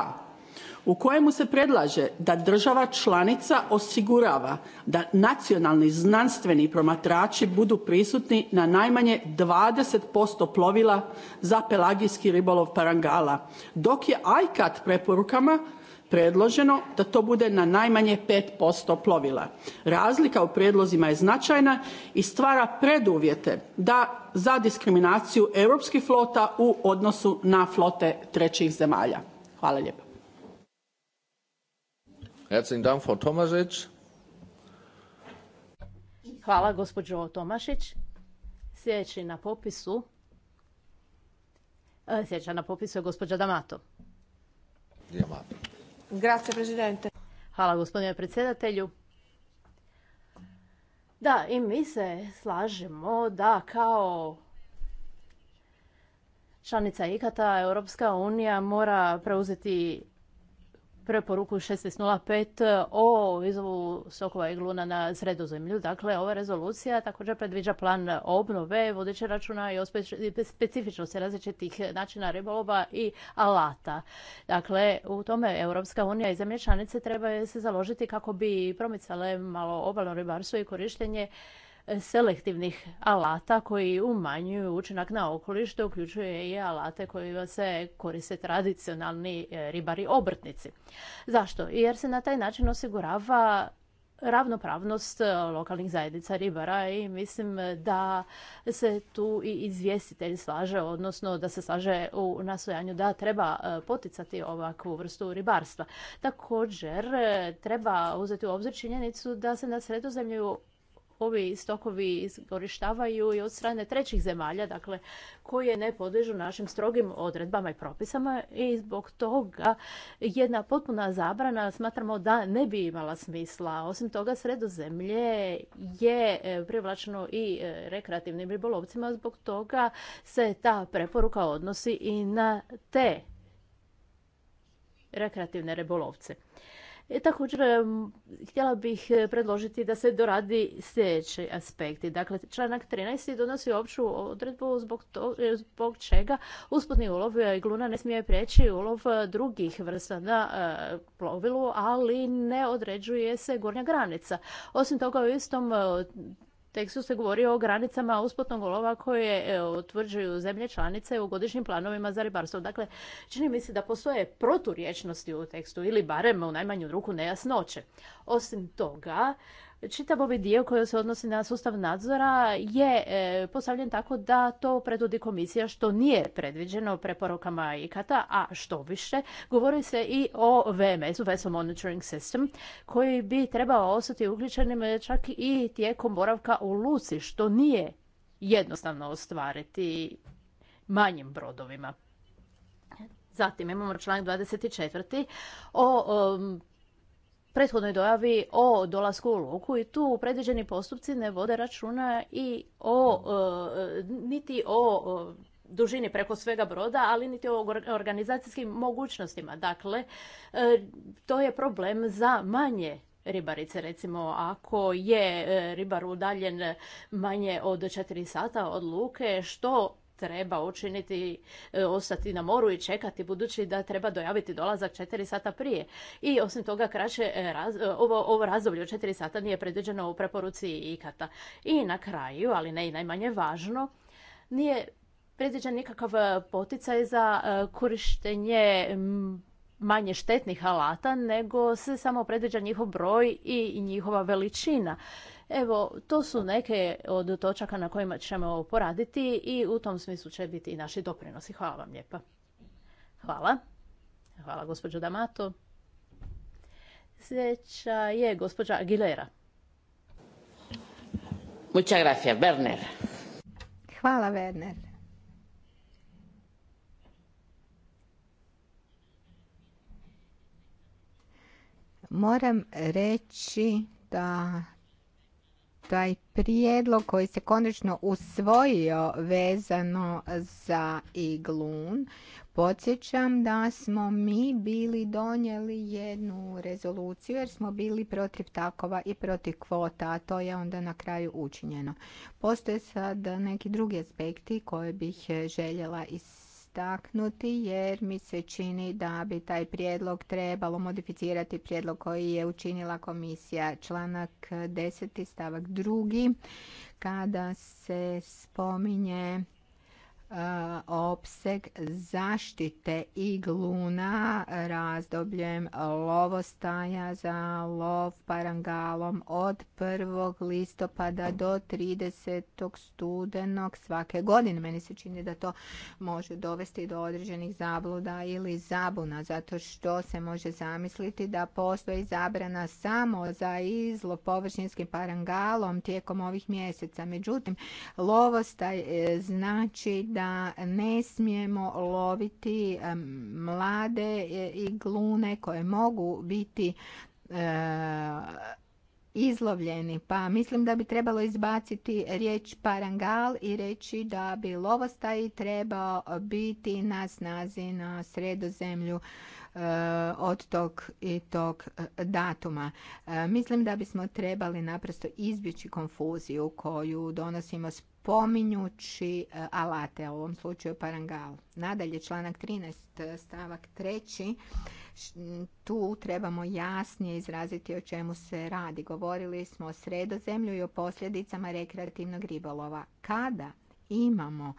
u kojemu se predlaže da država članica osigurava da nacionalni znanstveni promatrači budu prisutni na najmanje 20% plovila za pelagijski ribolov parangala, dok je ICAT preporukama predloženo da to bude na najmanje 5% plovila. Razlika u prijedlozima je značajna i stvara preduvjete da za diskriminaciju europskih flota u odnosu na flote trećih zemalja. Hvala lijepa. Hvala gospođo Tomašić. Sljedeći na popisu e, Sljedeća na popisu je gospođa D'Amato. D'Amato. Grazie, presidente. Hvala gospodine predsjedatelju. Da, i mi se slažemo da kao članica IKATA Europska unija mora preuzeti preporuku 1605 o izvu sokova i gluna na sredozemlju. Dakle, ova rezolucija također predviđa plan obnove, vodeće računa i specifičnosti različitih načina ribolova i alata. Dakle, u tome Europska unija i zemlje članice trebaju se založiti kako bi promicale malo obalno ribarstvo i korištenje selektivnih alata koji umanjuju učinak na okoliš, to uključuje i alate koji se koriste tradicionalni e, ribari obrtnici. Zašto? Jer se na taj način osigurava ravnopravnost e, lokalnih zajednica ribara i mislim da se tu i izvjestitelj slaže, odnosno da se slaže u nastojanju da treba e, poticati ovakvu vrstu ribarstva. Također treba uzeti u obzir činjenicu da se na sredozemlju ovi stokovi iskorištavaju i od strane trećih zemalja, dakle, koje ne podležu našim strogim odredbama i propisama i zbog toga jedna potpuna zabrana smatramo da ne bi imala smisla. Osim toga, sredozemlje je e, privlačno i e, rekreativnim ribolovcima, zbog toga se ta preporuka odnosi i na te rekreativne ribolovce. I e, također htjela bih e, predložiti da se doradi sljedeći aspekti. Dakle, članak 13. donosi opću odredbu zbog, e, zbog čega usputni ulov i gluna ne smije preći ulov drugih vrsta na plovilu, ali ne određuje se gornja granica. Osim toga, u istom tekstu se govori o granicama usputnog ulova koje e, utvrđuju zemlje članice u godišnjim planovima za ribarstvo. Dakle, čini mi se da postoje proturječnosti u tekstu ili barem u najmanju ruku nejasnoće. Osim toga, čitav ovaj dio koji se odnosi na sustav nadzora je e, postavljen tako da to predvodi komisija što nije predviđeno preporukama ikata, a što više govori se i o VMS-u, Vessel Monitoring System, koji bi trebao ostati uključenim e, čak i tijekom boravka u luci, što nije jednostavno ostvariti manjim brodovima. Zatim imamo članak 24. o prethodnoj dojavi o dolasku u luku i tu predviđeni postupci ne vode računa i o, e, niti o e, dužini preko svega broda, ali niti o organizacijskim mogućnostima. Dakle, e, to je problem za manje ribarice. Recimo, ako je ribar udaljen manje od 4 sata od luke, što treba učiniti, e, ostati na moru i čekati budući da treba dojaviti dolazak četiri sata prije. I osim toga kraće e, e, ovo, ovo razdoblje od četiri sata nije predviđeno u preporuci ikata. I na kraju, ali ne i najmanje važno, nije predviđen nikakav poticaj za korištenje manje štetnih alata, nego se samo predviđa njihov broj i njihova veličina. Evo, to su neke od točaka na kojima ćemo poraditi i u tom smislu će biti i naši doprinosi. Hvala vam lijepa. Hvala. Hvala gospođo Damato. Sljedeća je gospođa Aguilera. Muchas gracias, Werner. Hvala, Werner. Moram reći da taj prijedlog koji se konačno usvojio vezano za iglun. Podsjećam da smo mi bili donijeli jednu rezoluciju jer smo bili protiv takova i protiv kvota, a to je onda na kraju učinjeno. Postoje sad neki drugi aspekti koje bih željela iz istaknuti jer mi se čini da bi taj prijedlog trebalo modificirati prijedlog koji je učinila komisija članak 10. stavak 2. kada se spominje E, opseg zaštite igluna razdobljem lovostaja za lov parangalom od 1. listopada do 30. studenog svake godine. Meni se čini da to može dovesti do određenih zabluda ili zabuna, zato što se može zamisliti da postoji zabrana samo za izlo površinskim parangalom tijekom ovih mjeseca. Međutim, lovostaj e, znači da ne smijemo loviti mlade i glune koje mogu biti e, izlovljeni. Pa mislim da bi trebalo izbaciti riječ parangal i reći da bi lovostaj trebao biti na snazi na sredozemlju e, od tog i tog e, datuma. Mislim da bismo trebali naprosto izbjeći konfuziju koju donosimo s pominjući e, alate, u ovom slučaju parangal. Nadalje, članak 13 e, stavak 3 tu trebamo jasnije izraziti o čemu se radi. Govorili smo o sredozemlju i o posljedicama rekreativnog ribolova. Kada imamo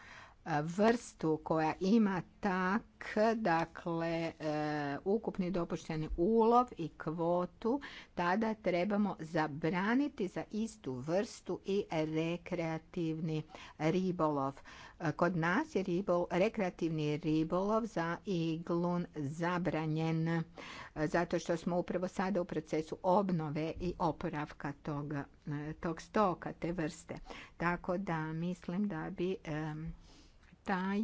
vrstu koja ima tak, dakle, e, ukupni dopušteni ulov i kvotu, tada trebamo zabraniti za istu vrstu i rekreativni ribolov. Kod nas je ribol, rekreativni ribolov za iglun zabranjen, e, zato što smo upravo sada u procesu obnove i oporavka tog, e, tog stoka, te vrste. Tako da mislim da bi taj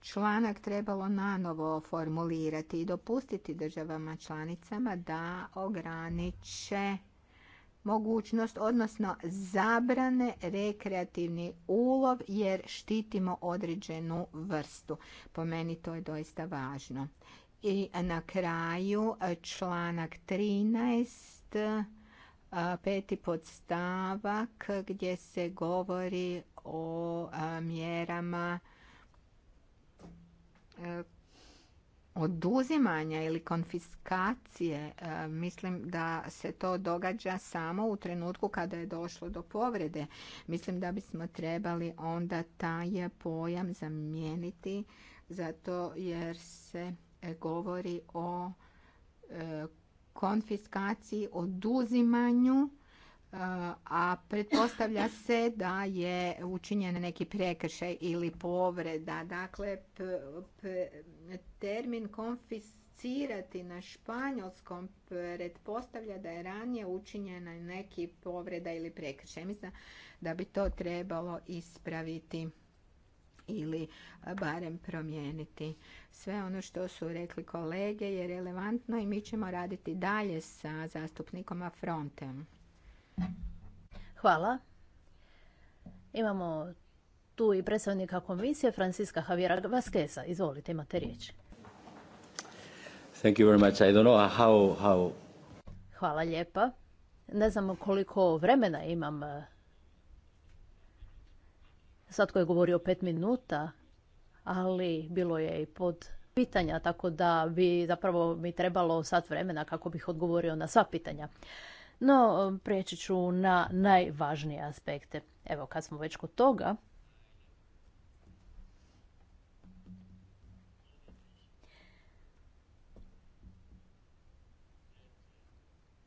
članak trebalo nanovo formulirati i dopustiti državama članicama da ograniče mogućnost, odnosno zabrane rekreativni ulov jer štitimo određenu vrstu. Po meni to je doista važno. I na kraju članak 13 peti podstavak gdje se govori o mjerama e, oduzimanja ili konfiskacije. E, mislim da se to događa samo u trenutku kada je došlo do povrede. Mislim da bismo trebali onda taj pojam zamijeniti zato jer se e, govori o konfiskaciji, oduzimanju a pretpostavlja se da je učinjen neki prekršaj ili povreda. Dakle, termin konfiscirati na španjolskom pretpostavlja da je ranije učinjena neki povreda ili prekršaj. Mislim da bi to trebalo ispraviti ili barem promijeniti. Sve ono što su rekli kolege je relevantno i mi ćemo raditi dalje sa zastupnikom Afrontem. Hvala. Imamo tu i predstavnika komisije, Franciska Javiera Vasqueza. Izvolite, imate riječ. Hvala lijepa. Ne znam koliko vremena imam. ko je govorio pet minuta, ali bilo je i pod pitanja, tako da bi zapravo mi trebalo sat vremena kako bih odgovorio na sva pitanja. No, prijeći ću na najvažnije aspekte. Evo, kad smo već kod toga,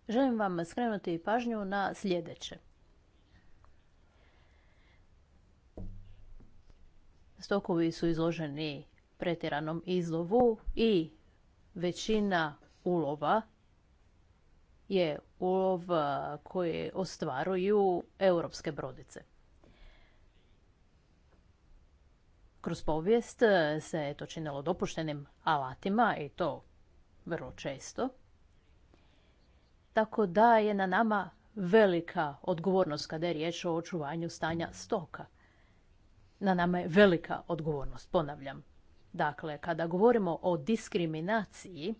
želim vam skrenuti pažnju na sljedeće. Stokovi su izloženi pretjeranom izlovu i većina ulova je ulov koji ostvaruju europske brodice. Kroz povijest se je to činilo dopuštenim alatima i to vrlo često. Tako da je na nama velika odgovornost kada je riječ o očuvanju stanja stoka. Na nama je velika odgovornost, ponavljam. Dakle, kada govorimo o diskriminaciji,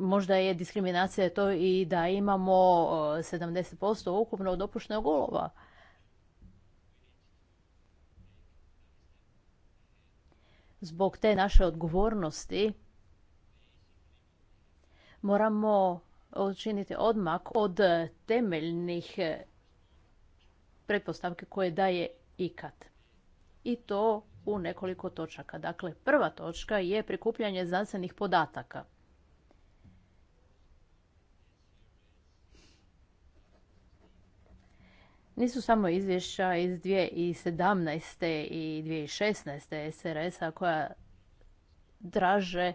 možda je diskriminacija to i da imamo 70% ukupno dopuštenog ulova. Zbog te naše odgovornosti moramo učiniti odmak od temeljnih pretpostavke koje daje ikad. I to u nekoliko točaka. Dakle, prva točka je prikupljanje znanstvenih podataka. nisu samo izvješća iz 2017. i 2016. SRS-a koja draže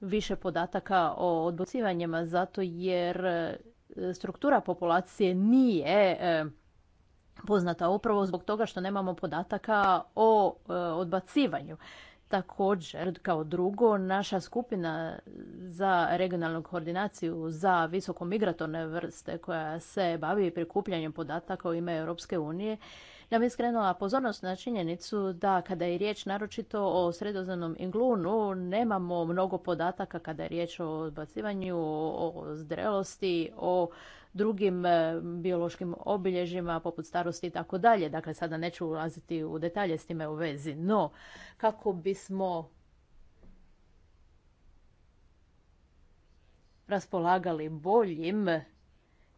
više podataka o odbacivanjima zato jer e, struktura populacije nije e, poznata upravo zbog toga što nemamo podataka o e, odbacivanju. Također, kao drugo, naša skupina za regionalnu koordinaciju za visoko migratorne vrste koja se bavi prikupljanjem podataka u ime Europske unije ja bih skrenula pozornost na činjenicu da kada je riječ naročito o sredozemnom inglunu, nemamo mnogo podataka kada je riječ o odbacivanju, o zrelosti, o drugim e, biološkim obilježjima poput starosti i tako dalje. Dakle, sada neću ulaziti u detalje s time u vezi, no kako bismo raspolagali boljim,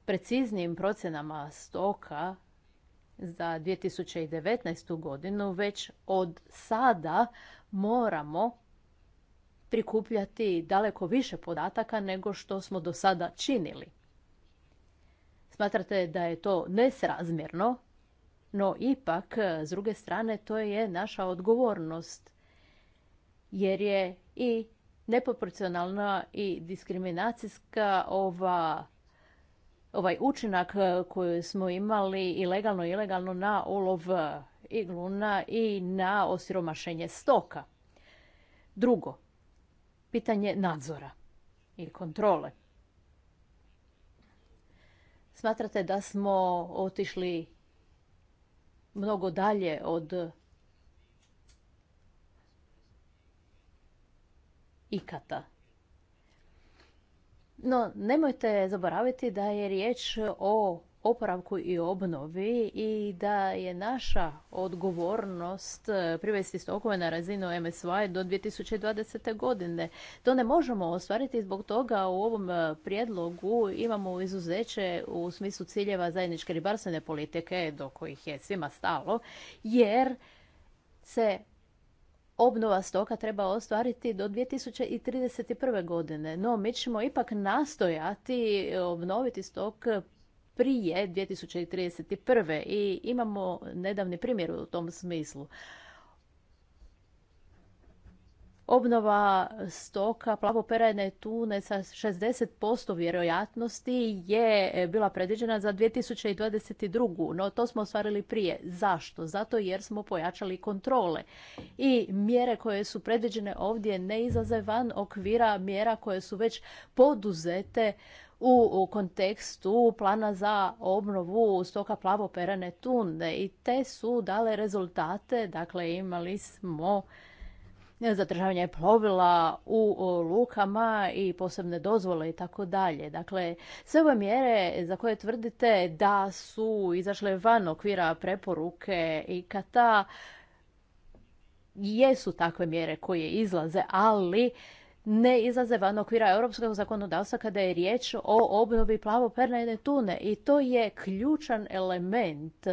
preciznijim procjenama stoka, za 2019. godinu već od sada moramo prikupljati daleko više podataka nego što smo do sada činili. Smatrate da je to nesrazmjerno, no ipak, s druge strane, to je naša odgovornost, jer je i neproporcionalna i diskriminacijska ova ovaj učinak e, koji smo imali i legalno i ilegalno na ulov e, igluna i na osiromašenje stoka. Drugo, pitanje nadzora i kontrole. Smatrate da smo otišli mnogo dalje od ikata no, nemojte zaboraviti da je riječ o oporavku i obnovi i da je naša odgovornost privesti stokove na razinu MSY do 2020. godine. To ne možemo ostvariti zbog toga u ovom prijedlogu imamo izuzeće u smislu ciljeva zajedničke ribarstvene politike do kojih je svima stalo jer se obnova stoka treba ostvariti do 2031. godine, no mi ćemo ipak nastojati obnoviti stok prije 2031. i imamo nedavni primjer u tom smislu. Obnova stoka plavoperajne tune sa 60% vjerojatnosti je e, bila predviđena za 2022. No to smo ostvarili prije. Zašto? Zato jer smo pojačali kontrole. I mjere koje su predviđene ovdje ne izlaze van okvira mjera koje su već poduzete u kontekstu plana za obnovu stoka plavoperane tune i te su dale rezultate, dakle imali smo zadržavanje plovila u lukama i posebne dozvole i tako dalje. Dakle, sve ove mjere za koje tvrdite da su izašle van okvira preporuke i kata jesu takve mjere koje izlaze, ali ne izlaze van okvira europskog zakonodavstva kada je riječ o obnovi plavoperne tune i to je ključan element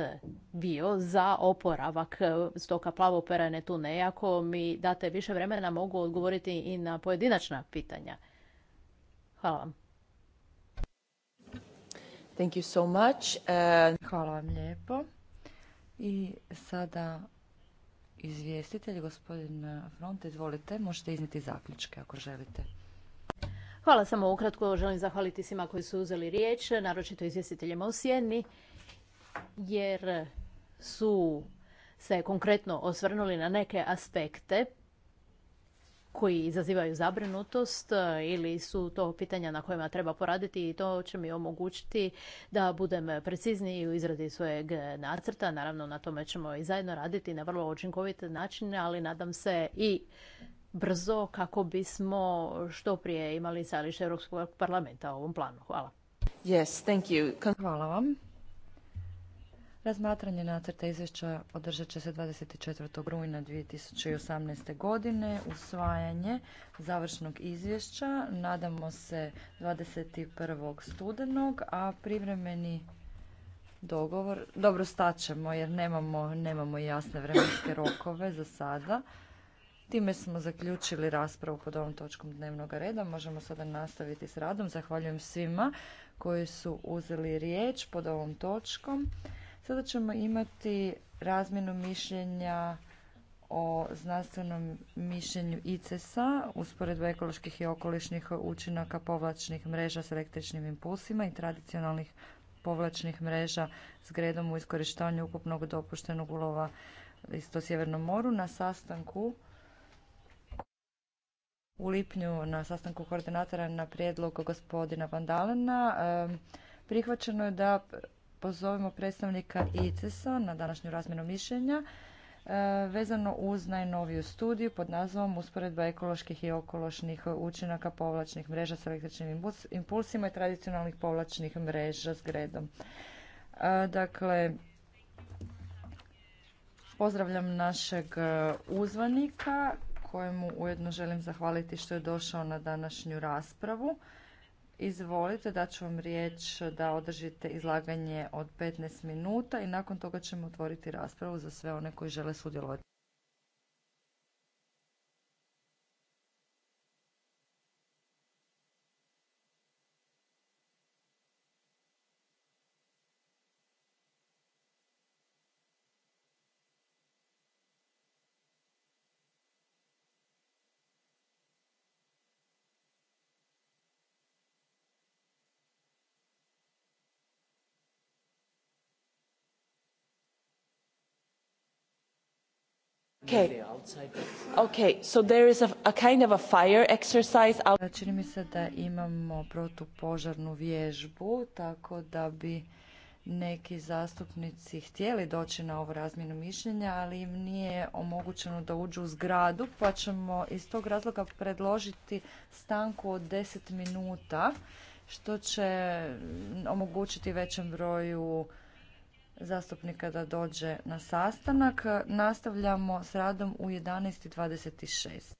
bio za oporavak stoka plavo tune. I ako mi date više vremena mogu odgovoriti i na pojedinačna pitanja. Hvala vam. so uh, Hvala vam lijepo. I sada izvjestitelj, gospodin e, Fronte, izvolite, možete izniti zaključke ako želite. Hvala, samo ukratko želim zahvaliti svima koji su uzeli riječ, naročito izvjestiteljima u Sjeni, jer su se konkretno osvrnuli na neke aspekte koji izazivaju zabrinutost e, ili su to pitanja na kojima treba poraditi i to će mi omogućiti da budem precizniji u izradi svojeg nacrta. Naravno, na tome ćemo i zajedno raditi na vrlo učinkovit način, ali nadam se i brzo kako bismo što prije imali stajalište Europskog parlamenta o ovom planu. Hvala. Hvala vam. Razmatranje nacrta izvješća održat će se 24. rujna 2018. godine. Usvajanje završnog izvješća nadamo se 21. studenog, a privremeni dogovor, dobro staćemo jer nemamo, nemamo jasne vremenske rokove za sada. Time smo zaključili raspravu pod ovom točkom dnevnog reda. Možemo sada nastaviti s radom. Zahvaljujem svima koji su uzeli riječ pod ovom točkom. Sada ćemo imati razmjenu mišljenja o znanstvenom mišljenju ICES-a, usporedbu ekoloških i okolišnih učinaka povlačnih mreža s električnim impulsima i tradicionalnih povlačnih mreža s gredom u iskorištavanju ukupnog dopuštenog ulova isto Sjevernom moru na sastanku u lipnju na sastanku koordinatora na prijedlog gospodina Vandalena eh, prihvaćeno je da pozovemo predstavnika ices na današnju razmjenu mišljenja e, vezano uz najnoviju studiju pod nazvom Usporedba ekoloških i okološnih učinaka povlačnih mreža s električnim impulsima i tradicionalnih povlačnih mreža s gredom. E, dakle, pozdravljam našeg uzvanika kojemu ujedno želim zahvaliti što je došao na današnju raspravu. Izvolite, ću vam riječ da održite izlaganje od 15 minuta i nakon toga ćemo otvoriti raspravu za sve one koji žele sudjelovati. Okay. a, Čini mi se da imamo protupožarnu vježbu, tako da bi neki zastupnici htjeli doći na ovu razmjenu mišljenja, ali im nije omogućeno da uđu u zgradu, pa ćemo iz tog razloga predložiti stanku od 10 minuta, što će omogućiti većem broju zastupnika da dođe na sastanak. Nastavljamo s radom u 11.26.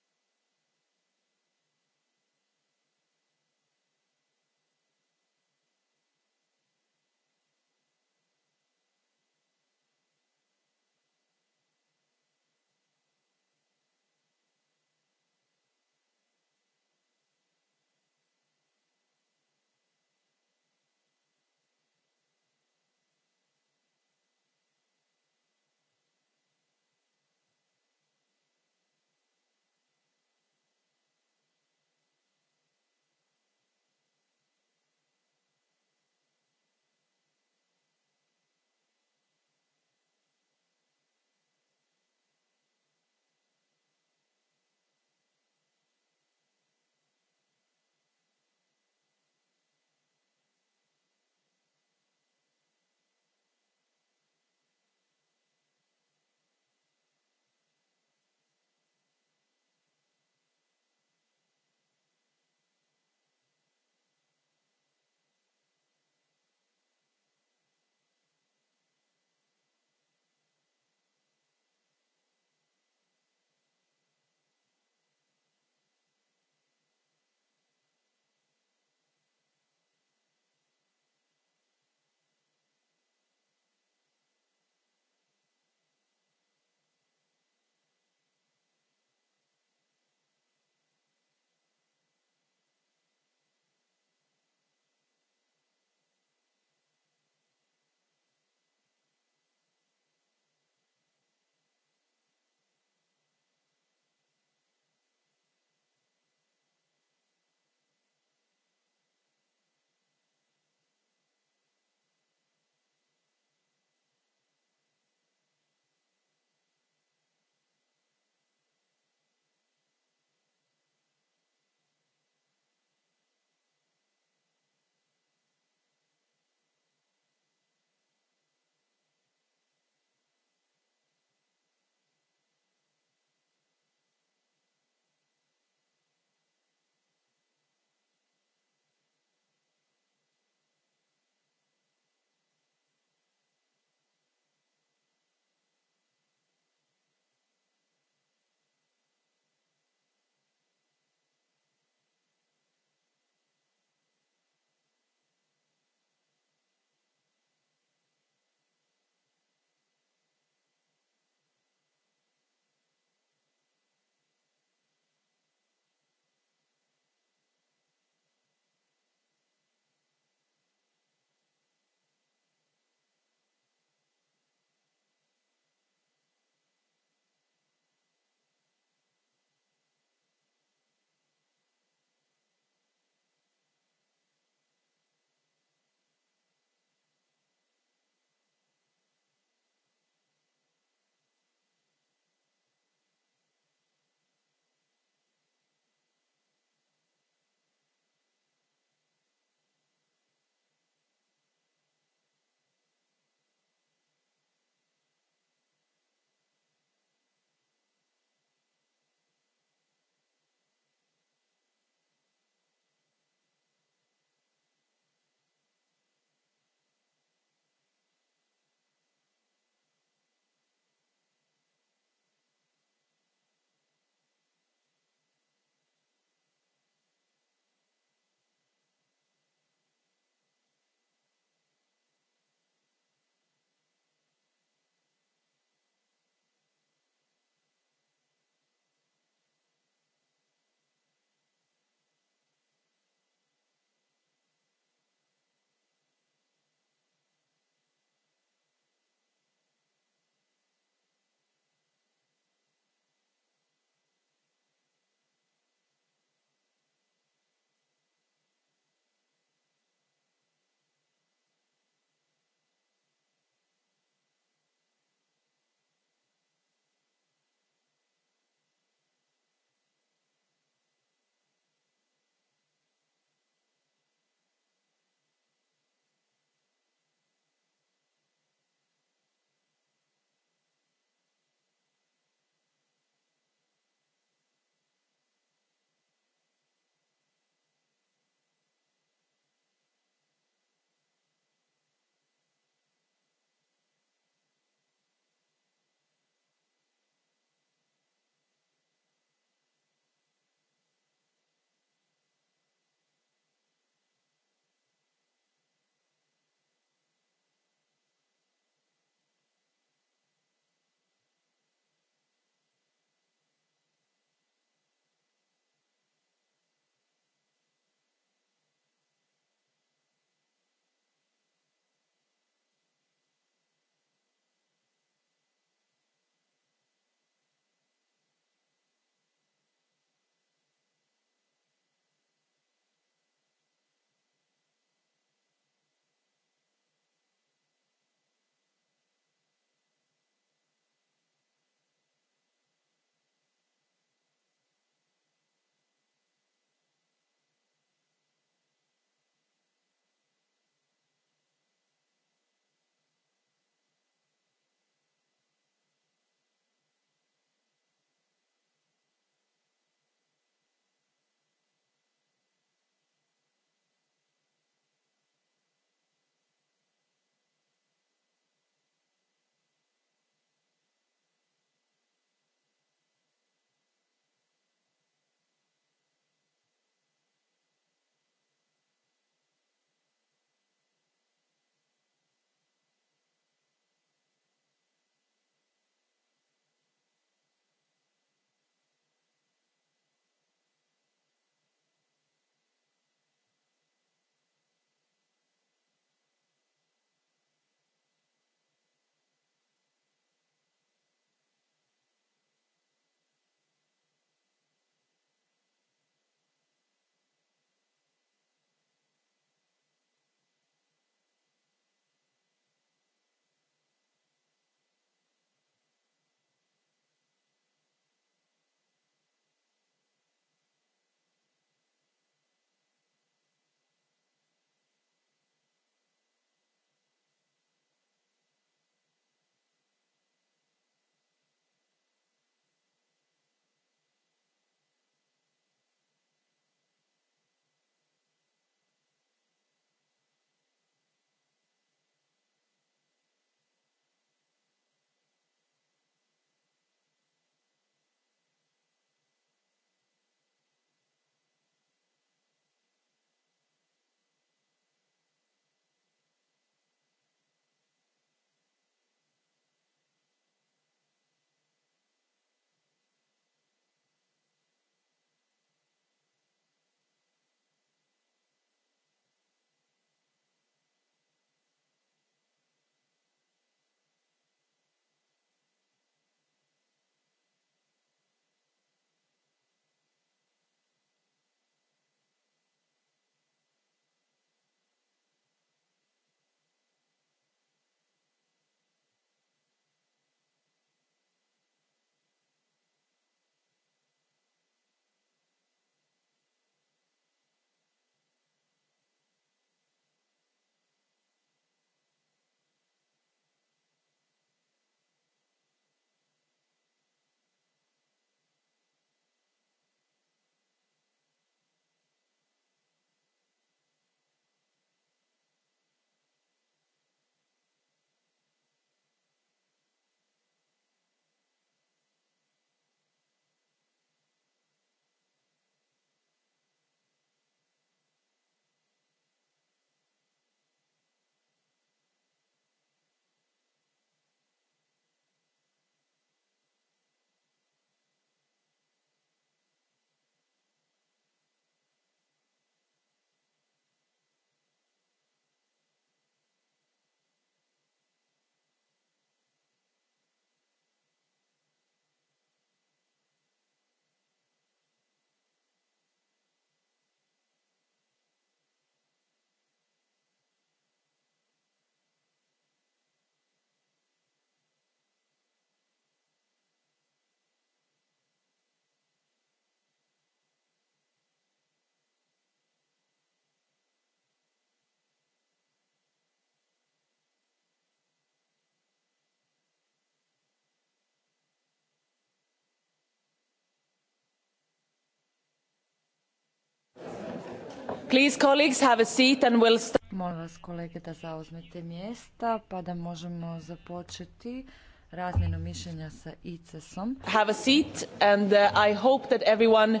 Please colleagues have a seat and we'll start. Molim vas kolege da zauzmete mjesta pa da možemo započeti razmjenu mišljenja sa ICES-om. Have a seat and uh, I hope that everyone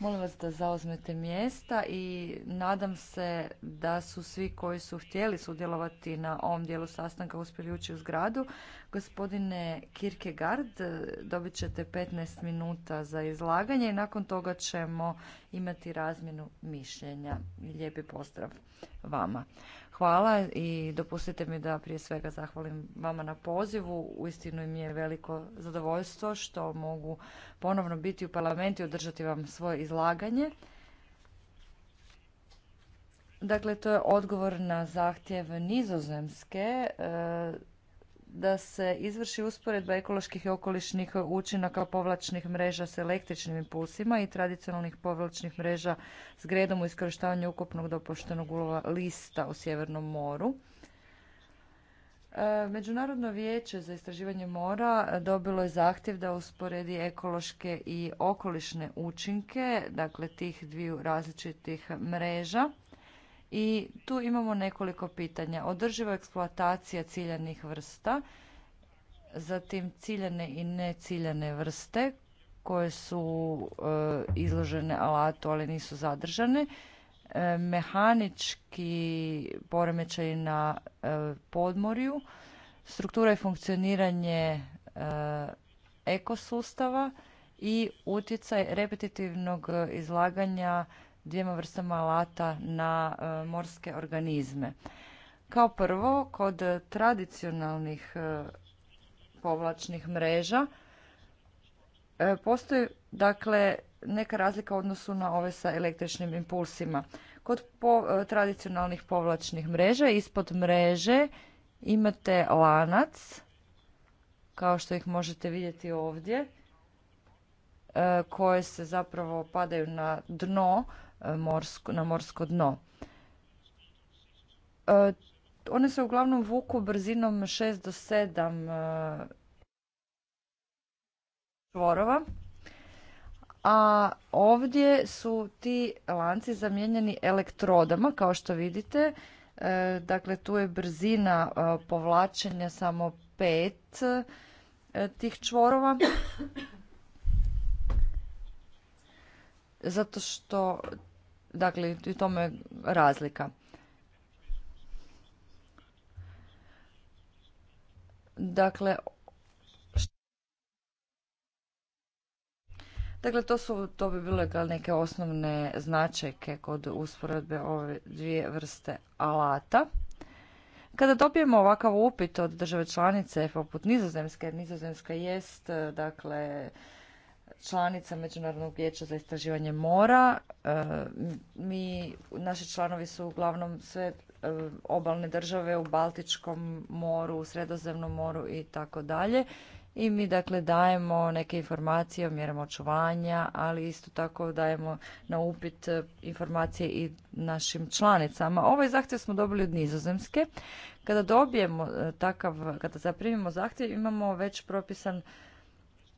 Molim vas da zauzmete mjesta i nadam se da su svi koji su htjeli sudjelovati na ovom dijelu sastanka uspjeli ući u zgradu. Gospodine Kierkegaard, dobit ćete 15 minuta za izlaganje i nakon toga ćemo imati razmjenu mišljenja. Lijepi pozdrav vama. Hvala i dopustite mi da prije svega zahvalim vama na pozivu. Uistinu mi je veliko zadovoljstvo što mogu ponovno biti u parlamentu i održati vam svoje izlaganje. Dakle, to je odgovor na zahtjev nizozemske e, da se izvrši usporedba ekoloških i okolišnih učinaka povlačnih mreža s električnim impulsima i tradicionalnih povlačnih mreža s gredom u iskorištavanju ukupnog dopuštenog ulova lista u Sjevernom moru. E, Međunarodno vijeće za istraživanje mora dobilo je zahtjev da usporedi ekološke i okolišne učinke, dakle tih dviju različitih mreža i tu imamo nekoliko pitanja. Održiva eksploatacija ciljanih vrsta, zatim ciljane i neciljane vrste koje su e, izložene alatu ali nisu zadržane, e, mehanički poremećaj na e, podmorju, struktura i funkcioniranje ekosustava i utjecaj repetitivnog izlaganja dvijema vrstama alata na e, morske organizme. Kao prvo, kod tradicionalnih e, povlačnih mreža e, postoji dakle neka razlika u odnosu na ove sa električnim impulsima. Kod tradicionalnih povlačnih mreža ispod mreže imate lanac kao što ih možete vidjeti ovdje E, koje se zapravo padaju na dno, e, na morsko dno. E, one se uglavnom vuku brzinom 6 do 7 čvorova, a ovdje su ti lanci zamijenjeni elektrodama, kao što vidite. Dakle, tu je brzina povlačenja samo 5 tih čvorova. zato što, dakle, i tome je razlika. Dakle, Dakle, to, su, to bi bile neke osnovne značajke kod usporedbe ove dvije vrste alata. Kada dobijemo ovakav upit od države članice, poput nizozemske, nizozemska jest, dakle, članica Međunarodnog vijeća za istraživanje mora. E, mi, naši članovi su uglavnom sve e, obalne države u Baltičkom moru, u Sredozemnom moru i tako dalje. I mi dakle dajemo neke informacije o mjerama očuvanja, ali isto tako dajemo na upit e, informacije i našim članicama. Ovaj zahtjev smo dobili od Nizozemske. Kada dobijemo takav, kada zaprimimo zahtjev, imamo već propisan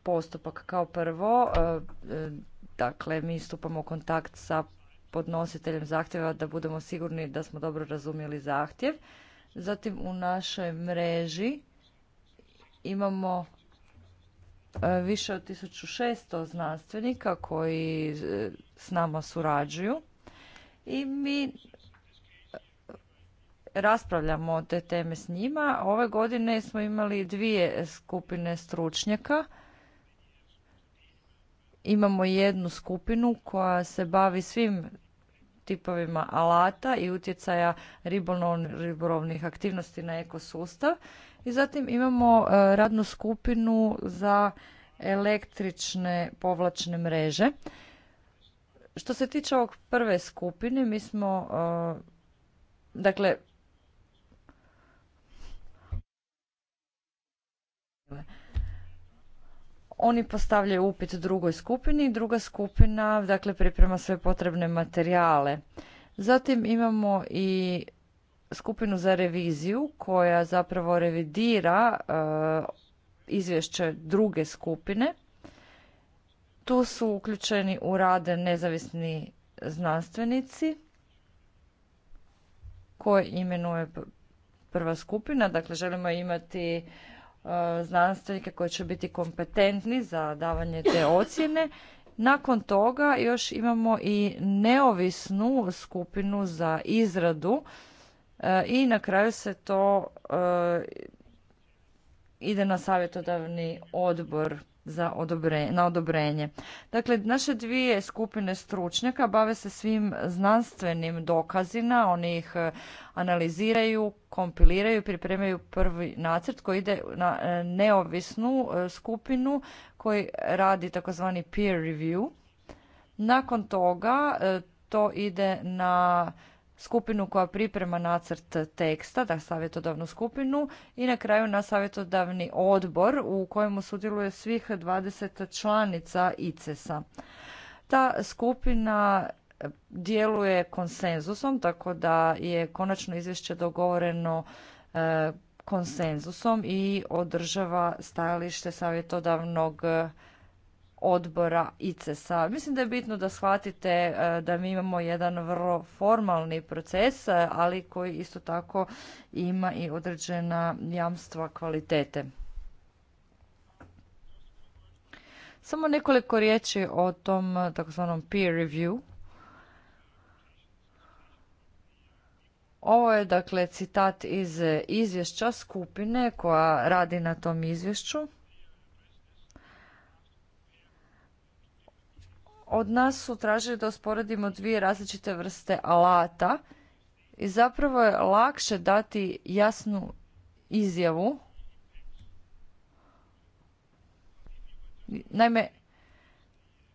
postupak. Kao prvo, e, e, dakle, mi stupamo u kontakt sa podnositeljem zahtjeva da budemo sigurni da smo dobro razumjeli zahtjev. Zatim u našoj mreži imamo e, više od 1600 znanstvenika koji s nama surađuju i mi raspravljamo te teme s njima. Ove godine smo imali dvije skupine stručnjaka imamo jednu skupinu koja se bavi svim tipovima alata i utjecaja ribolovnih aktivnosti na ekosustav. I zatim imamo e, radnu skupinu za električne povlačne mreže. Što se tiče ovog prve skupine, mi smo, e, dakle, oni postavljaju upit drugoj skupini i druga skupina dakle, priprema sve potrebne materijale. Zatim imamo i skupinu za reviziju koja zapravo revidira e, izvješće druge skupine. Tu su uključeni u rade nezavisni znanstvenici koje imenuje prva skupina. Dakle, želimo imati E, znanstvenike koji će biti kompetentni za davanje te ocjene. Nakon toga još imamo i neovisnu skupinu za izradu e, i na kraju se to e, ide na savjetodavni odbor za odobrenje, na odobrenje. Dakle, naše dvije skupine stručnjaka bave se svim znanstvenim dokazima, oni ih e, analiziraju, kompiliraju, pripremaju prvi nacrt koji ide na e, neovisnu e, skupinu koji radi takozvani peer review. Nakon toga to ide na skupinu koja priprema nacrt teksta, da savjetodavnu skupinu i na kraju na savjetodavni odbor u kojemu sudjeluje svih 20 članica ICES-a. Ta skupina djeluje konsenzusom, tako da je konačno izvješće dogovoreno e, konsenzusom i održava stajalište savjetodavnog odbora ICES-a. Mislim da je bitno da shvatite e, da mi imamo jedan vrlo formalni proces, e, ali koji isto tako ima i određena jamstva kvalitete. Samo nekoliko riječi o tom e, takozvanom peer review. Ovo je dakle citat iz izvješća skupine koja radi na tom izvješću. od nas su tražili da usporedimo dvije različite vrste alata i zapravo je lakše dati jasnu izjavu. Naime,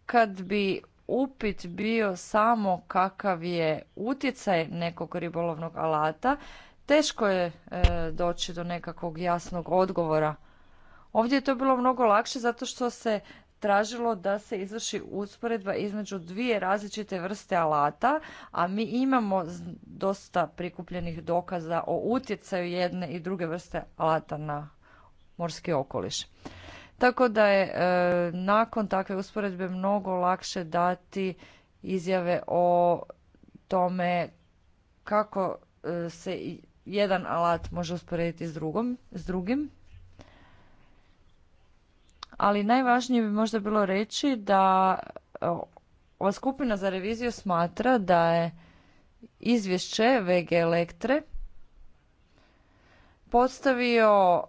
kad bi upit bio samo kakav je utjecaj nekog ribolovnog alata, teško je e, doći do nekakvog jasnog odgovora. Ovdje je to bilo mnogo lakše zato što se tražilo da se izvrši usporedba između dvije različite vrste alata, a mi imamo dosta prikupljenih dokaza o utjecaju jedne i druge vrste alata na morski okoliš. Tako da je e, nakon takve usporedbe mnogo lakše dati izjave o tome kako e, se jedan alat može usporediti s, drugom, s drugim ali najvažnije bi možda bilo reći da e, ova skupina za reviziju smatra da je izvješće VG Elektre postavio e,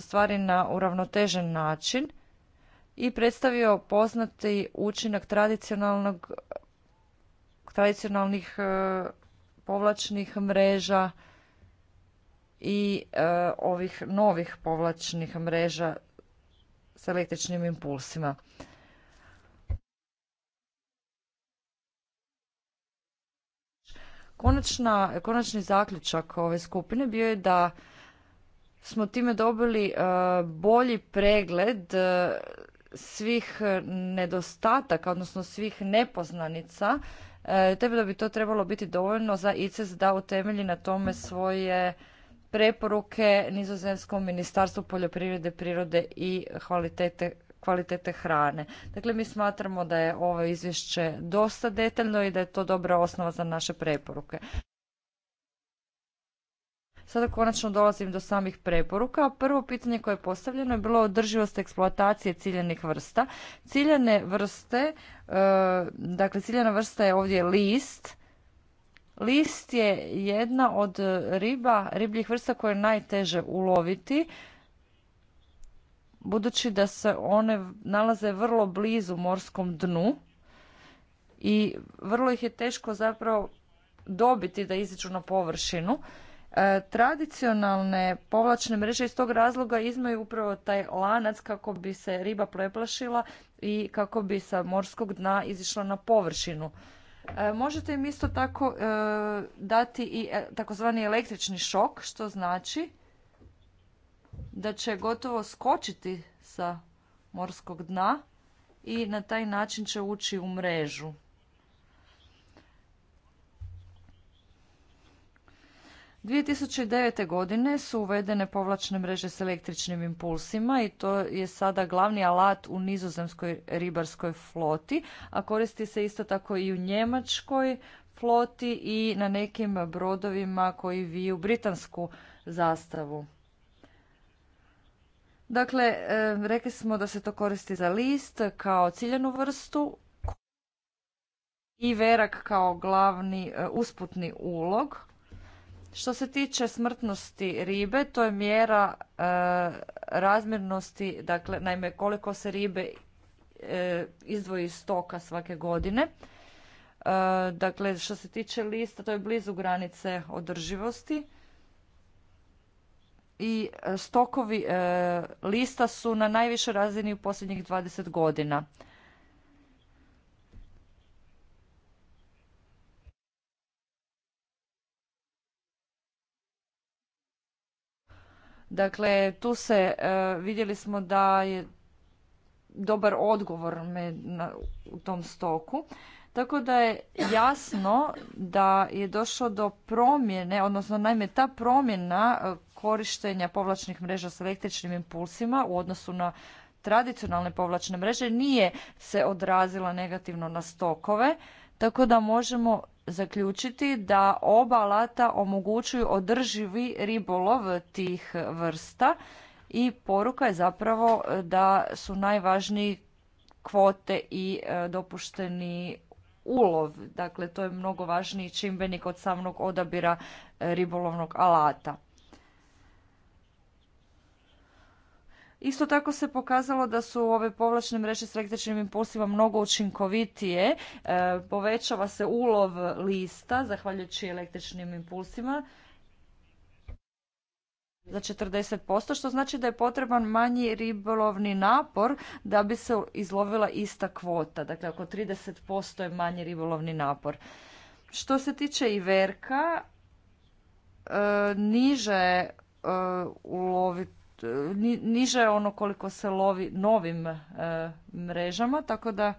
stvari na uravnotežen način i predstavio poznati učinak tradicionalnog tradicionalnih e, povlačnih mreža i ovih novih povlačnih mreža sa električnim impulsima. Konačna, konačni zaključak ove skupine bio je da smo time dobili e, bolji pregled e, svih nedostataka, odnosno svih nepoznanica, e, te da bi to trebalo biti dovoljno za ICES da utemelji na tome svoje preporuke Nizozemskom ministarstvu poljoprivrede, prirode i kvalitete kvalitete hrane. Dakle, mi smatramo da je ovo izvješće dosta detaljno i da je to dobra osnova za naše preporuke. Sada konačno dolazim do samih preporuka. Prvo pitanje koje je postavljeno je bilo održivost eksploatacije ciljenih vrsta. Ciljene vrste, e, dakle ciljena vrsta je ovdje list, List je jedna od riba, ribljih vrsta koje je najteže uloviti, budući da se one nalaze vrlo blizu morskom dnu i vrlo ih je teško zapravo dobiti da iziču na površinu. E, tradicionalne povlačne mreže iz tog razloga izmaju upravo taj lanac kako bi se riba preplašila i kako bi sa morskog dna izišla na površinu. E, možete im isto tako e, dati i e, takozvani električni šok, što znači da će gotovo skočiti sa morskog dna i na taj način će ući u mrežu. 2009. godine su uvedene povlačne mreže s električnim impulsima i to je sada glavni alat u nizozemskoj ribarskoj floti, a koristi se isto tako i u njemačkoj floti i na nekim brodovima koji viju britansku zastavu. Dakle, e, rekli smo da se to koristi za list kao ciljenu vrstu i verak kao glavni e, usputni ulog što se tiče smrtnosti ribe, to je mjera e, razmjernosti, dakle, naime koliko se ribe e, izdvoji iz stoka svake godine. E, dakle, što se tiče lista, to je blizu granice održivosti. I stokovi lista su na najvišoj razini u posljednjih 20 godina. Dakle, tu se e, vidjeli smo da je dobar odgovor me na, u tom stoku. Tako da je jasno da je došlo do promjene, odnosno naime ta promjena e, korištenja povlačnih mreža s električnim impulsima u odnosu na tradicionalne povlačne mreže nije se odrazila negativno na stokove, tako da možemo zaključiti da oba alata omogućuju održivi ribolov tih vrsta i poruka je zapravo da su najvažniji kvote i e, dopušteni ulov. Dakle, to je mnogo važniji čimbenik od samog odabira e, ribolovnog alata. Isto tako se pokazalo da su ove povlačne mreže s električnim impulsima mnogo učinkovitije. E, povećava se ulov lista zahvaljujući električnim impulsima za 40%, što znači da je potreban manji ribolovni napor da bi se izlovila ista kvota. Dakle, oko 30% je manji ribolovni napor. Što se tiče i verka, e, niže e, ulovit niže je ono koliko se lovi novim e, mrežama, tako da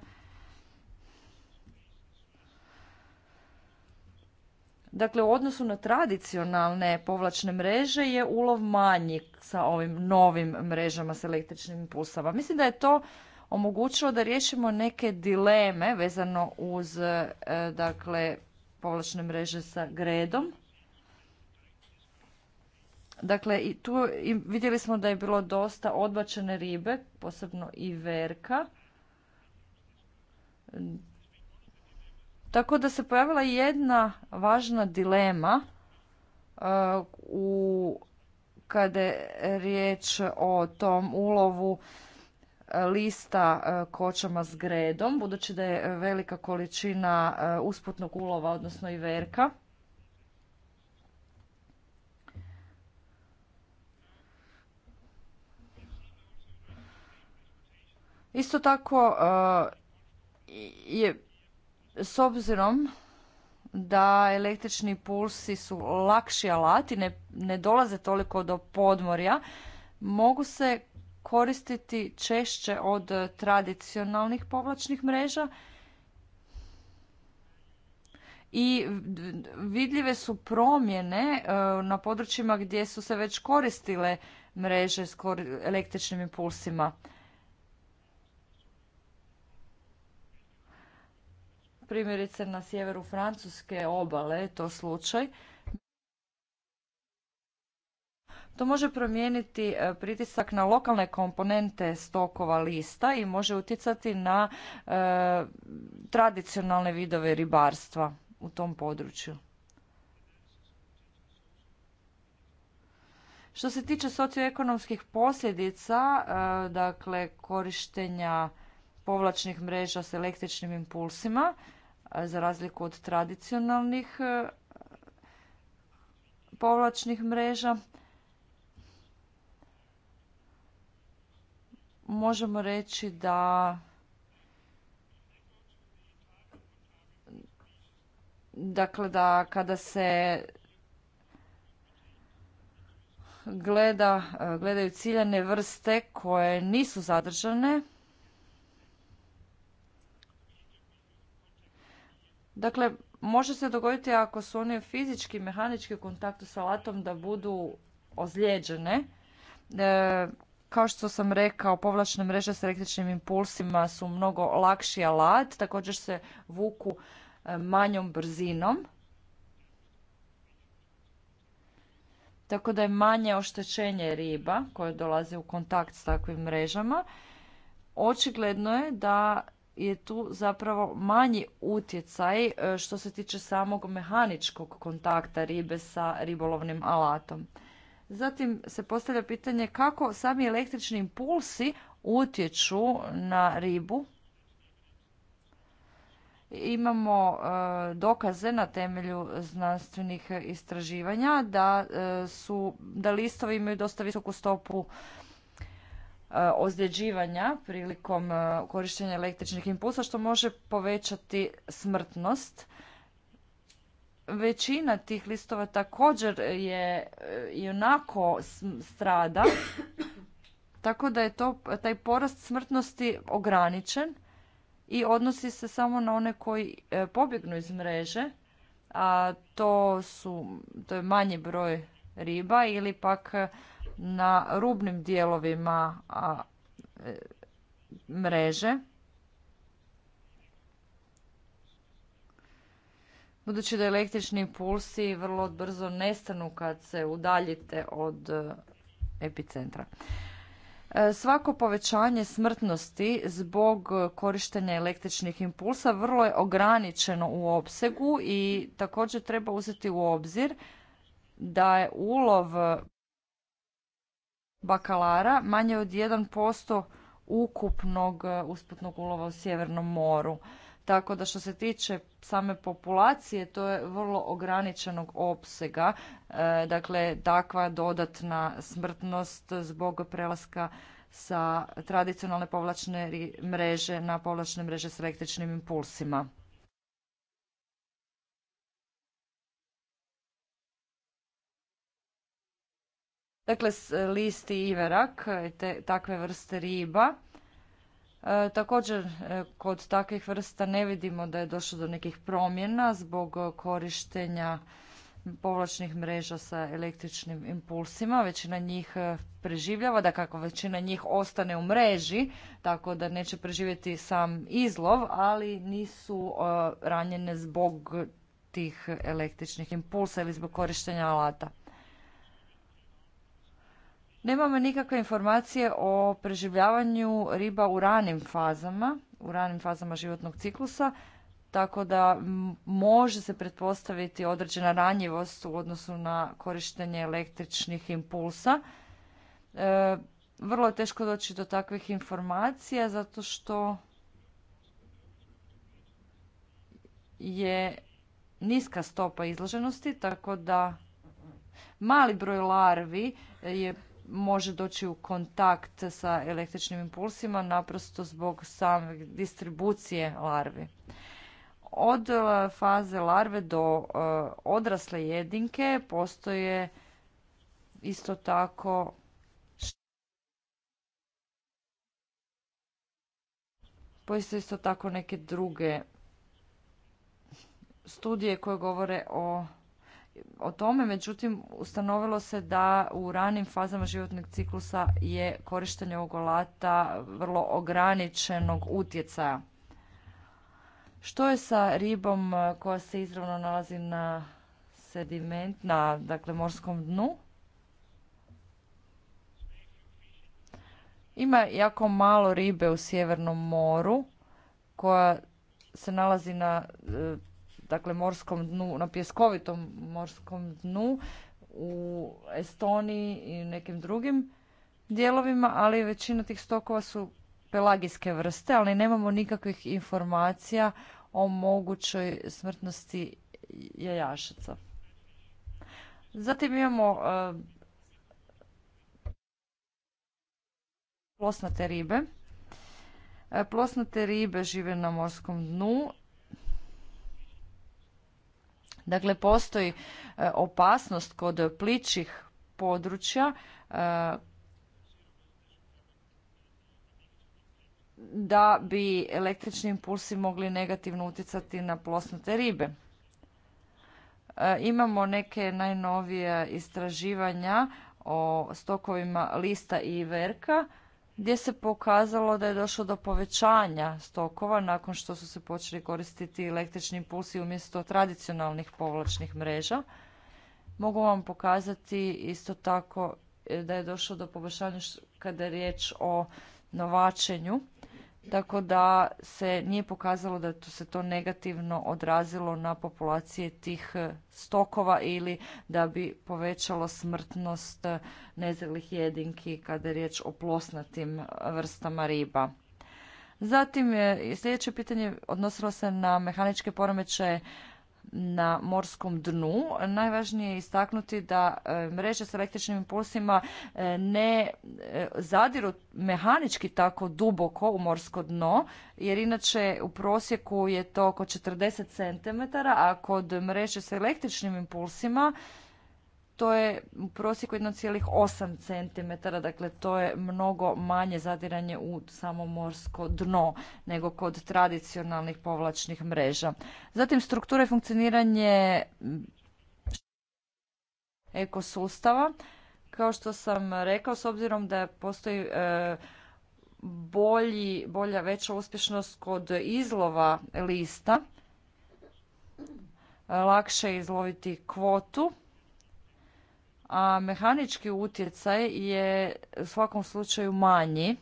Dakle, u odnosu na tradicionalne povlačne mreže je ulov manji sa ovim novim mrežama s električnim impulsama. Mislim da je to omogućilo da riješimo neke dileme vezano uz e, dakle, povlačne mreže sa gredom. Dakle, i tu vidjeli smo da je bilo dosta odbačene ribe, posebno i verka. Tako da se pojavila jedna važna dilema e, u kada je riječ o tom ulovu e, lista e, kočama s gredom, budući da je velika količina usputnog ulova, odnosno i verka. Isto tako e, je s obzirom da električni pulsi su lakši alati, ne, ne dolaze toliko do podmorja, mogu se koristiti češće od tradicionalnih povlačnih mreža i vidljive su promjene e, na područjima gdje su se već koristile mreže s električnim impulsima. primjerice na sjeveru Francuske obale je to slučaj. To može promijeniti e, pritisak na lokalne komponente stokova lista i može utjecati na e, tradicionalne vidove ribarstva u tom području. Što se tiče socioekonomskih posljedica, e, dakle korištenja povlačnih mreža s električnim impulsima, za razliku od tradicionalnih e, povlačnih mreža. Možemo reći da dakle da kada se e, gledaju ciljane vrste koje nisu zadržane, Dakle, može se dogoditi ako su one fizički, mehanički u kontaktu sa alatom da budu ozlijeđene. E, kao što sam rekao, povlačne mreže s električnim impulsima su mnogo lakši alat, također se vuku e, manjom brzinom. Tako da je manje oštećenje riba koje dolaze u kontakt s takvim mrežama. Očigledno je da je tu zapravo manji utjecaj e, što se tiče samog mehaničkog kontakta ribe sa ribolovnim alatom. Zatim se postavlja pitanje kako sami električni impulsi utječu na ribu. Imamo e, dokaze na temelju znanstvenih istraživanja da e, su da listovi imaju dosta visoku stopu E, ozljeđivanja prilikom e, korištenja električnih impulsa što može povećati smrtnost. Većina tih listova također je e, i onako strada, *coughs* tako da je to, taj porast smrtnosti ograničen i odnosi se samo na one koji pobjegnu iz mreže, a to, su, to je manji broj riba ili pak na rubnim dijelovima e, mreže. Budući da električni impulsi vrlo brzo nestanu kad se udaljite od e, epicentra. E, svako povećanje smrtnosti zbog korištenja električnih impulsa vrlo je ograničeno u opsegu i također treba uzeti u obzir da je ulov bakalara, manje od 1% ukupnog eh, usputnog ulova u Sjevernom moru. Tako da što se tiče same populacije, to je vrlo ograničenog opsega. Eh, dakle, takva dodatna smrtnost zbog prelaska sa tradicionalne povlačne mreže na povlačne mreže s električnim impulsima. dakle e, listi iverak, e, te, takve vrste riba. E, također kod takvih vrsta ne vidimo da je došlo do nekih promjena zbog korištenja povlačnih mreža sa električnim impulsima. Većina njih preživljava, da kako većina njih ostane u mreži, tako da neće preživjeti sam izlov, ali nisu ranjene zbog tih električnih impulsa ili zbog korištenja alata. Nemamo nikakve informacije o preživljavanju riba u ranim fazama, u ranim fazama životnog ciklusa, tako da može se pretpostaviti određena ranjivost u odnosu na korištenje električnih impulsa. E, vrlo je teško doći do takvih informacija zato što je niska stopa izloženosti, tako da mali broj larvi je može doći u kontakt sa električnim impulsima naprosto zbog same distribucije larvi. Od e, faze larve do e, odrasle jedinke postoje isto tako Postoje isto tako neke druge studije koje govore o o tome, međutim ustanovilo se da u ranim fazama životnog ciklusa je korištenje ovog alata vrlo ograničenog utjecaja. Što je sa ribom koja se izravno nalazi na sediment, na dakle, morskom dnu? Ima jako malo ribe u Sjevernom moru koja se nalazi na e, dakle morskom dnu, na pjeskovitom morskom dnu u Estoniji i nekim drugim dijelovima, ali većina tih stokova su pelagijske vrste, ali nemamo nikakvih informacija o mogućoj smrtnosti jajašaca. Zatim imamo e, plosnate ribe. E, plosnate ribe žive na morskom dnu Dakle, postoji e, opasnost kod pličih područja e, da bi električni impulsi mogli negativno utjecati na plosnute ribe. E, imamo neke najnovije istraživanja o stokovima lista i verka gdje se pokazalo da je došlo do povećanja stokova nakon što su se počeli koristiti električni impulsi umjesto tradicionalnih povlačnih mreža. Mogu vam pokazati isto tako e, da je došlo do poboljšanja kada je riječ o novačenju tako da se nije pokazalo da se to negativno odrazilo na populacije tih e, stokova ili da bi povećalo smrtnost e, nezrelih jedinki kada je riječ o plosnatim vrstama riba. Zatim, sljedeće pitanje odnosilo se na mehaničke poremećaje na morskom dnu. Najvažnije je istaknuti da e, mreže s električnim impulsima e, ne e, zadiru mehanički tako duboko u morsko dno, jer inače u prosjeku je to oko 40 cm, a kod mreže s električnim impulsima to je u prosjeku 1,8 cm, dakle to je mnogo manje zadiranje u samo morsko dno nego kod tradicionalnih povlačnih mreža. Zatim struktura i funkcioniranje ekosustava. Kao što sam rekao, s obzirom da postoji e, bolji, bolja veća uspješnost kod izlova lista, lakše je izloviti kvotu a mehanički utjecaj je u svakom slučaju manji.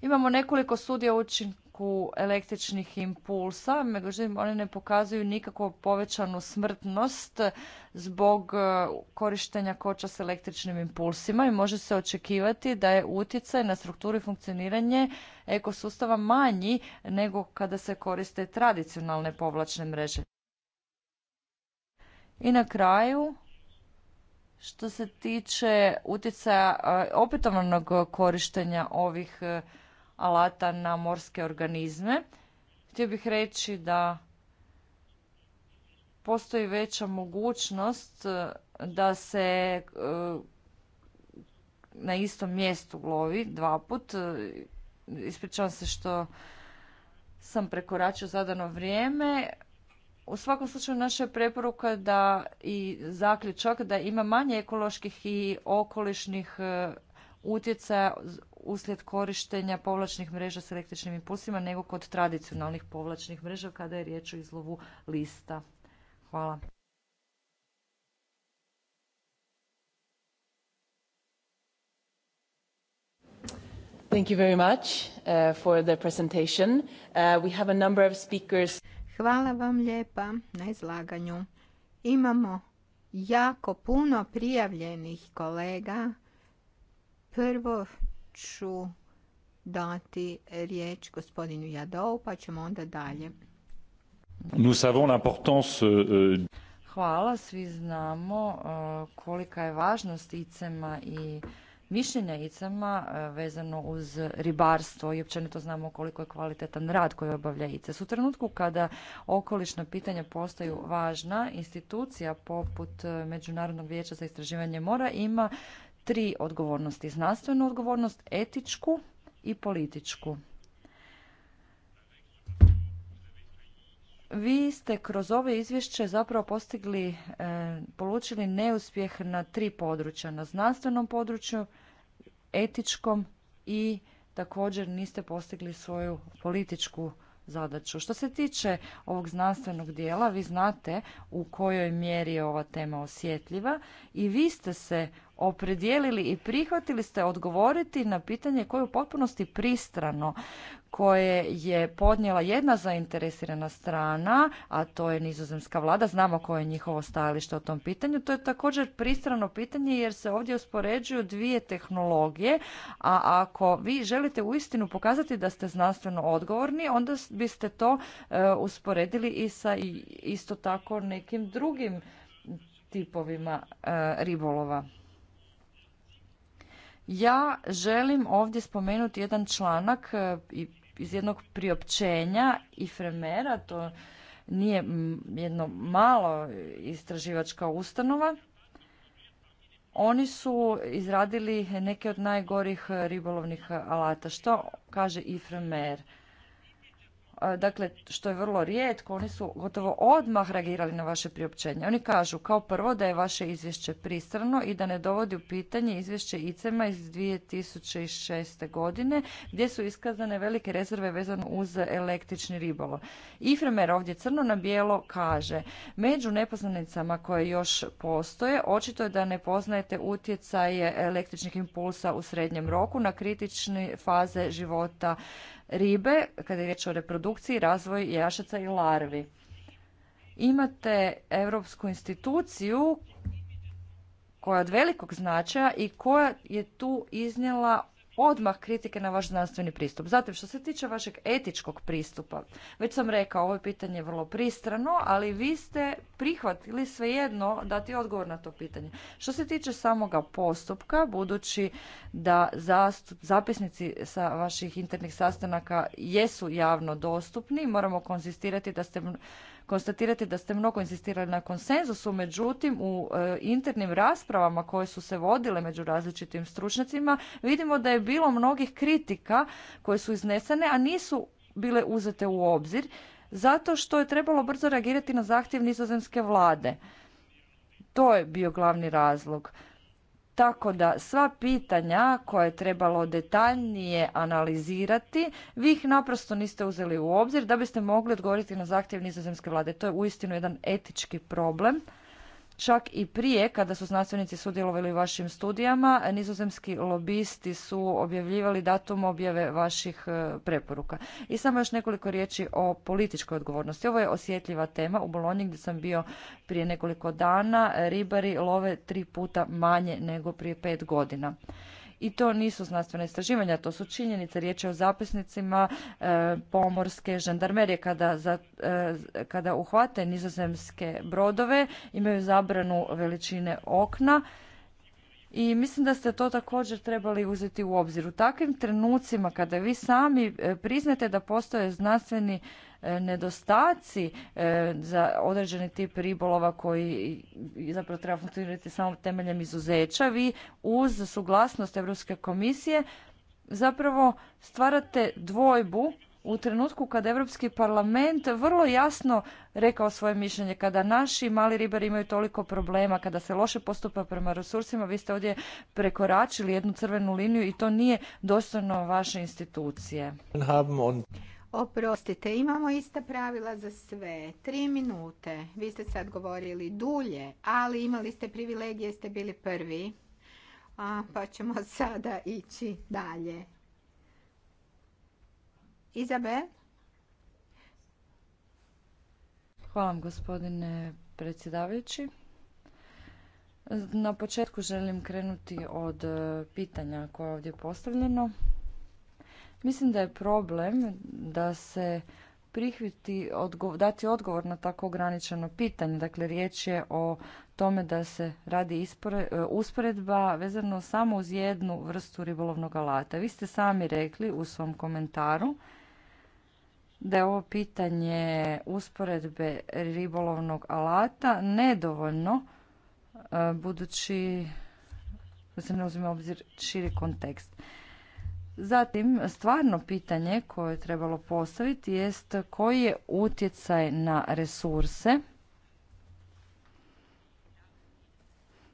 Imamo nekoliko studija učinku električnih impulsa, međutim one ne pokazuju nikakvu povećanu smrtnost zbog e, korištenja koča s električnim impulsima i može se očekivati da je utjecaj na strukturu i funkcioniranje ekosustava manji nego kada se koriste tradicionalne povlačne mreže. I na kraju, što se tiče utjecaja opetovanog korištenja ovih e, alata na morske organizme, htio bih reći da postoji veća mogućnost e, da se e, na istom mjestu lovi dva put. Ispričavam se što sam prekoračio zadano vrijeme u svakom slučaju naša je preporuka da i zaključak da ima manje ekoloških i okolišnih e, utjecaja uslijed korištenja povlačnih mreža s električnim impulsima nego kod tradicionalnih povlačnih mreža kada je riječ o izlovu lista. Hvala. Thank you very much uh, for the presentation. Uh, we have a number of speakers. Hvala vam lijepa na izlaganju. Imamo jako puno prijavljenih kolega. Prvo ću dati riječ gospodinu Jadou, pa ćemo onda dalje. Nous savons l'importance euh, euh, Hvala, svi znamo euh, kolika je važnost icema i mišljenja e, vezano uz ribarstvo i općenito znamo koliko je kvalitetan rad koji obavlja ICES. U trenutku kada okolišna pitanja postaju važna, institucija poput e, Međunarodnog vijeća za istraživanje mora ima tri odgovornosti. Znanstvenu odgovornost, etičku i političku. Vi ste kroz ove izvješće zapravo postigli, e, polučili neuspjeh na tri područja. Na znanstvenom području, etičkom i također niste postigli svoju političku zadaću. Što se tiče ovog znanstvenog dijela, vi znate u kojoj mjeri je ova tema osjetljiva i vi ste se opredijelili i prihvatili ste odgovoriti na pitanje koje je u potpunosti pristrano koje je podnijela jedna zainteresirana strana, a to je nizozemska vlada, znamo koje je njihovo stajalište o tom pitanju. To je također pristrano pitanje jer se ovdje uspoređuju dvije tehnologije, a ako vi želite uistinu pokazati da ste znanstveno odgovorni, onda biste to e, usporedili i sa isto tako nekim drugim tipovima e, ribolova. Ja želim ovdje spomenuti jedan članak e, iz jednog priopćenja i fremera, to nije jedno malo istraživačka ustanova. Oni su izradili neke od najgorih ribolovnih alata. Što kaže Ifremer? dakle, što je vrlo rijetko, oni su gotovo odmah reagirali na vaše priopćenje. Oni kažu kao prvo da je vaše izvješće pristrano i da ne dovodi u pitanje izvješće ICEMA iz 2006. godine, gdje su iskazane velike rezerve vezano uz električni ribolov. Ifremer ovdje crno na bijelo kaže, među nepoznanicama koje još postoje, očito je da ne poznajete utjecaje električnih impulsa u srednjem roku na kritične faze života ribe, kada je riječ o reprodukciji, razvoj jašaca i larvi. Imate europsku instituciju koja je od velikog značaja i koja je tu iznijela odmah kritike na vaš znanstveni pristup. Zatim, što se tiče vašeg etičkog pristupa, već sam rekao, ovo je pitanje vrlo pristrano, ali vi ste prihvatili svejedno dati odgovor na to pitanje. Što se tiče samoga postupka, budući da zapisnici sa vaših internih sastanaka jesu javno dostupni, moramo konzistirati da ste konstatirati da ste mnogo insistirali na konsenzusu, međutim u e, internim raspravama koje su se vodile među različitim stručnjacima vidimo da je bilo mnogih kritika koje su iznesene, a nisu bile uzete u obzir zato što je trebalo brzo reagirati na zahtjev nizozemske vlade. To je bio glavni razlog. Tako da sva pitanja koje je trebalo detaljnije analizirati, vi ih naprosto niste uzeli u obzir da biste mogli odgovoriti na zahtjev nizozemske vlade. To je uistinu jedan etički problem. Čak i prije, kada su znanstvenici sudjelovali u vašim studijama, nizozemski lobisti su objavljivali datum objave vaših e, preporuka. I samo još nekoliko riječi o političkoj odgovornosti. Ovo je osjetljiva tema. U Bolonji gdje sam bio prije nekoliko dana, ribari love tri puta manje nego prije pet godina i to nisu znanstvena istraživanja, to su činjenice. Riječ je o zapisnicima e, pomorske žandarmerije kada, za, e, kada uhvate nizozemske brodove, imaju zabranu veličine okna i mislim da ste to također trebali uzeti u obzir. U takvim trenucima kada vi sami e, priznate da postoje znanstveni nedostaci e, za određeni tip ribolova koji zapravo treba funkcionirati samo temeljem izuzeća, vi uz suglasnost Europske komisije zapravo stvarate dvojbu u trenutku kada Europski parlament vrlo jasno rekao svoje mišljenje, kada naši mali ribari imaju toliko problema, kada se loše postupa prema resursima, vi ste ovdje prekoračili jednu crvenu liniju i to nije dostojno vaše institucije. Oprostite, imamo ista pravila za sve. Tri minute. Vi ste sad govorili dulje, ali imali ste privilegije, ste bili prvi. A, pa ćemo *laughs* sada ići dalje. Izabel? Hvala vam gospodine predsjedavajući. Na početku želim krenuti od e, pitanja koje je ovdje postavljeno. Mislim da je problem da se prihviti dati odgovor na tako ograničeno pitanje. Dakle, riječ je o tome da se radi e, usporedba vezano samo uz jednu vrstu ribolovnog alata. Vi ste sami rekli u svom komentaru da je ovo pitanje usporedbe ribolovnog alata nedovoljno e, budući da se ne uzme obzir širi kontekst. Zatim, stvarno pitanje koje je trebalo postaviti jest koji je utjecaj na resurse,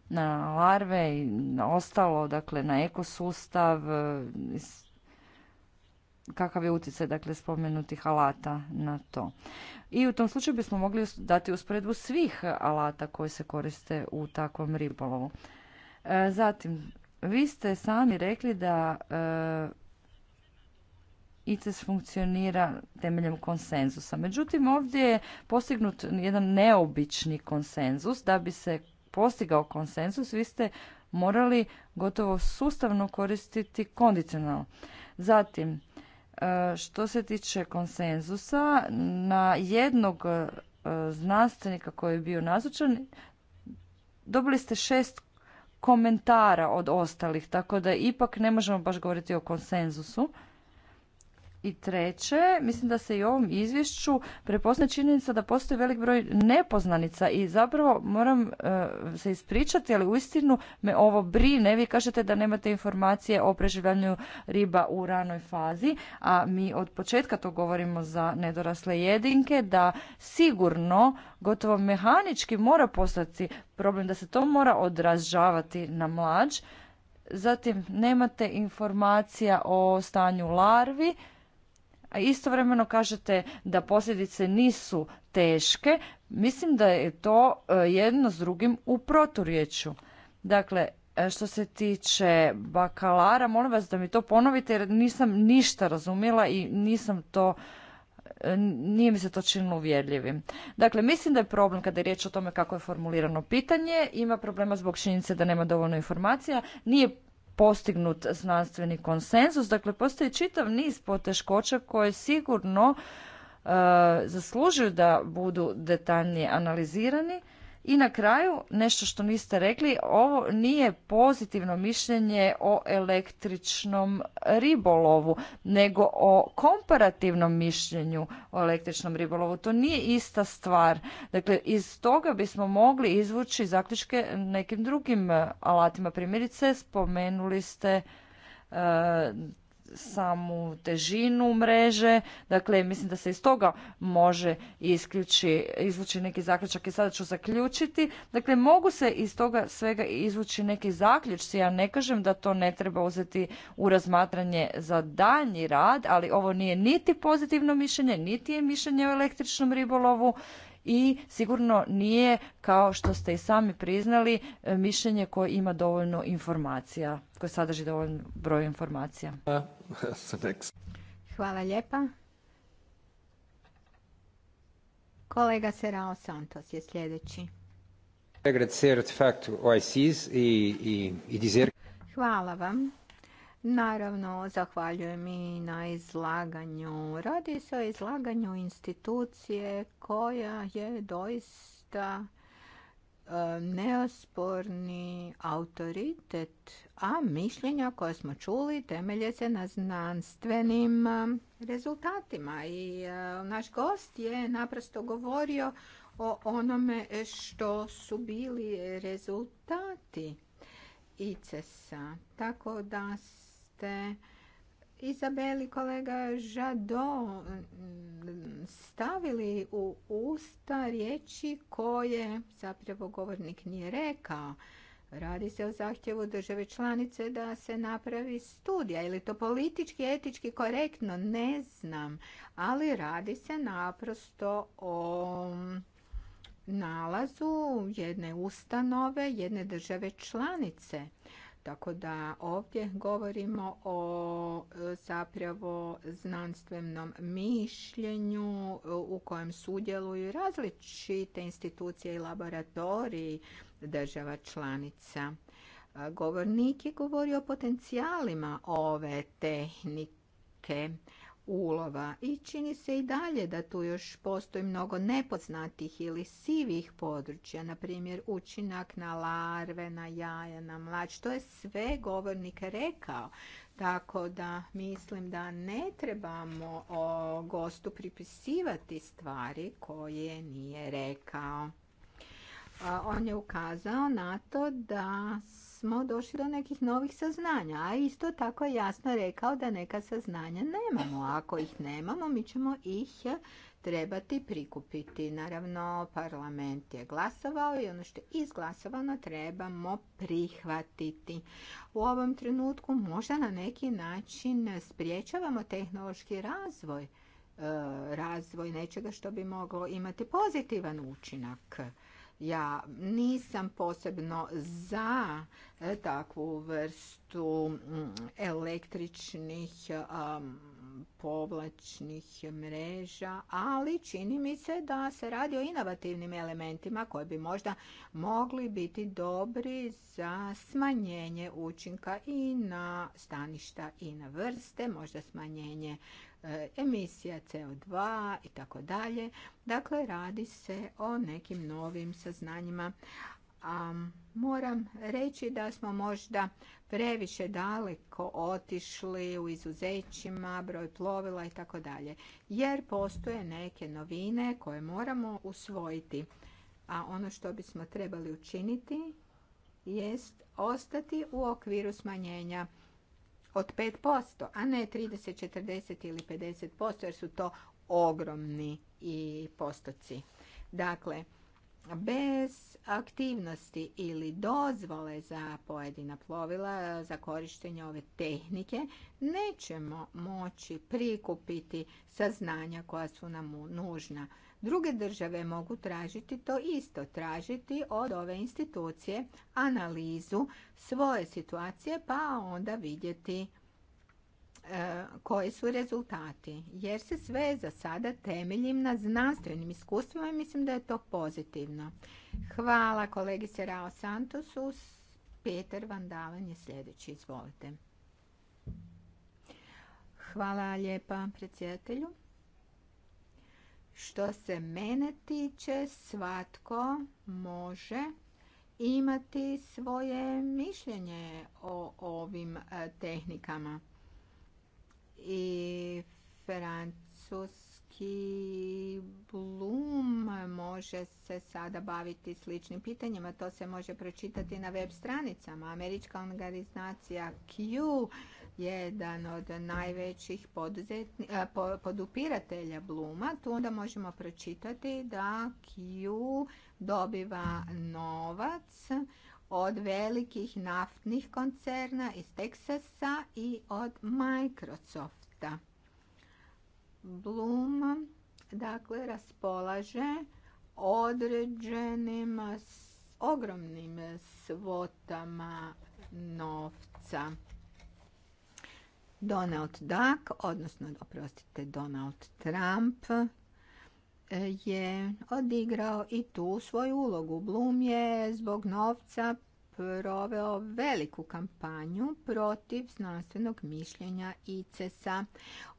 na larve i na ostalo, dakle na ekosustav, kakav je utjecaj dakle, spomenutih alata na to. I u tom slučaju bismo mogli dati usporedbu svih alata koji se koriste u takvom ribolovu. E, zatim, vi ste sami rekli da e, ICES funkcionira temeljem konsenzusa. Međutim, ovdje je postignut jedan neobični konsenzus. Da bi se postigao konsenzus, vi ste morali gotovo sustavno koristiti kondicionalno. Zatim, e, što se tiče konsenzusa, na jednog e, znanstvenika koji je bio nazočan dobili ste šest komentara od ostalih, tako da ipak ne možemo baš govoriti o konsenzusu. I treće, mislim da se i ovom izvješću prepoznaje činjenica da postoji velik broj nepoznanica i zapravo moram e, se ispričati, ali uistinu me ovo brine. Vi kažete da nemate informacije o preživljanju riba u ranoj fazi, a mi od početka to govorimo za nedorasle jedinke, da sigurno gotovo mehanički mora postati problem da se to mora odražavati na mlađ. Zatim nemate informacija o stanju larvi, a istovremeno kažete da posljedice nisu teške, mislim da je to e, jedno s drugim u proturječju. Dakle, e, što se tiče bakalara, molim vas da mi to ponovite jer nisam ništa razumjela i nisam to e, nije mi se to činilo uvjerljivim. Dakle, mislim da je problem kada je riječ o tome kako je formulirano pitanje, ima problema zbog činjenice da nema dovoljno informacija, nije postignut znanstveni konsenzus. Dakle, postoji čitav niz poteškoća koje sigurno e, zaslužuju da budu detaljnije analizirani i na kraju, nešto što niste rekli, ovo nije pozitivno mišljenje o električnom ribolovu, nego o komparativnom mišljenju o električnom ribolovu. To nije ista stvar. Dakle, iz toga bismo mogli izvući zaključke nekim drugim alatima. Primjerice, spomenuli ste e, samu težinu mreže. Dakle, mislim da se iz toga može isključi, izvući neki zaključak i sada ću zaključiti. Dakle, mogu se iz toga svega izvući neki zaključci. Ja ne kažem da to ne treba uzeti u razmatranje za daljnji rad, ali ovo nije niti pozitivno mišljenje, niti je mišljenje o električnom ribolovu i sigurno nije, kao što ste i sami priznali, e, mišljenje koje ima dovoljno informacija, koje sadrži dovoljno broj informacija. *laughs* Hvala lijepa. Kolega Serao Santos je sljedeći. Hvala vam Naravno, zahvaljujem i na izlaganju. Radi se o izlaganju institucije koja je doista e, neosporni autoritet, a mišljenja koje smo čuli temelje se na znanstvenim e, rezultatima. I e, naš gost je naprosto govorio o onome što su bili rezultati ICES-a. Tako da Izabeli kolega Žado stavili u usta riječi koje zapravo govornik nije rekao. Radi se o zahtjevu države članice da se napravi studija. Ili to politički, etički korektno? Ne znam. Ali radi se naprosto o nalazu jedne ustanove, jedne države članice. Tako da ovdje govorimo o e, zapravo znanstvenom mišljenju e, u kojem sudjeluju različite institucije i laboratoriji država članica. E, govornik je govorio o potencijalima ove tehnike ulova i čini se i dalje da tu još postoji mnogo nepoznatih ili sivih područja, na primjer učinak na larve, na jaja, na mlač. To je sve govornik rekao. Tako da mislim da ne trebamo o gostu pripisivati stvari koje nije rekao. On je ukazao na to da smo došli do nekih novih saznanja, a isto tako je jasno rekao da neka saznanja nemamo. Ako ih nemamo, mi ćemo ih trebati prikupiti. Naravno, parlament je glasovao i ono što je izglasovano trebamo prihvatiti. U ovom trenutku možda na neki način spriječavamo tehnološki razvoj, e, razvoj nečega što bi moglo imati pozitivan učinak ja nisam posebno za e, takvu vrstu mm, električnih povlačnih mreža, ali čini mi se da se radi o inovativnim elementima koji bi možda mogli biti dobri za smanjenje učinka i na staništa i na vrste, možda smanjenje E, emisija CO2 i tako dalje. Dakle, radi se o nekim novim saznanjima. A moram reći da smo možda previše daleko otišli u izuzećima, broj plovila i tako dalje. Jer postoje neke novine koje moramo usvojiti. A ono što bismo trebali učiniti jest ostati u okviru smanjenja od 5%, a ne 30, 40 ili 50%, jer su to ogromni i postoci. Dakle, bez aktivnosti ili dozvole za pojedina plovila za korištenje ove tehnike nećemo moći prikupiti saznanja koja su nam nužna Druge države mogu tražiti to isto, tražiti od ove institucije analizu svoje situacije pa onda vidjeti e, koji su rezultati. Jer se sve za sada temeljim na znanstvenim iskustvima i mislim da je to pozitivno. Hvala kolegice Rao Santosu. Peter Van Dalen je sljedeći. Izvolite. Hvala lijepa predsjedatelju. Što se mene tiče, svatko može imati svoje mišljenje o ovim e, tehnikama. I francuski Bloom može se sada baviti sličnim pitanjima. To se može pročitati na web stranicama. Američka organizacija Q jedan od najvećih e, podupiratelja Bluma, tu onda možemo pročitati da Q dobiva novac od velikih naftnih koncerna iz Teksasa i od Microsofta. Bloom dakle raspolaže određenim ogromnim svotama novca. Donald Duck, odnosno, oprostite, Donald Trump e, je odigrao i tu svoju ulogu. Bloom je zbog novca proveo veliku kampanju protiv znanstvenog mišljenja ICES-a.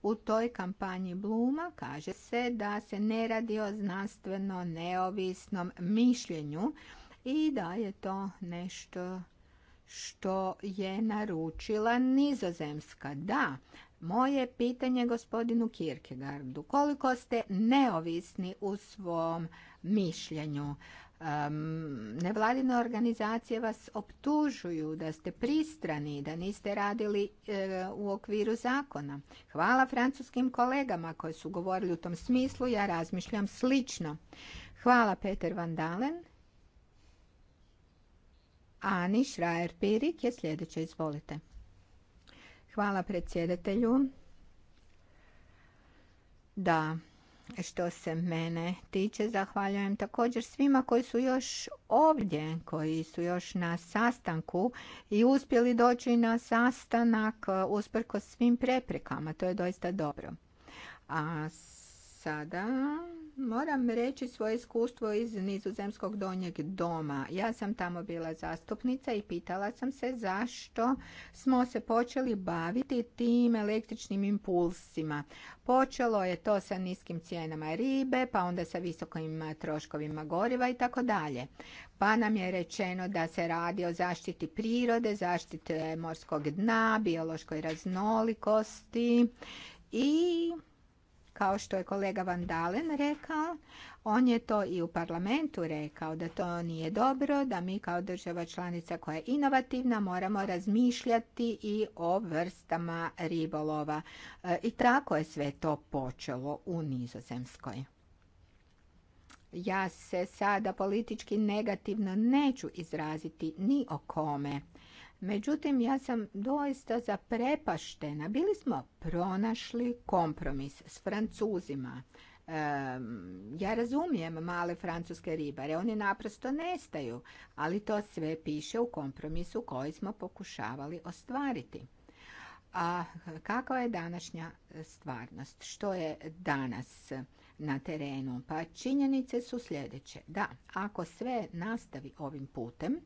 U toj kampanji Bluma kaže se da se ne radi o znanstveno neovisnom mišljenju i da je to nešto što je naručila Nizozemska. Da, moje pitanje gospodinu Kierkegaardu. Koliko ste neovisni u svom mišljenju? Um, nevladine organizacije vas optužuju da ste pristrani, da niste radili e, u okviru zakona. Hvala francuskim kolegama koji su govorili u tom smislu, ja razmišljam slično. Hvala Peter Van Dalen. Ani Šrajer-Pirik je sljedeće. izvolite. Hvala predsjedatelju. Da, što se mene tiče, zahvaljujem također svima koji su još ovdje, koji su još na sastanku i uspjeli doći na sastanak e, usprko svim preprekama. To je doista dobro. A sada Moram reći svoje iskustvo iz nizozemskog donjeg doma. Ja sam tamo bila zastupnica i pitala sam se zašto smo se počeli baviti tim električnim impulsima. Počelo je to sa niskim cijenama ribe, pa onda sa visokim troškovima goriva i tako dalje. Pa nam je rečeno da se radi o zaštiti prirode, zaštite morskog dna, biološkoj raznolikosti i kao što je kolega Van Dalen rekao, on je to i u parlamentu rekao da to nije dobro, da mi kao država članica koja je inovativna moramo razmišljati i o vrstama ribolova. E, I tako je sve to počelo u Nizozemskoj. Ja se sada politički negativno neću izraziti ni o kome. Međutim, ja sam doista zaprepaštena. Bili smo pronašli kompromis s Francuzima. ja razumijem male francuske ribare, oni naprosto nestaju, ali to sve piše u kompromisu koji smo pokušavali ostvariti. A kakva je današnja stvarnost? Što je danas na terenu? Pa činjenice su sljedeće. Da, ako sve nastavi ovim putem,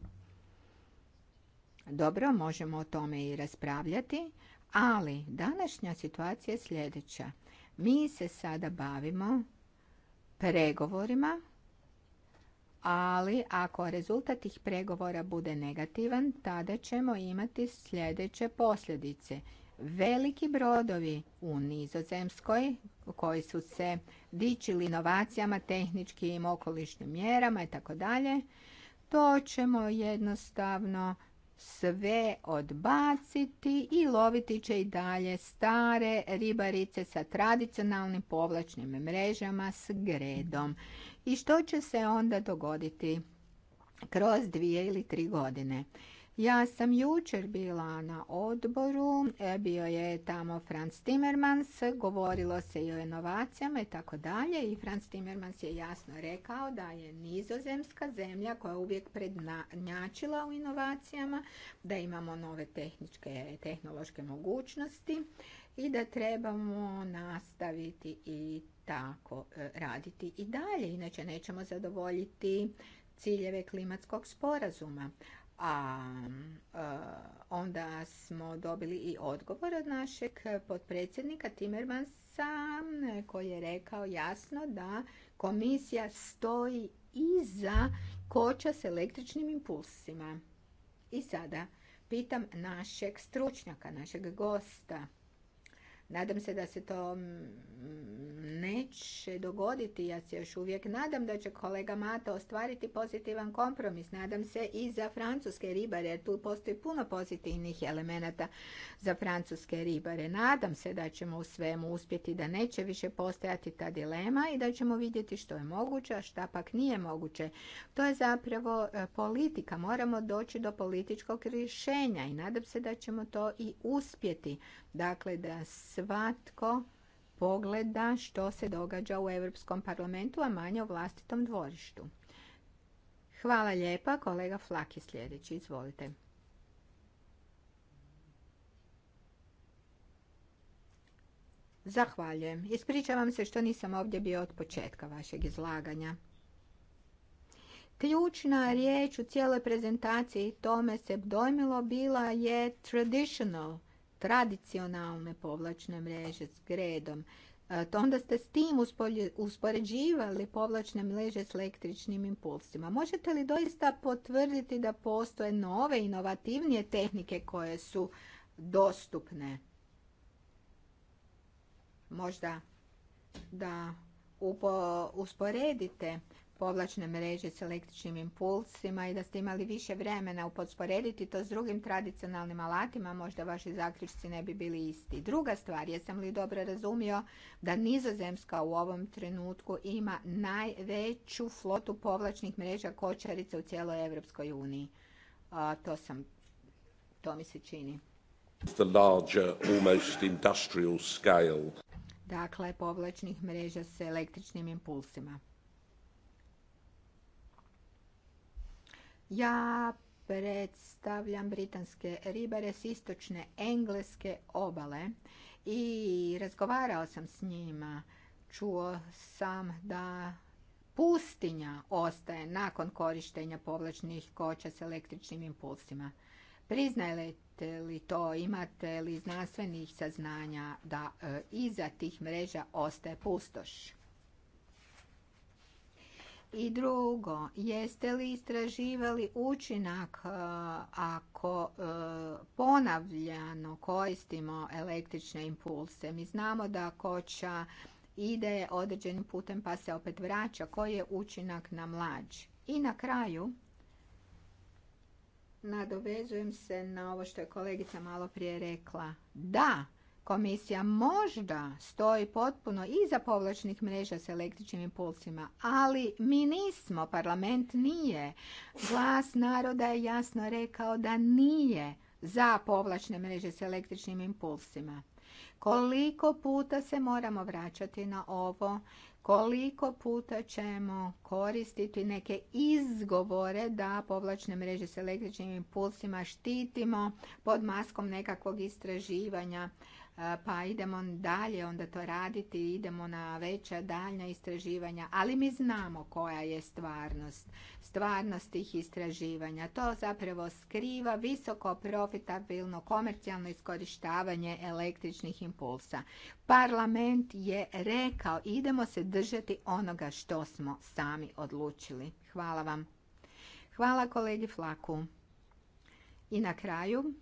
dobro, možemo o tome i raspravljati, ali današnja situacija je sljedeća. Mi se sada bavimo pregovorima, ali ako rezultat tih pregovora bude negativan, tada ćemo imati sljedeće posljedice. Veliki brodovi u Nizozemskoj koji su se dičili inovacijama, tehničkim, okolišnim mjerama i tako dalje, to ćemo jednostavno sve odbaciti i loviti će i dalje stare ribarice sa tradicionalnim povlačnim mrežama s gredom. I što će se onda dogoditi kroz dvije ili tri godine? Ja sam jučer bila na odboru, e, bio je tamo Franz Timmermans, govorilo se i o inovacijama i tako dalje i Franz Timmermans je jasno rekao da je nizozemska zemlja koja je uvijek prednjačila u inovacijama, da imamo nove tehničke, tehnološke mogućnosti i da trebamo nastaviti i tako e, raditi i dalje, inače nećemo zadovoljiti ciljeve klimatskog sporazuma a e, onda smo dobili i odgovor od našeg potpredsjednika Timmermansa koji je rekao jasno da komisija stoji iza koča s električnim impulsima. I sada pitam našeg stručnjaka, našeg gosta. Nadam se da se to mm, neće dogoditi. Ja se još uvijek nadam da će kolega Mato ostvariti pozitivan kompromis. Nadam se i za francuske ribare, jer tu postoji puno pozitivnih elemenata za francuske ribare. Nadam se da ćemo u svemu uspjeti, da neće više postojati ta dilema i da ćemo vidjeti što je moguće, a šta pak nije moguće. To je zapravo e, politika. Moramo doći do političkog rješenja i nadam se da ćemo to i uspjeti. Dakle, da svatko pogleda što se događa u Europskom parlamentu, a manje u vlastitom dvorištu. Hvala lijepa. Kolega Flaki sljedeći. Izvolite. Zahvaljujem. Ispričavam se što nisam ovdje bio od početka vašeg izlaganja. Ključna riječ u cijeloj prezentaciji tome se dojmilo bila je traditional – tradicionalne povlačne mreže s gredom. E, to onda ste s tim uspoređivali povlačne mreže s električnim impulsima. Možete li doista potvrditi da postoje nove inovativnije tehnike koje su dostupne? Možda da usporedite povlačne mreže s električnim impulsima i da ste imali više vremena upodsporediti to s drugim tradicionalnim alatima, možda vaši zaključci ne bi bili isti. Druga stvar, jesam li dobro razumio da Nizozemska u ovom trenutku ima najveću flotu povlačnih mreža kočarica u cijeloj Europskoj uniji. to sam, to mi se čini. Dakle, povlačnih mreža s električnim impulsima. Ja predstavljam britanske ribare s istočne engleske obale i razgovarao sam s njima. Čuo sam da pustinja ostaje nakon korištenja povlačnih koća s električnim impulsima. Priznajte li to, imate li znanstvenih saznanja da e, iza tih mreža ostaje pustoš? I drugo, jeste li istraživali učinak e, ako e, ponavljano koristimo električne impulse? Mi znamo da koća ide određenim putem pa se opet vraća. Koji je učinak na mlađ? I na kraju, nadovezujem se na ovo što je kolegica malo prije rekla. Da, Komisija možda stoji potpuno iza povlačnih mreža s električnim impulsima, ali mi nismo, parlament nije. Glas naroda je jasno rekao da nije za povlačne mreže s električnim impulsima. Koliko puta se moramo vraćati na ovo? koliko puta ćemo koristiti neke izgovore da povlačne mreže s električnim impulsima štitimo pod maskom nekakvog istraživanja E, pa idemo dalje onda to raditi, idemo na veća daljna istraživanja, ali mi znamo koja je stvarnost, stvarnost tih istraživanja. To zapravo skriva visoko profitabilno komercijalno iskorištavanje električnih impulsa. Parlament je rekao idemo se držati onoga što smo sami odlučili. Hvala vam. Hvala kolegi Flaku. I na kraju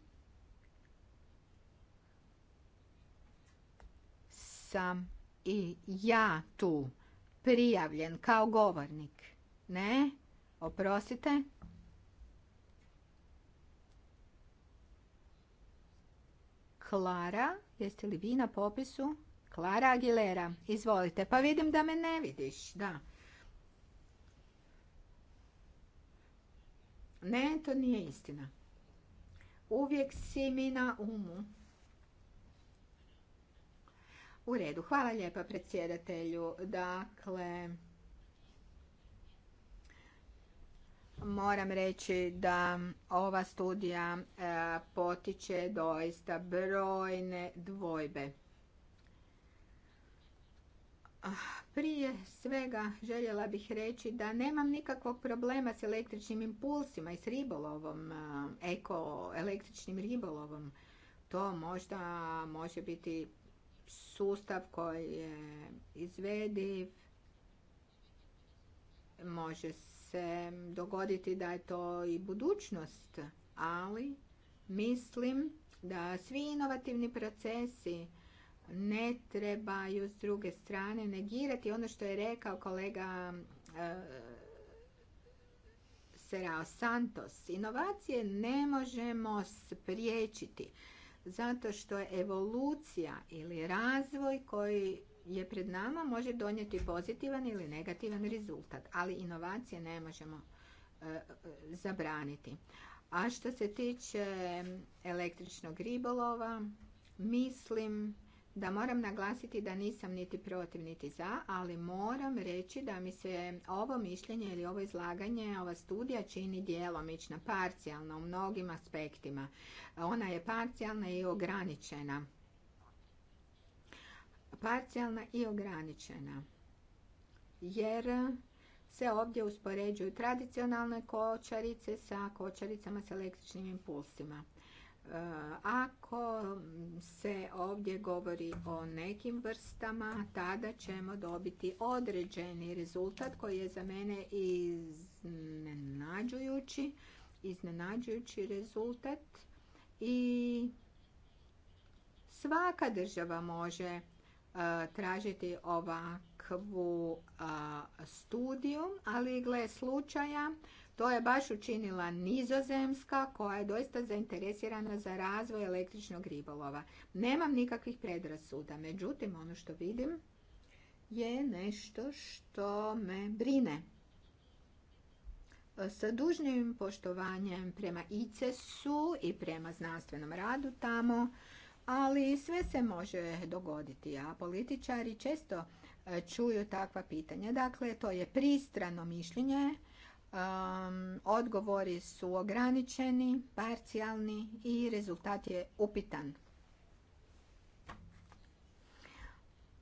sam i ja tu prijavljen kao govornik? Ne? Oprostite. Klara, jeste li vi na popisu? Klara Aguilera, izvolite. Pa vidim da me ne vidiš, da. Ne, to nije istina. Uvijek si mi na umu. U redu, hvala lijepa predsjedatelju. Dakle, moram reći da ova studija e, potiče doista brojne dvojbe. Ah, prije svega željela bih reći da nemam nikakvog problema s električnim impulsima i s ribolovom, e, električnim ribolovom. To možda može biti sustav koji je izvediv. Može se dogoditi da je to i budućnost, ali mislim da svi inovativni procesi ne trebaju s druge strane negirati ono što je rekao kolega e, Serao Santos. Inovacije ne možemo spriječiti zato što evolucija ili razvoj koji je pred nama može donijeti pozitivan ili negativan rezultat, ali inovacije ne možemo e, e, zabraniti. A što se tiče e, električnog ribolova, mislim da moram naglasiti da nisam niti protiv niti za, ali moram reći da mi se ovo mišljenje ili ovo izlaganje, ova studija čini djelomična, parcijalna u mnogim aspektima. Ona je parcijalna i ograničena. Parcijalna i ograničena. Jer se ovdje uspoređuju tradicionalne kočarice sa kočaricama s električnim impulsima. Ako se ovdje govori o nekim vrstama, tada ćemo dobiti određeni rezultat koji je za mene iznenađujući, iznenađujući rezultat i svaka država može e, tražiti ovakvu studiju, ali gle slučaja to je baš učinila nizozemska koja je doista zainteresirana za razvoj električnog ribolova. Nemam nikakvih predrasuda, međutim ono što vidim je nešto što me brine. Sa dužnim poštovanjem prema ices i prema znanstvenom radu tamo, ali sve se može dogoditi, a političari često e, čuju takva pitanja. Dakle, to je pristrano mišljenje Um, odgovori su ograničeni, parcijalni i rezultat je upitan.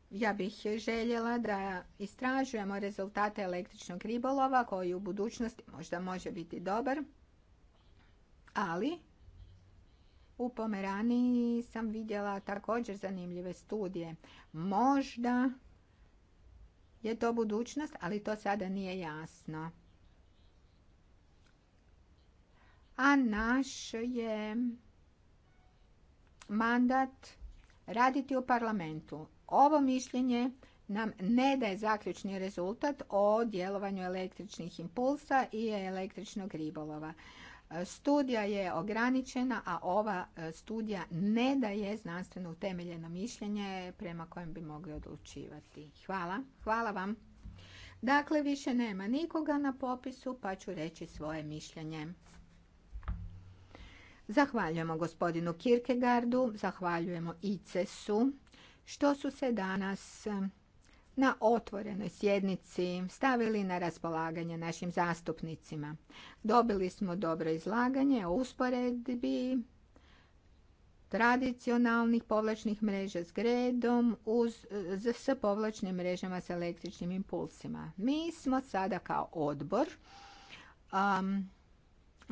Ja bih željela da istražujemo rezultate električnog ribolova koji u budućnosti možda može biti dobar, ali u pomerani sam vidjela također zanimljive studije. Možda je to budućnost, ali to sada nije jasno. a naš je mandat raditi u parlamentu. Ovo mišljenje nam ne daje zaključni rezultat o djelovanju električnih impulsa i električnog ribolova. Studija je ograničena, a ova e, studija ne daje znanstveno utemeljeno mišljenje prema kojem bi mogli odlučivati. Hvala. Hvala vam. Dakle, više nema nikoga na popisu, pa ću reći svoje mišljenje. Zahvaljujemo gospodinu Kirkegardu, zahvaljujemo ICES-u što su se danas e, na otvorenoj sjednici stavili na raspolaganje našim zastupnicima. Dobili smo dobro izlaganje o usporedbi tradicionalnih povlačnih mreža s gredom uz, s povlačnim mrežama s električnim impulsima. Mi smo sada kao odbor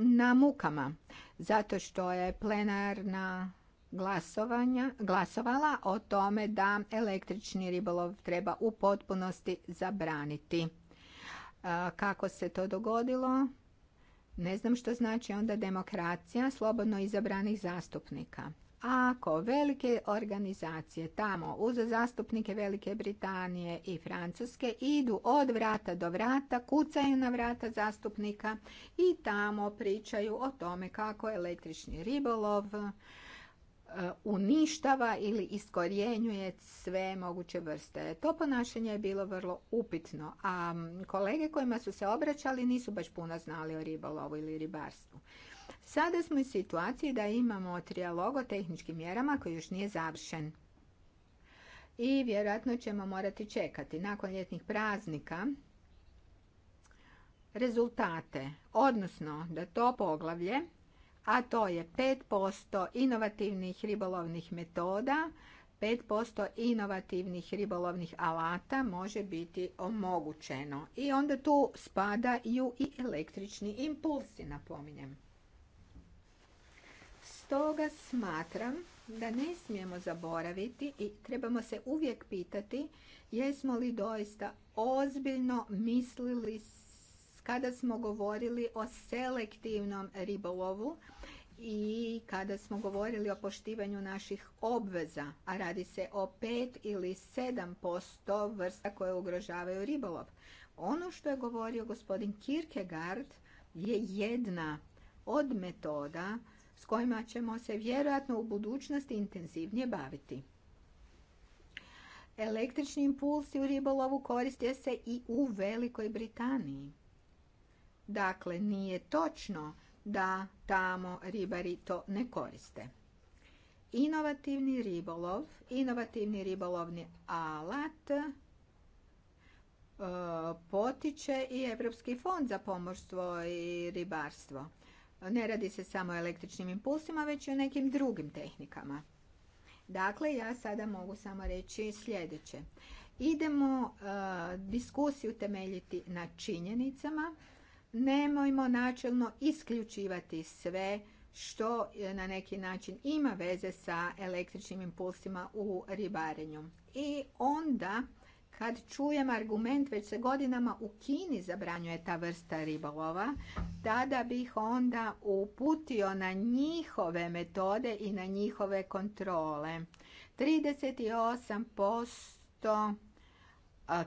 na mukama zato što je plenarna glasovanja, glasovala o tome da električni ribolov treba u potpunosti zabraniti. Kako se to dogodilo? Ne znam što znači onda demokracija slobodno izabranih zastupnika ako velike organizacije tamo uz zastupnike Velike Britanije i Francuske idu od vrata do vrata, kucaju na vrata zastupnika i tamo pričaju o tome kako električni ribolov e, uništava ili iskorjenjuje sve moguće vrste. To ponašanje je bilo vrlo upitno, a kolege kojima su se obraćali nisu baš puno znali o ribolovu ili ribarstvu. Sada smo u situaciji da imamo trijalog o tehničkim mjerama koji još nije završen. I vjerojatno ćemo morati čekati nakon ljetnih praznika rezultate, odnosno da to poglavlje, a to je 5% inovativnih ribolovnih metoda, 5% inovativnih ribolovnih alata može biti omogućeno. I onda tu spadaju i električni impulsi, napominjem. Stoga smatram da ne smijemo zaboraviti i trebamo se uvijek pitati jesmo li doista ozbiljno mislili kada smo govorili o selektivnom ribolovu i kada smo govorili o poštivanju naših obveza, a radi se o 5 ili 7% vrsta koje ugrožavaju ribolov. Ono što je govorio gospodin Kierkegaard je jedna od metoda s kojima ćemo se vjerojatno u budućnosti intenzivnije baviti. Električni impulsi u ribolovu koriste se i u Velikoj Britaniji. Dakle, nije točno da tamo ribari to ne koriste. Inovativni ribolov, inovativni ribolovni alat e, potiče i Europski fond za pomorstvo i ribarstvo. Ne radi se samo o električnim impulsima, već i o nekim drugim tehnikama. Dakle, ja sada mogu samo reći sljedeće. Idemo e, diskusiju temeljiti na činjenicama. Nemojmo načelno isključivati sve što na neki način ima veze sa električnim impulsima u ribarenju. I onda kad čujem argument, već se godinama u Kini zabranjuje ta vrsta ribolova, tada bih onda uputio na njihove metode i na njihove kontrole. 38%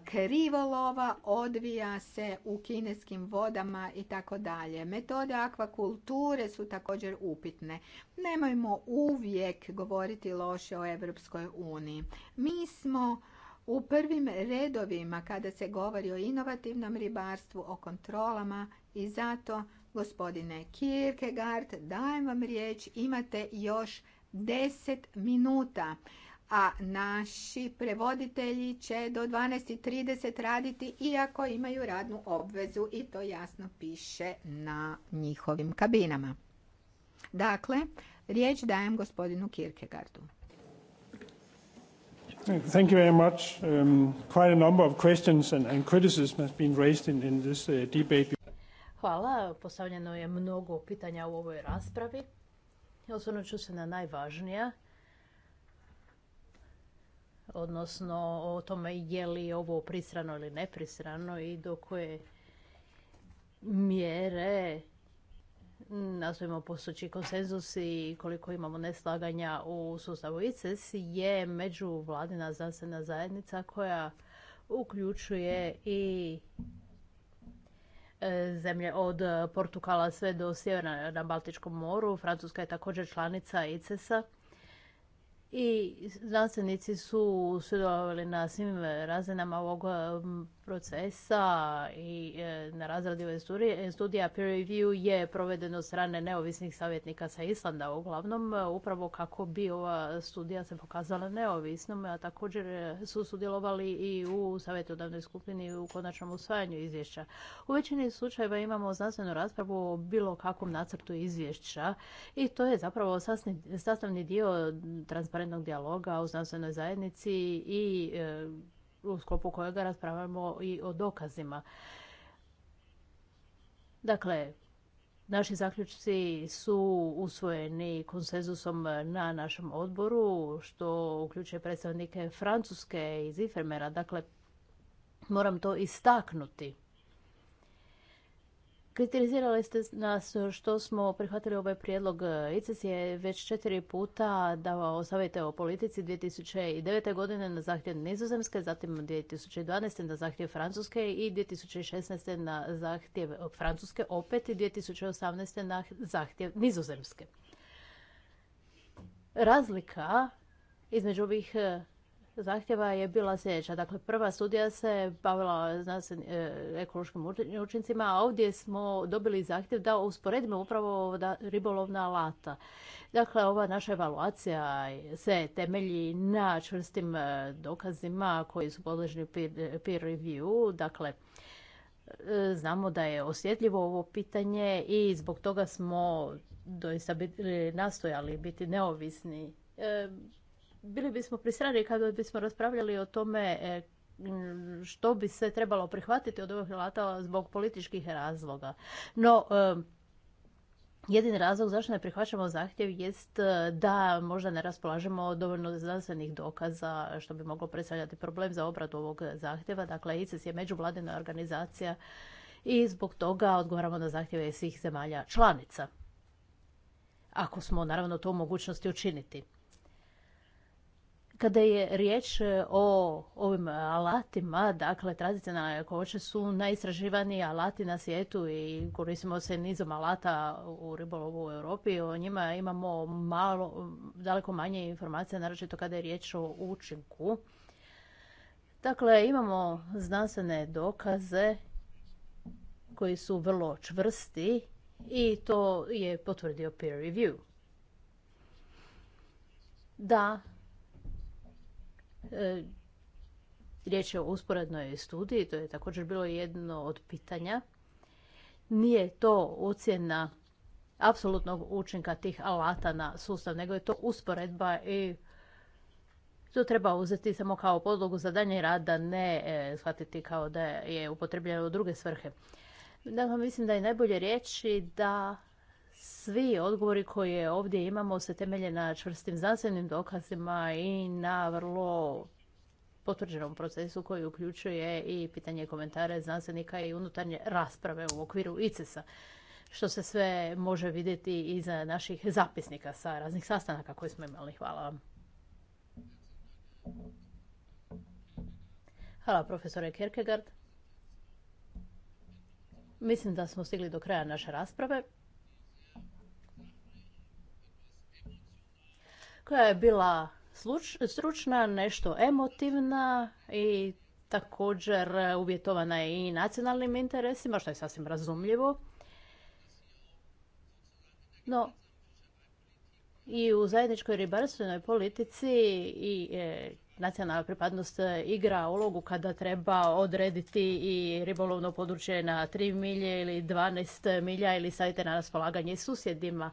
krivolova odvija se u kineskim vodama i tako dalje. Metode akvakulture su također upitne. Nemojmo uvijek govoriti loše o Europskoj uniji. Mi smo u prvim redovima kada se govori o inovativnom ribarstvu, o kontrolama i zato, gospodine Kierkegaard, dajem vam riječ, imate još 10 minuta, a naši prevoditelji će do 12.30 raditi iako imaju radnu obvezu i to jasno piše na njihovim kabinama. Dakle, riječ dajem gospodinu Kierkegaardu. Thank you very much. Um, quite a number of questions and, and criticism has been raised in, in this uh, debate. Hvala, postavljeno je mnogo pitanja u ovoj raspravi. Osvrnut ću se na najvažnija, odnosno o tome je li ovo pristrano ili nepristrano i do koje mjere nastojimo postoći konsenzus i koliko imamo neslaganja u sustavu ICES je međuvladina znanstvena zajednica koja uključuje i e, zemlje od Portugala sve do sjevera na Baltičkom moru. Francuska je također članica ICES-a. I znanstvenici su sudjelovali na svim razinama ovog procesa i e, na razradi ove studija peer review je provedeno od strane neovisnih savjetnika sa Islanda uglavnom e, upravo kako bi ova studija se pokazala neovisnom, a također e, su sudjelovali i u savjetodavnoj skupini u konačnom usvajanju izvješća. U većini slučajeva imamo znanstvenu raspravu o bilo kakvom nacrtu izvješća i to je zapravo sastavni dio transparentnog dijaloga u znanstvenoj zajednici i u sklopu kojega raspravljamo i o dokazima. Dakle, naši zaključci su usvojeni konsenzusom na našem odboru, što uključuje predstavnike Francuske iz Ifermera. Dakle, moram to istaknuti. Kritizirali ste nas što smo prihvatili ovaj prijedlog. E, ICES je već četiri puta davao savjete o politici 2009. godine na zahtjev Nizozemske, zatim 2012. na zahtjev Francuske i 2016. na zahtjev e, Francuske, opet i 2018. na zahtjev Nizozemske. Razlika između ovih e, zahtjeva je bila sljedeća. Dakle, prva studija se bavila e, ekološkim učincima, a ovdje smo dobili zahtjev da usporedimo upravo ribolovna lata. Dakle, ova naša evaluacija se temelji na čvrstim e, dokazima koji su podležni peer review. Dakle, e, znamo da je osjetljivo ovo pitanje i zbog toga smo doista nastojali biti neovisni bili bismo prisrani kada bismo raspravljali o tome e, što bi se trebalo prihvatiti od ovih Hrvata zbog političkih razloga. No, e, Jedini razlog zašto ne prihvaćamo zahtjev jest e, da možda ne raspolažemo dovoljno znanstvenih dokaza što bi moglo predstavljati problem za obradu ovog zahtjeva. Dakle, ICES je međuvladina organizacija i zbog toga odgovaramo na zahtjeve svih zemalja članica. Ako smo naravno to u mogućnosti učiniti. Kada je riječ e, o ovim alatima, dakle tradicionalne koče su najistraživani alati na svijetu i koristimo se nizom alata u ribolovu u Europi. O njima imamo malo, daleko manje informacija, naročito kada je riječ o učinku. Dakle, imamo znanstvene dokaze koji su vrlo čvrsti i to je potvrdio peer review. Da, E, riječ je o usporednoj studiji, to je također bilo jedno od pitanja. Nije to ocjena apsolutnog učinka tih alata na sustav, nego je to usporedba i to treba uzeti samo kao podlogu za danje rada, ne e, shvatiti kao da je upotrebljeno u druge svrhe. Dakle, mislim da je najbolje riječi da svi odgovori koje ovdje imamo se temelje na čvrstim znanstvenim dokazima i na vrlo potvrđenom procesu koji uključuje i pitanje komentare znanstvenika i unutarnje rasprave u okviru ICES-a, što se sve može vidjeti iz naših zapisnika sa raznih sastanaka koje smo imali. Hvala vam. Hvala profesore Kierkegaard. Mislim da smo stigli do kraja naše rasprave. je bila stručna, nešto emotivna i također uvjetovana je i nacionalnim interesima, što je sasvim razumljivo. No, i u zajedničkoj ribarstvenoj politici i e, nacionalna pripadnost igra ulogu kada treba odrediti i ribolovno područje na 3 milje ili 12 milja ili stavite na raspolaganje susjedima.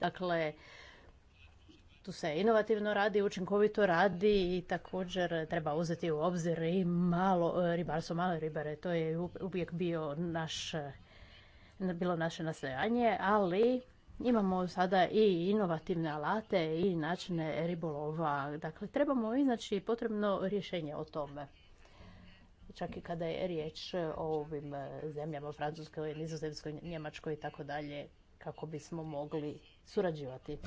Dakle, tu se inovativno radi, učinkovito radi i također treba uzeti u obzir i malo e, ribarstvo, male ribare. To je uvijek bio naš, e, bilo naše nastojanje, ali imamo sada i inovativne alate i načine ribolova. Dakle, trebamo iznaći potrebno rješenje o tome. Čak i kada je riječ o ovim e, zemljama, Francuskoj, Nizozemskoj, Njemačkoj i tako dalje, kako bismo mogli surađivati.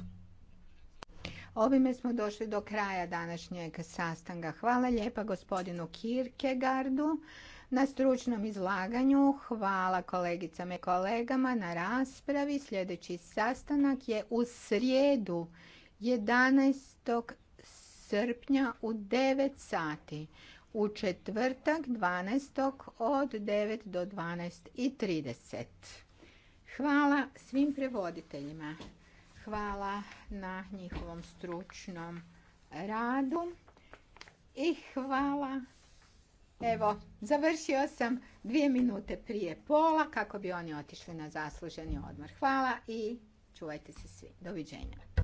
Ovime smo došli do kraja današnjeg sastanka. Hvala lijepa gospodinu Kirkegardu na stručnom izlaganju. Hvala kolegicama i kolegama na raspravi. Sljedeći sastanak je u srijedu 11. srpnja u 9 sati. U četvrtak 12. od 9 do 12.30. Hvala svim prevoditeljima. Hvala na njihovom stručnom radu i hvala. Evo, završio sam dvije minute prije pola kako bi oni otišli na zasluženi odmor. Hvala i čuvajte se svi. Doviđenja.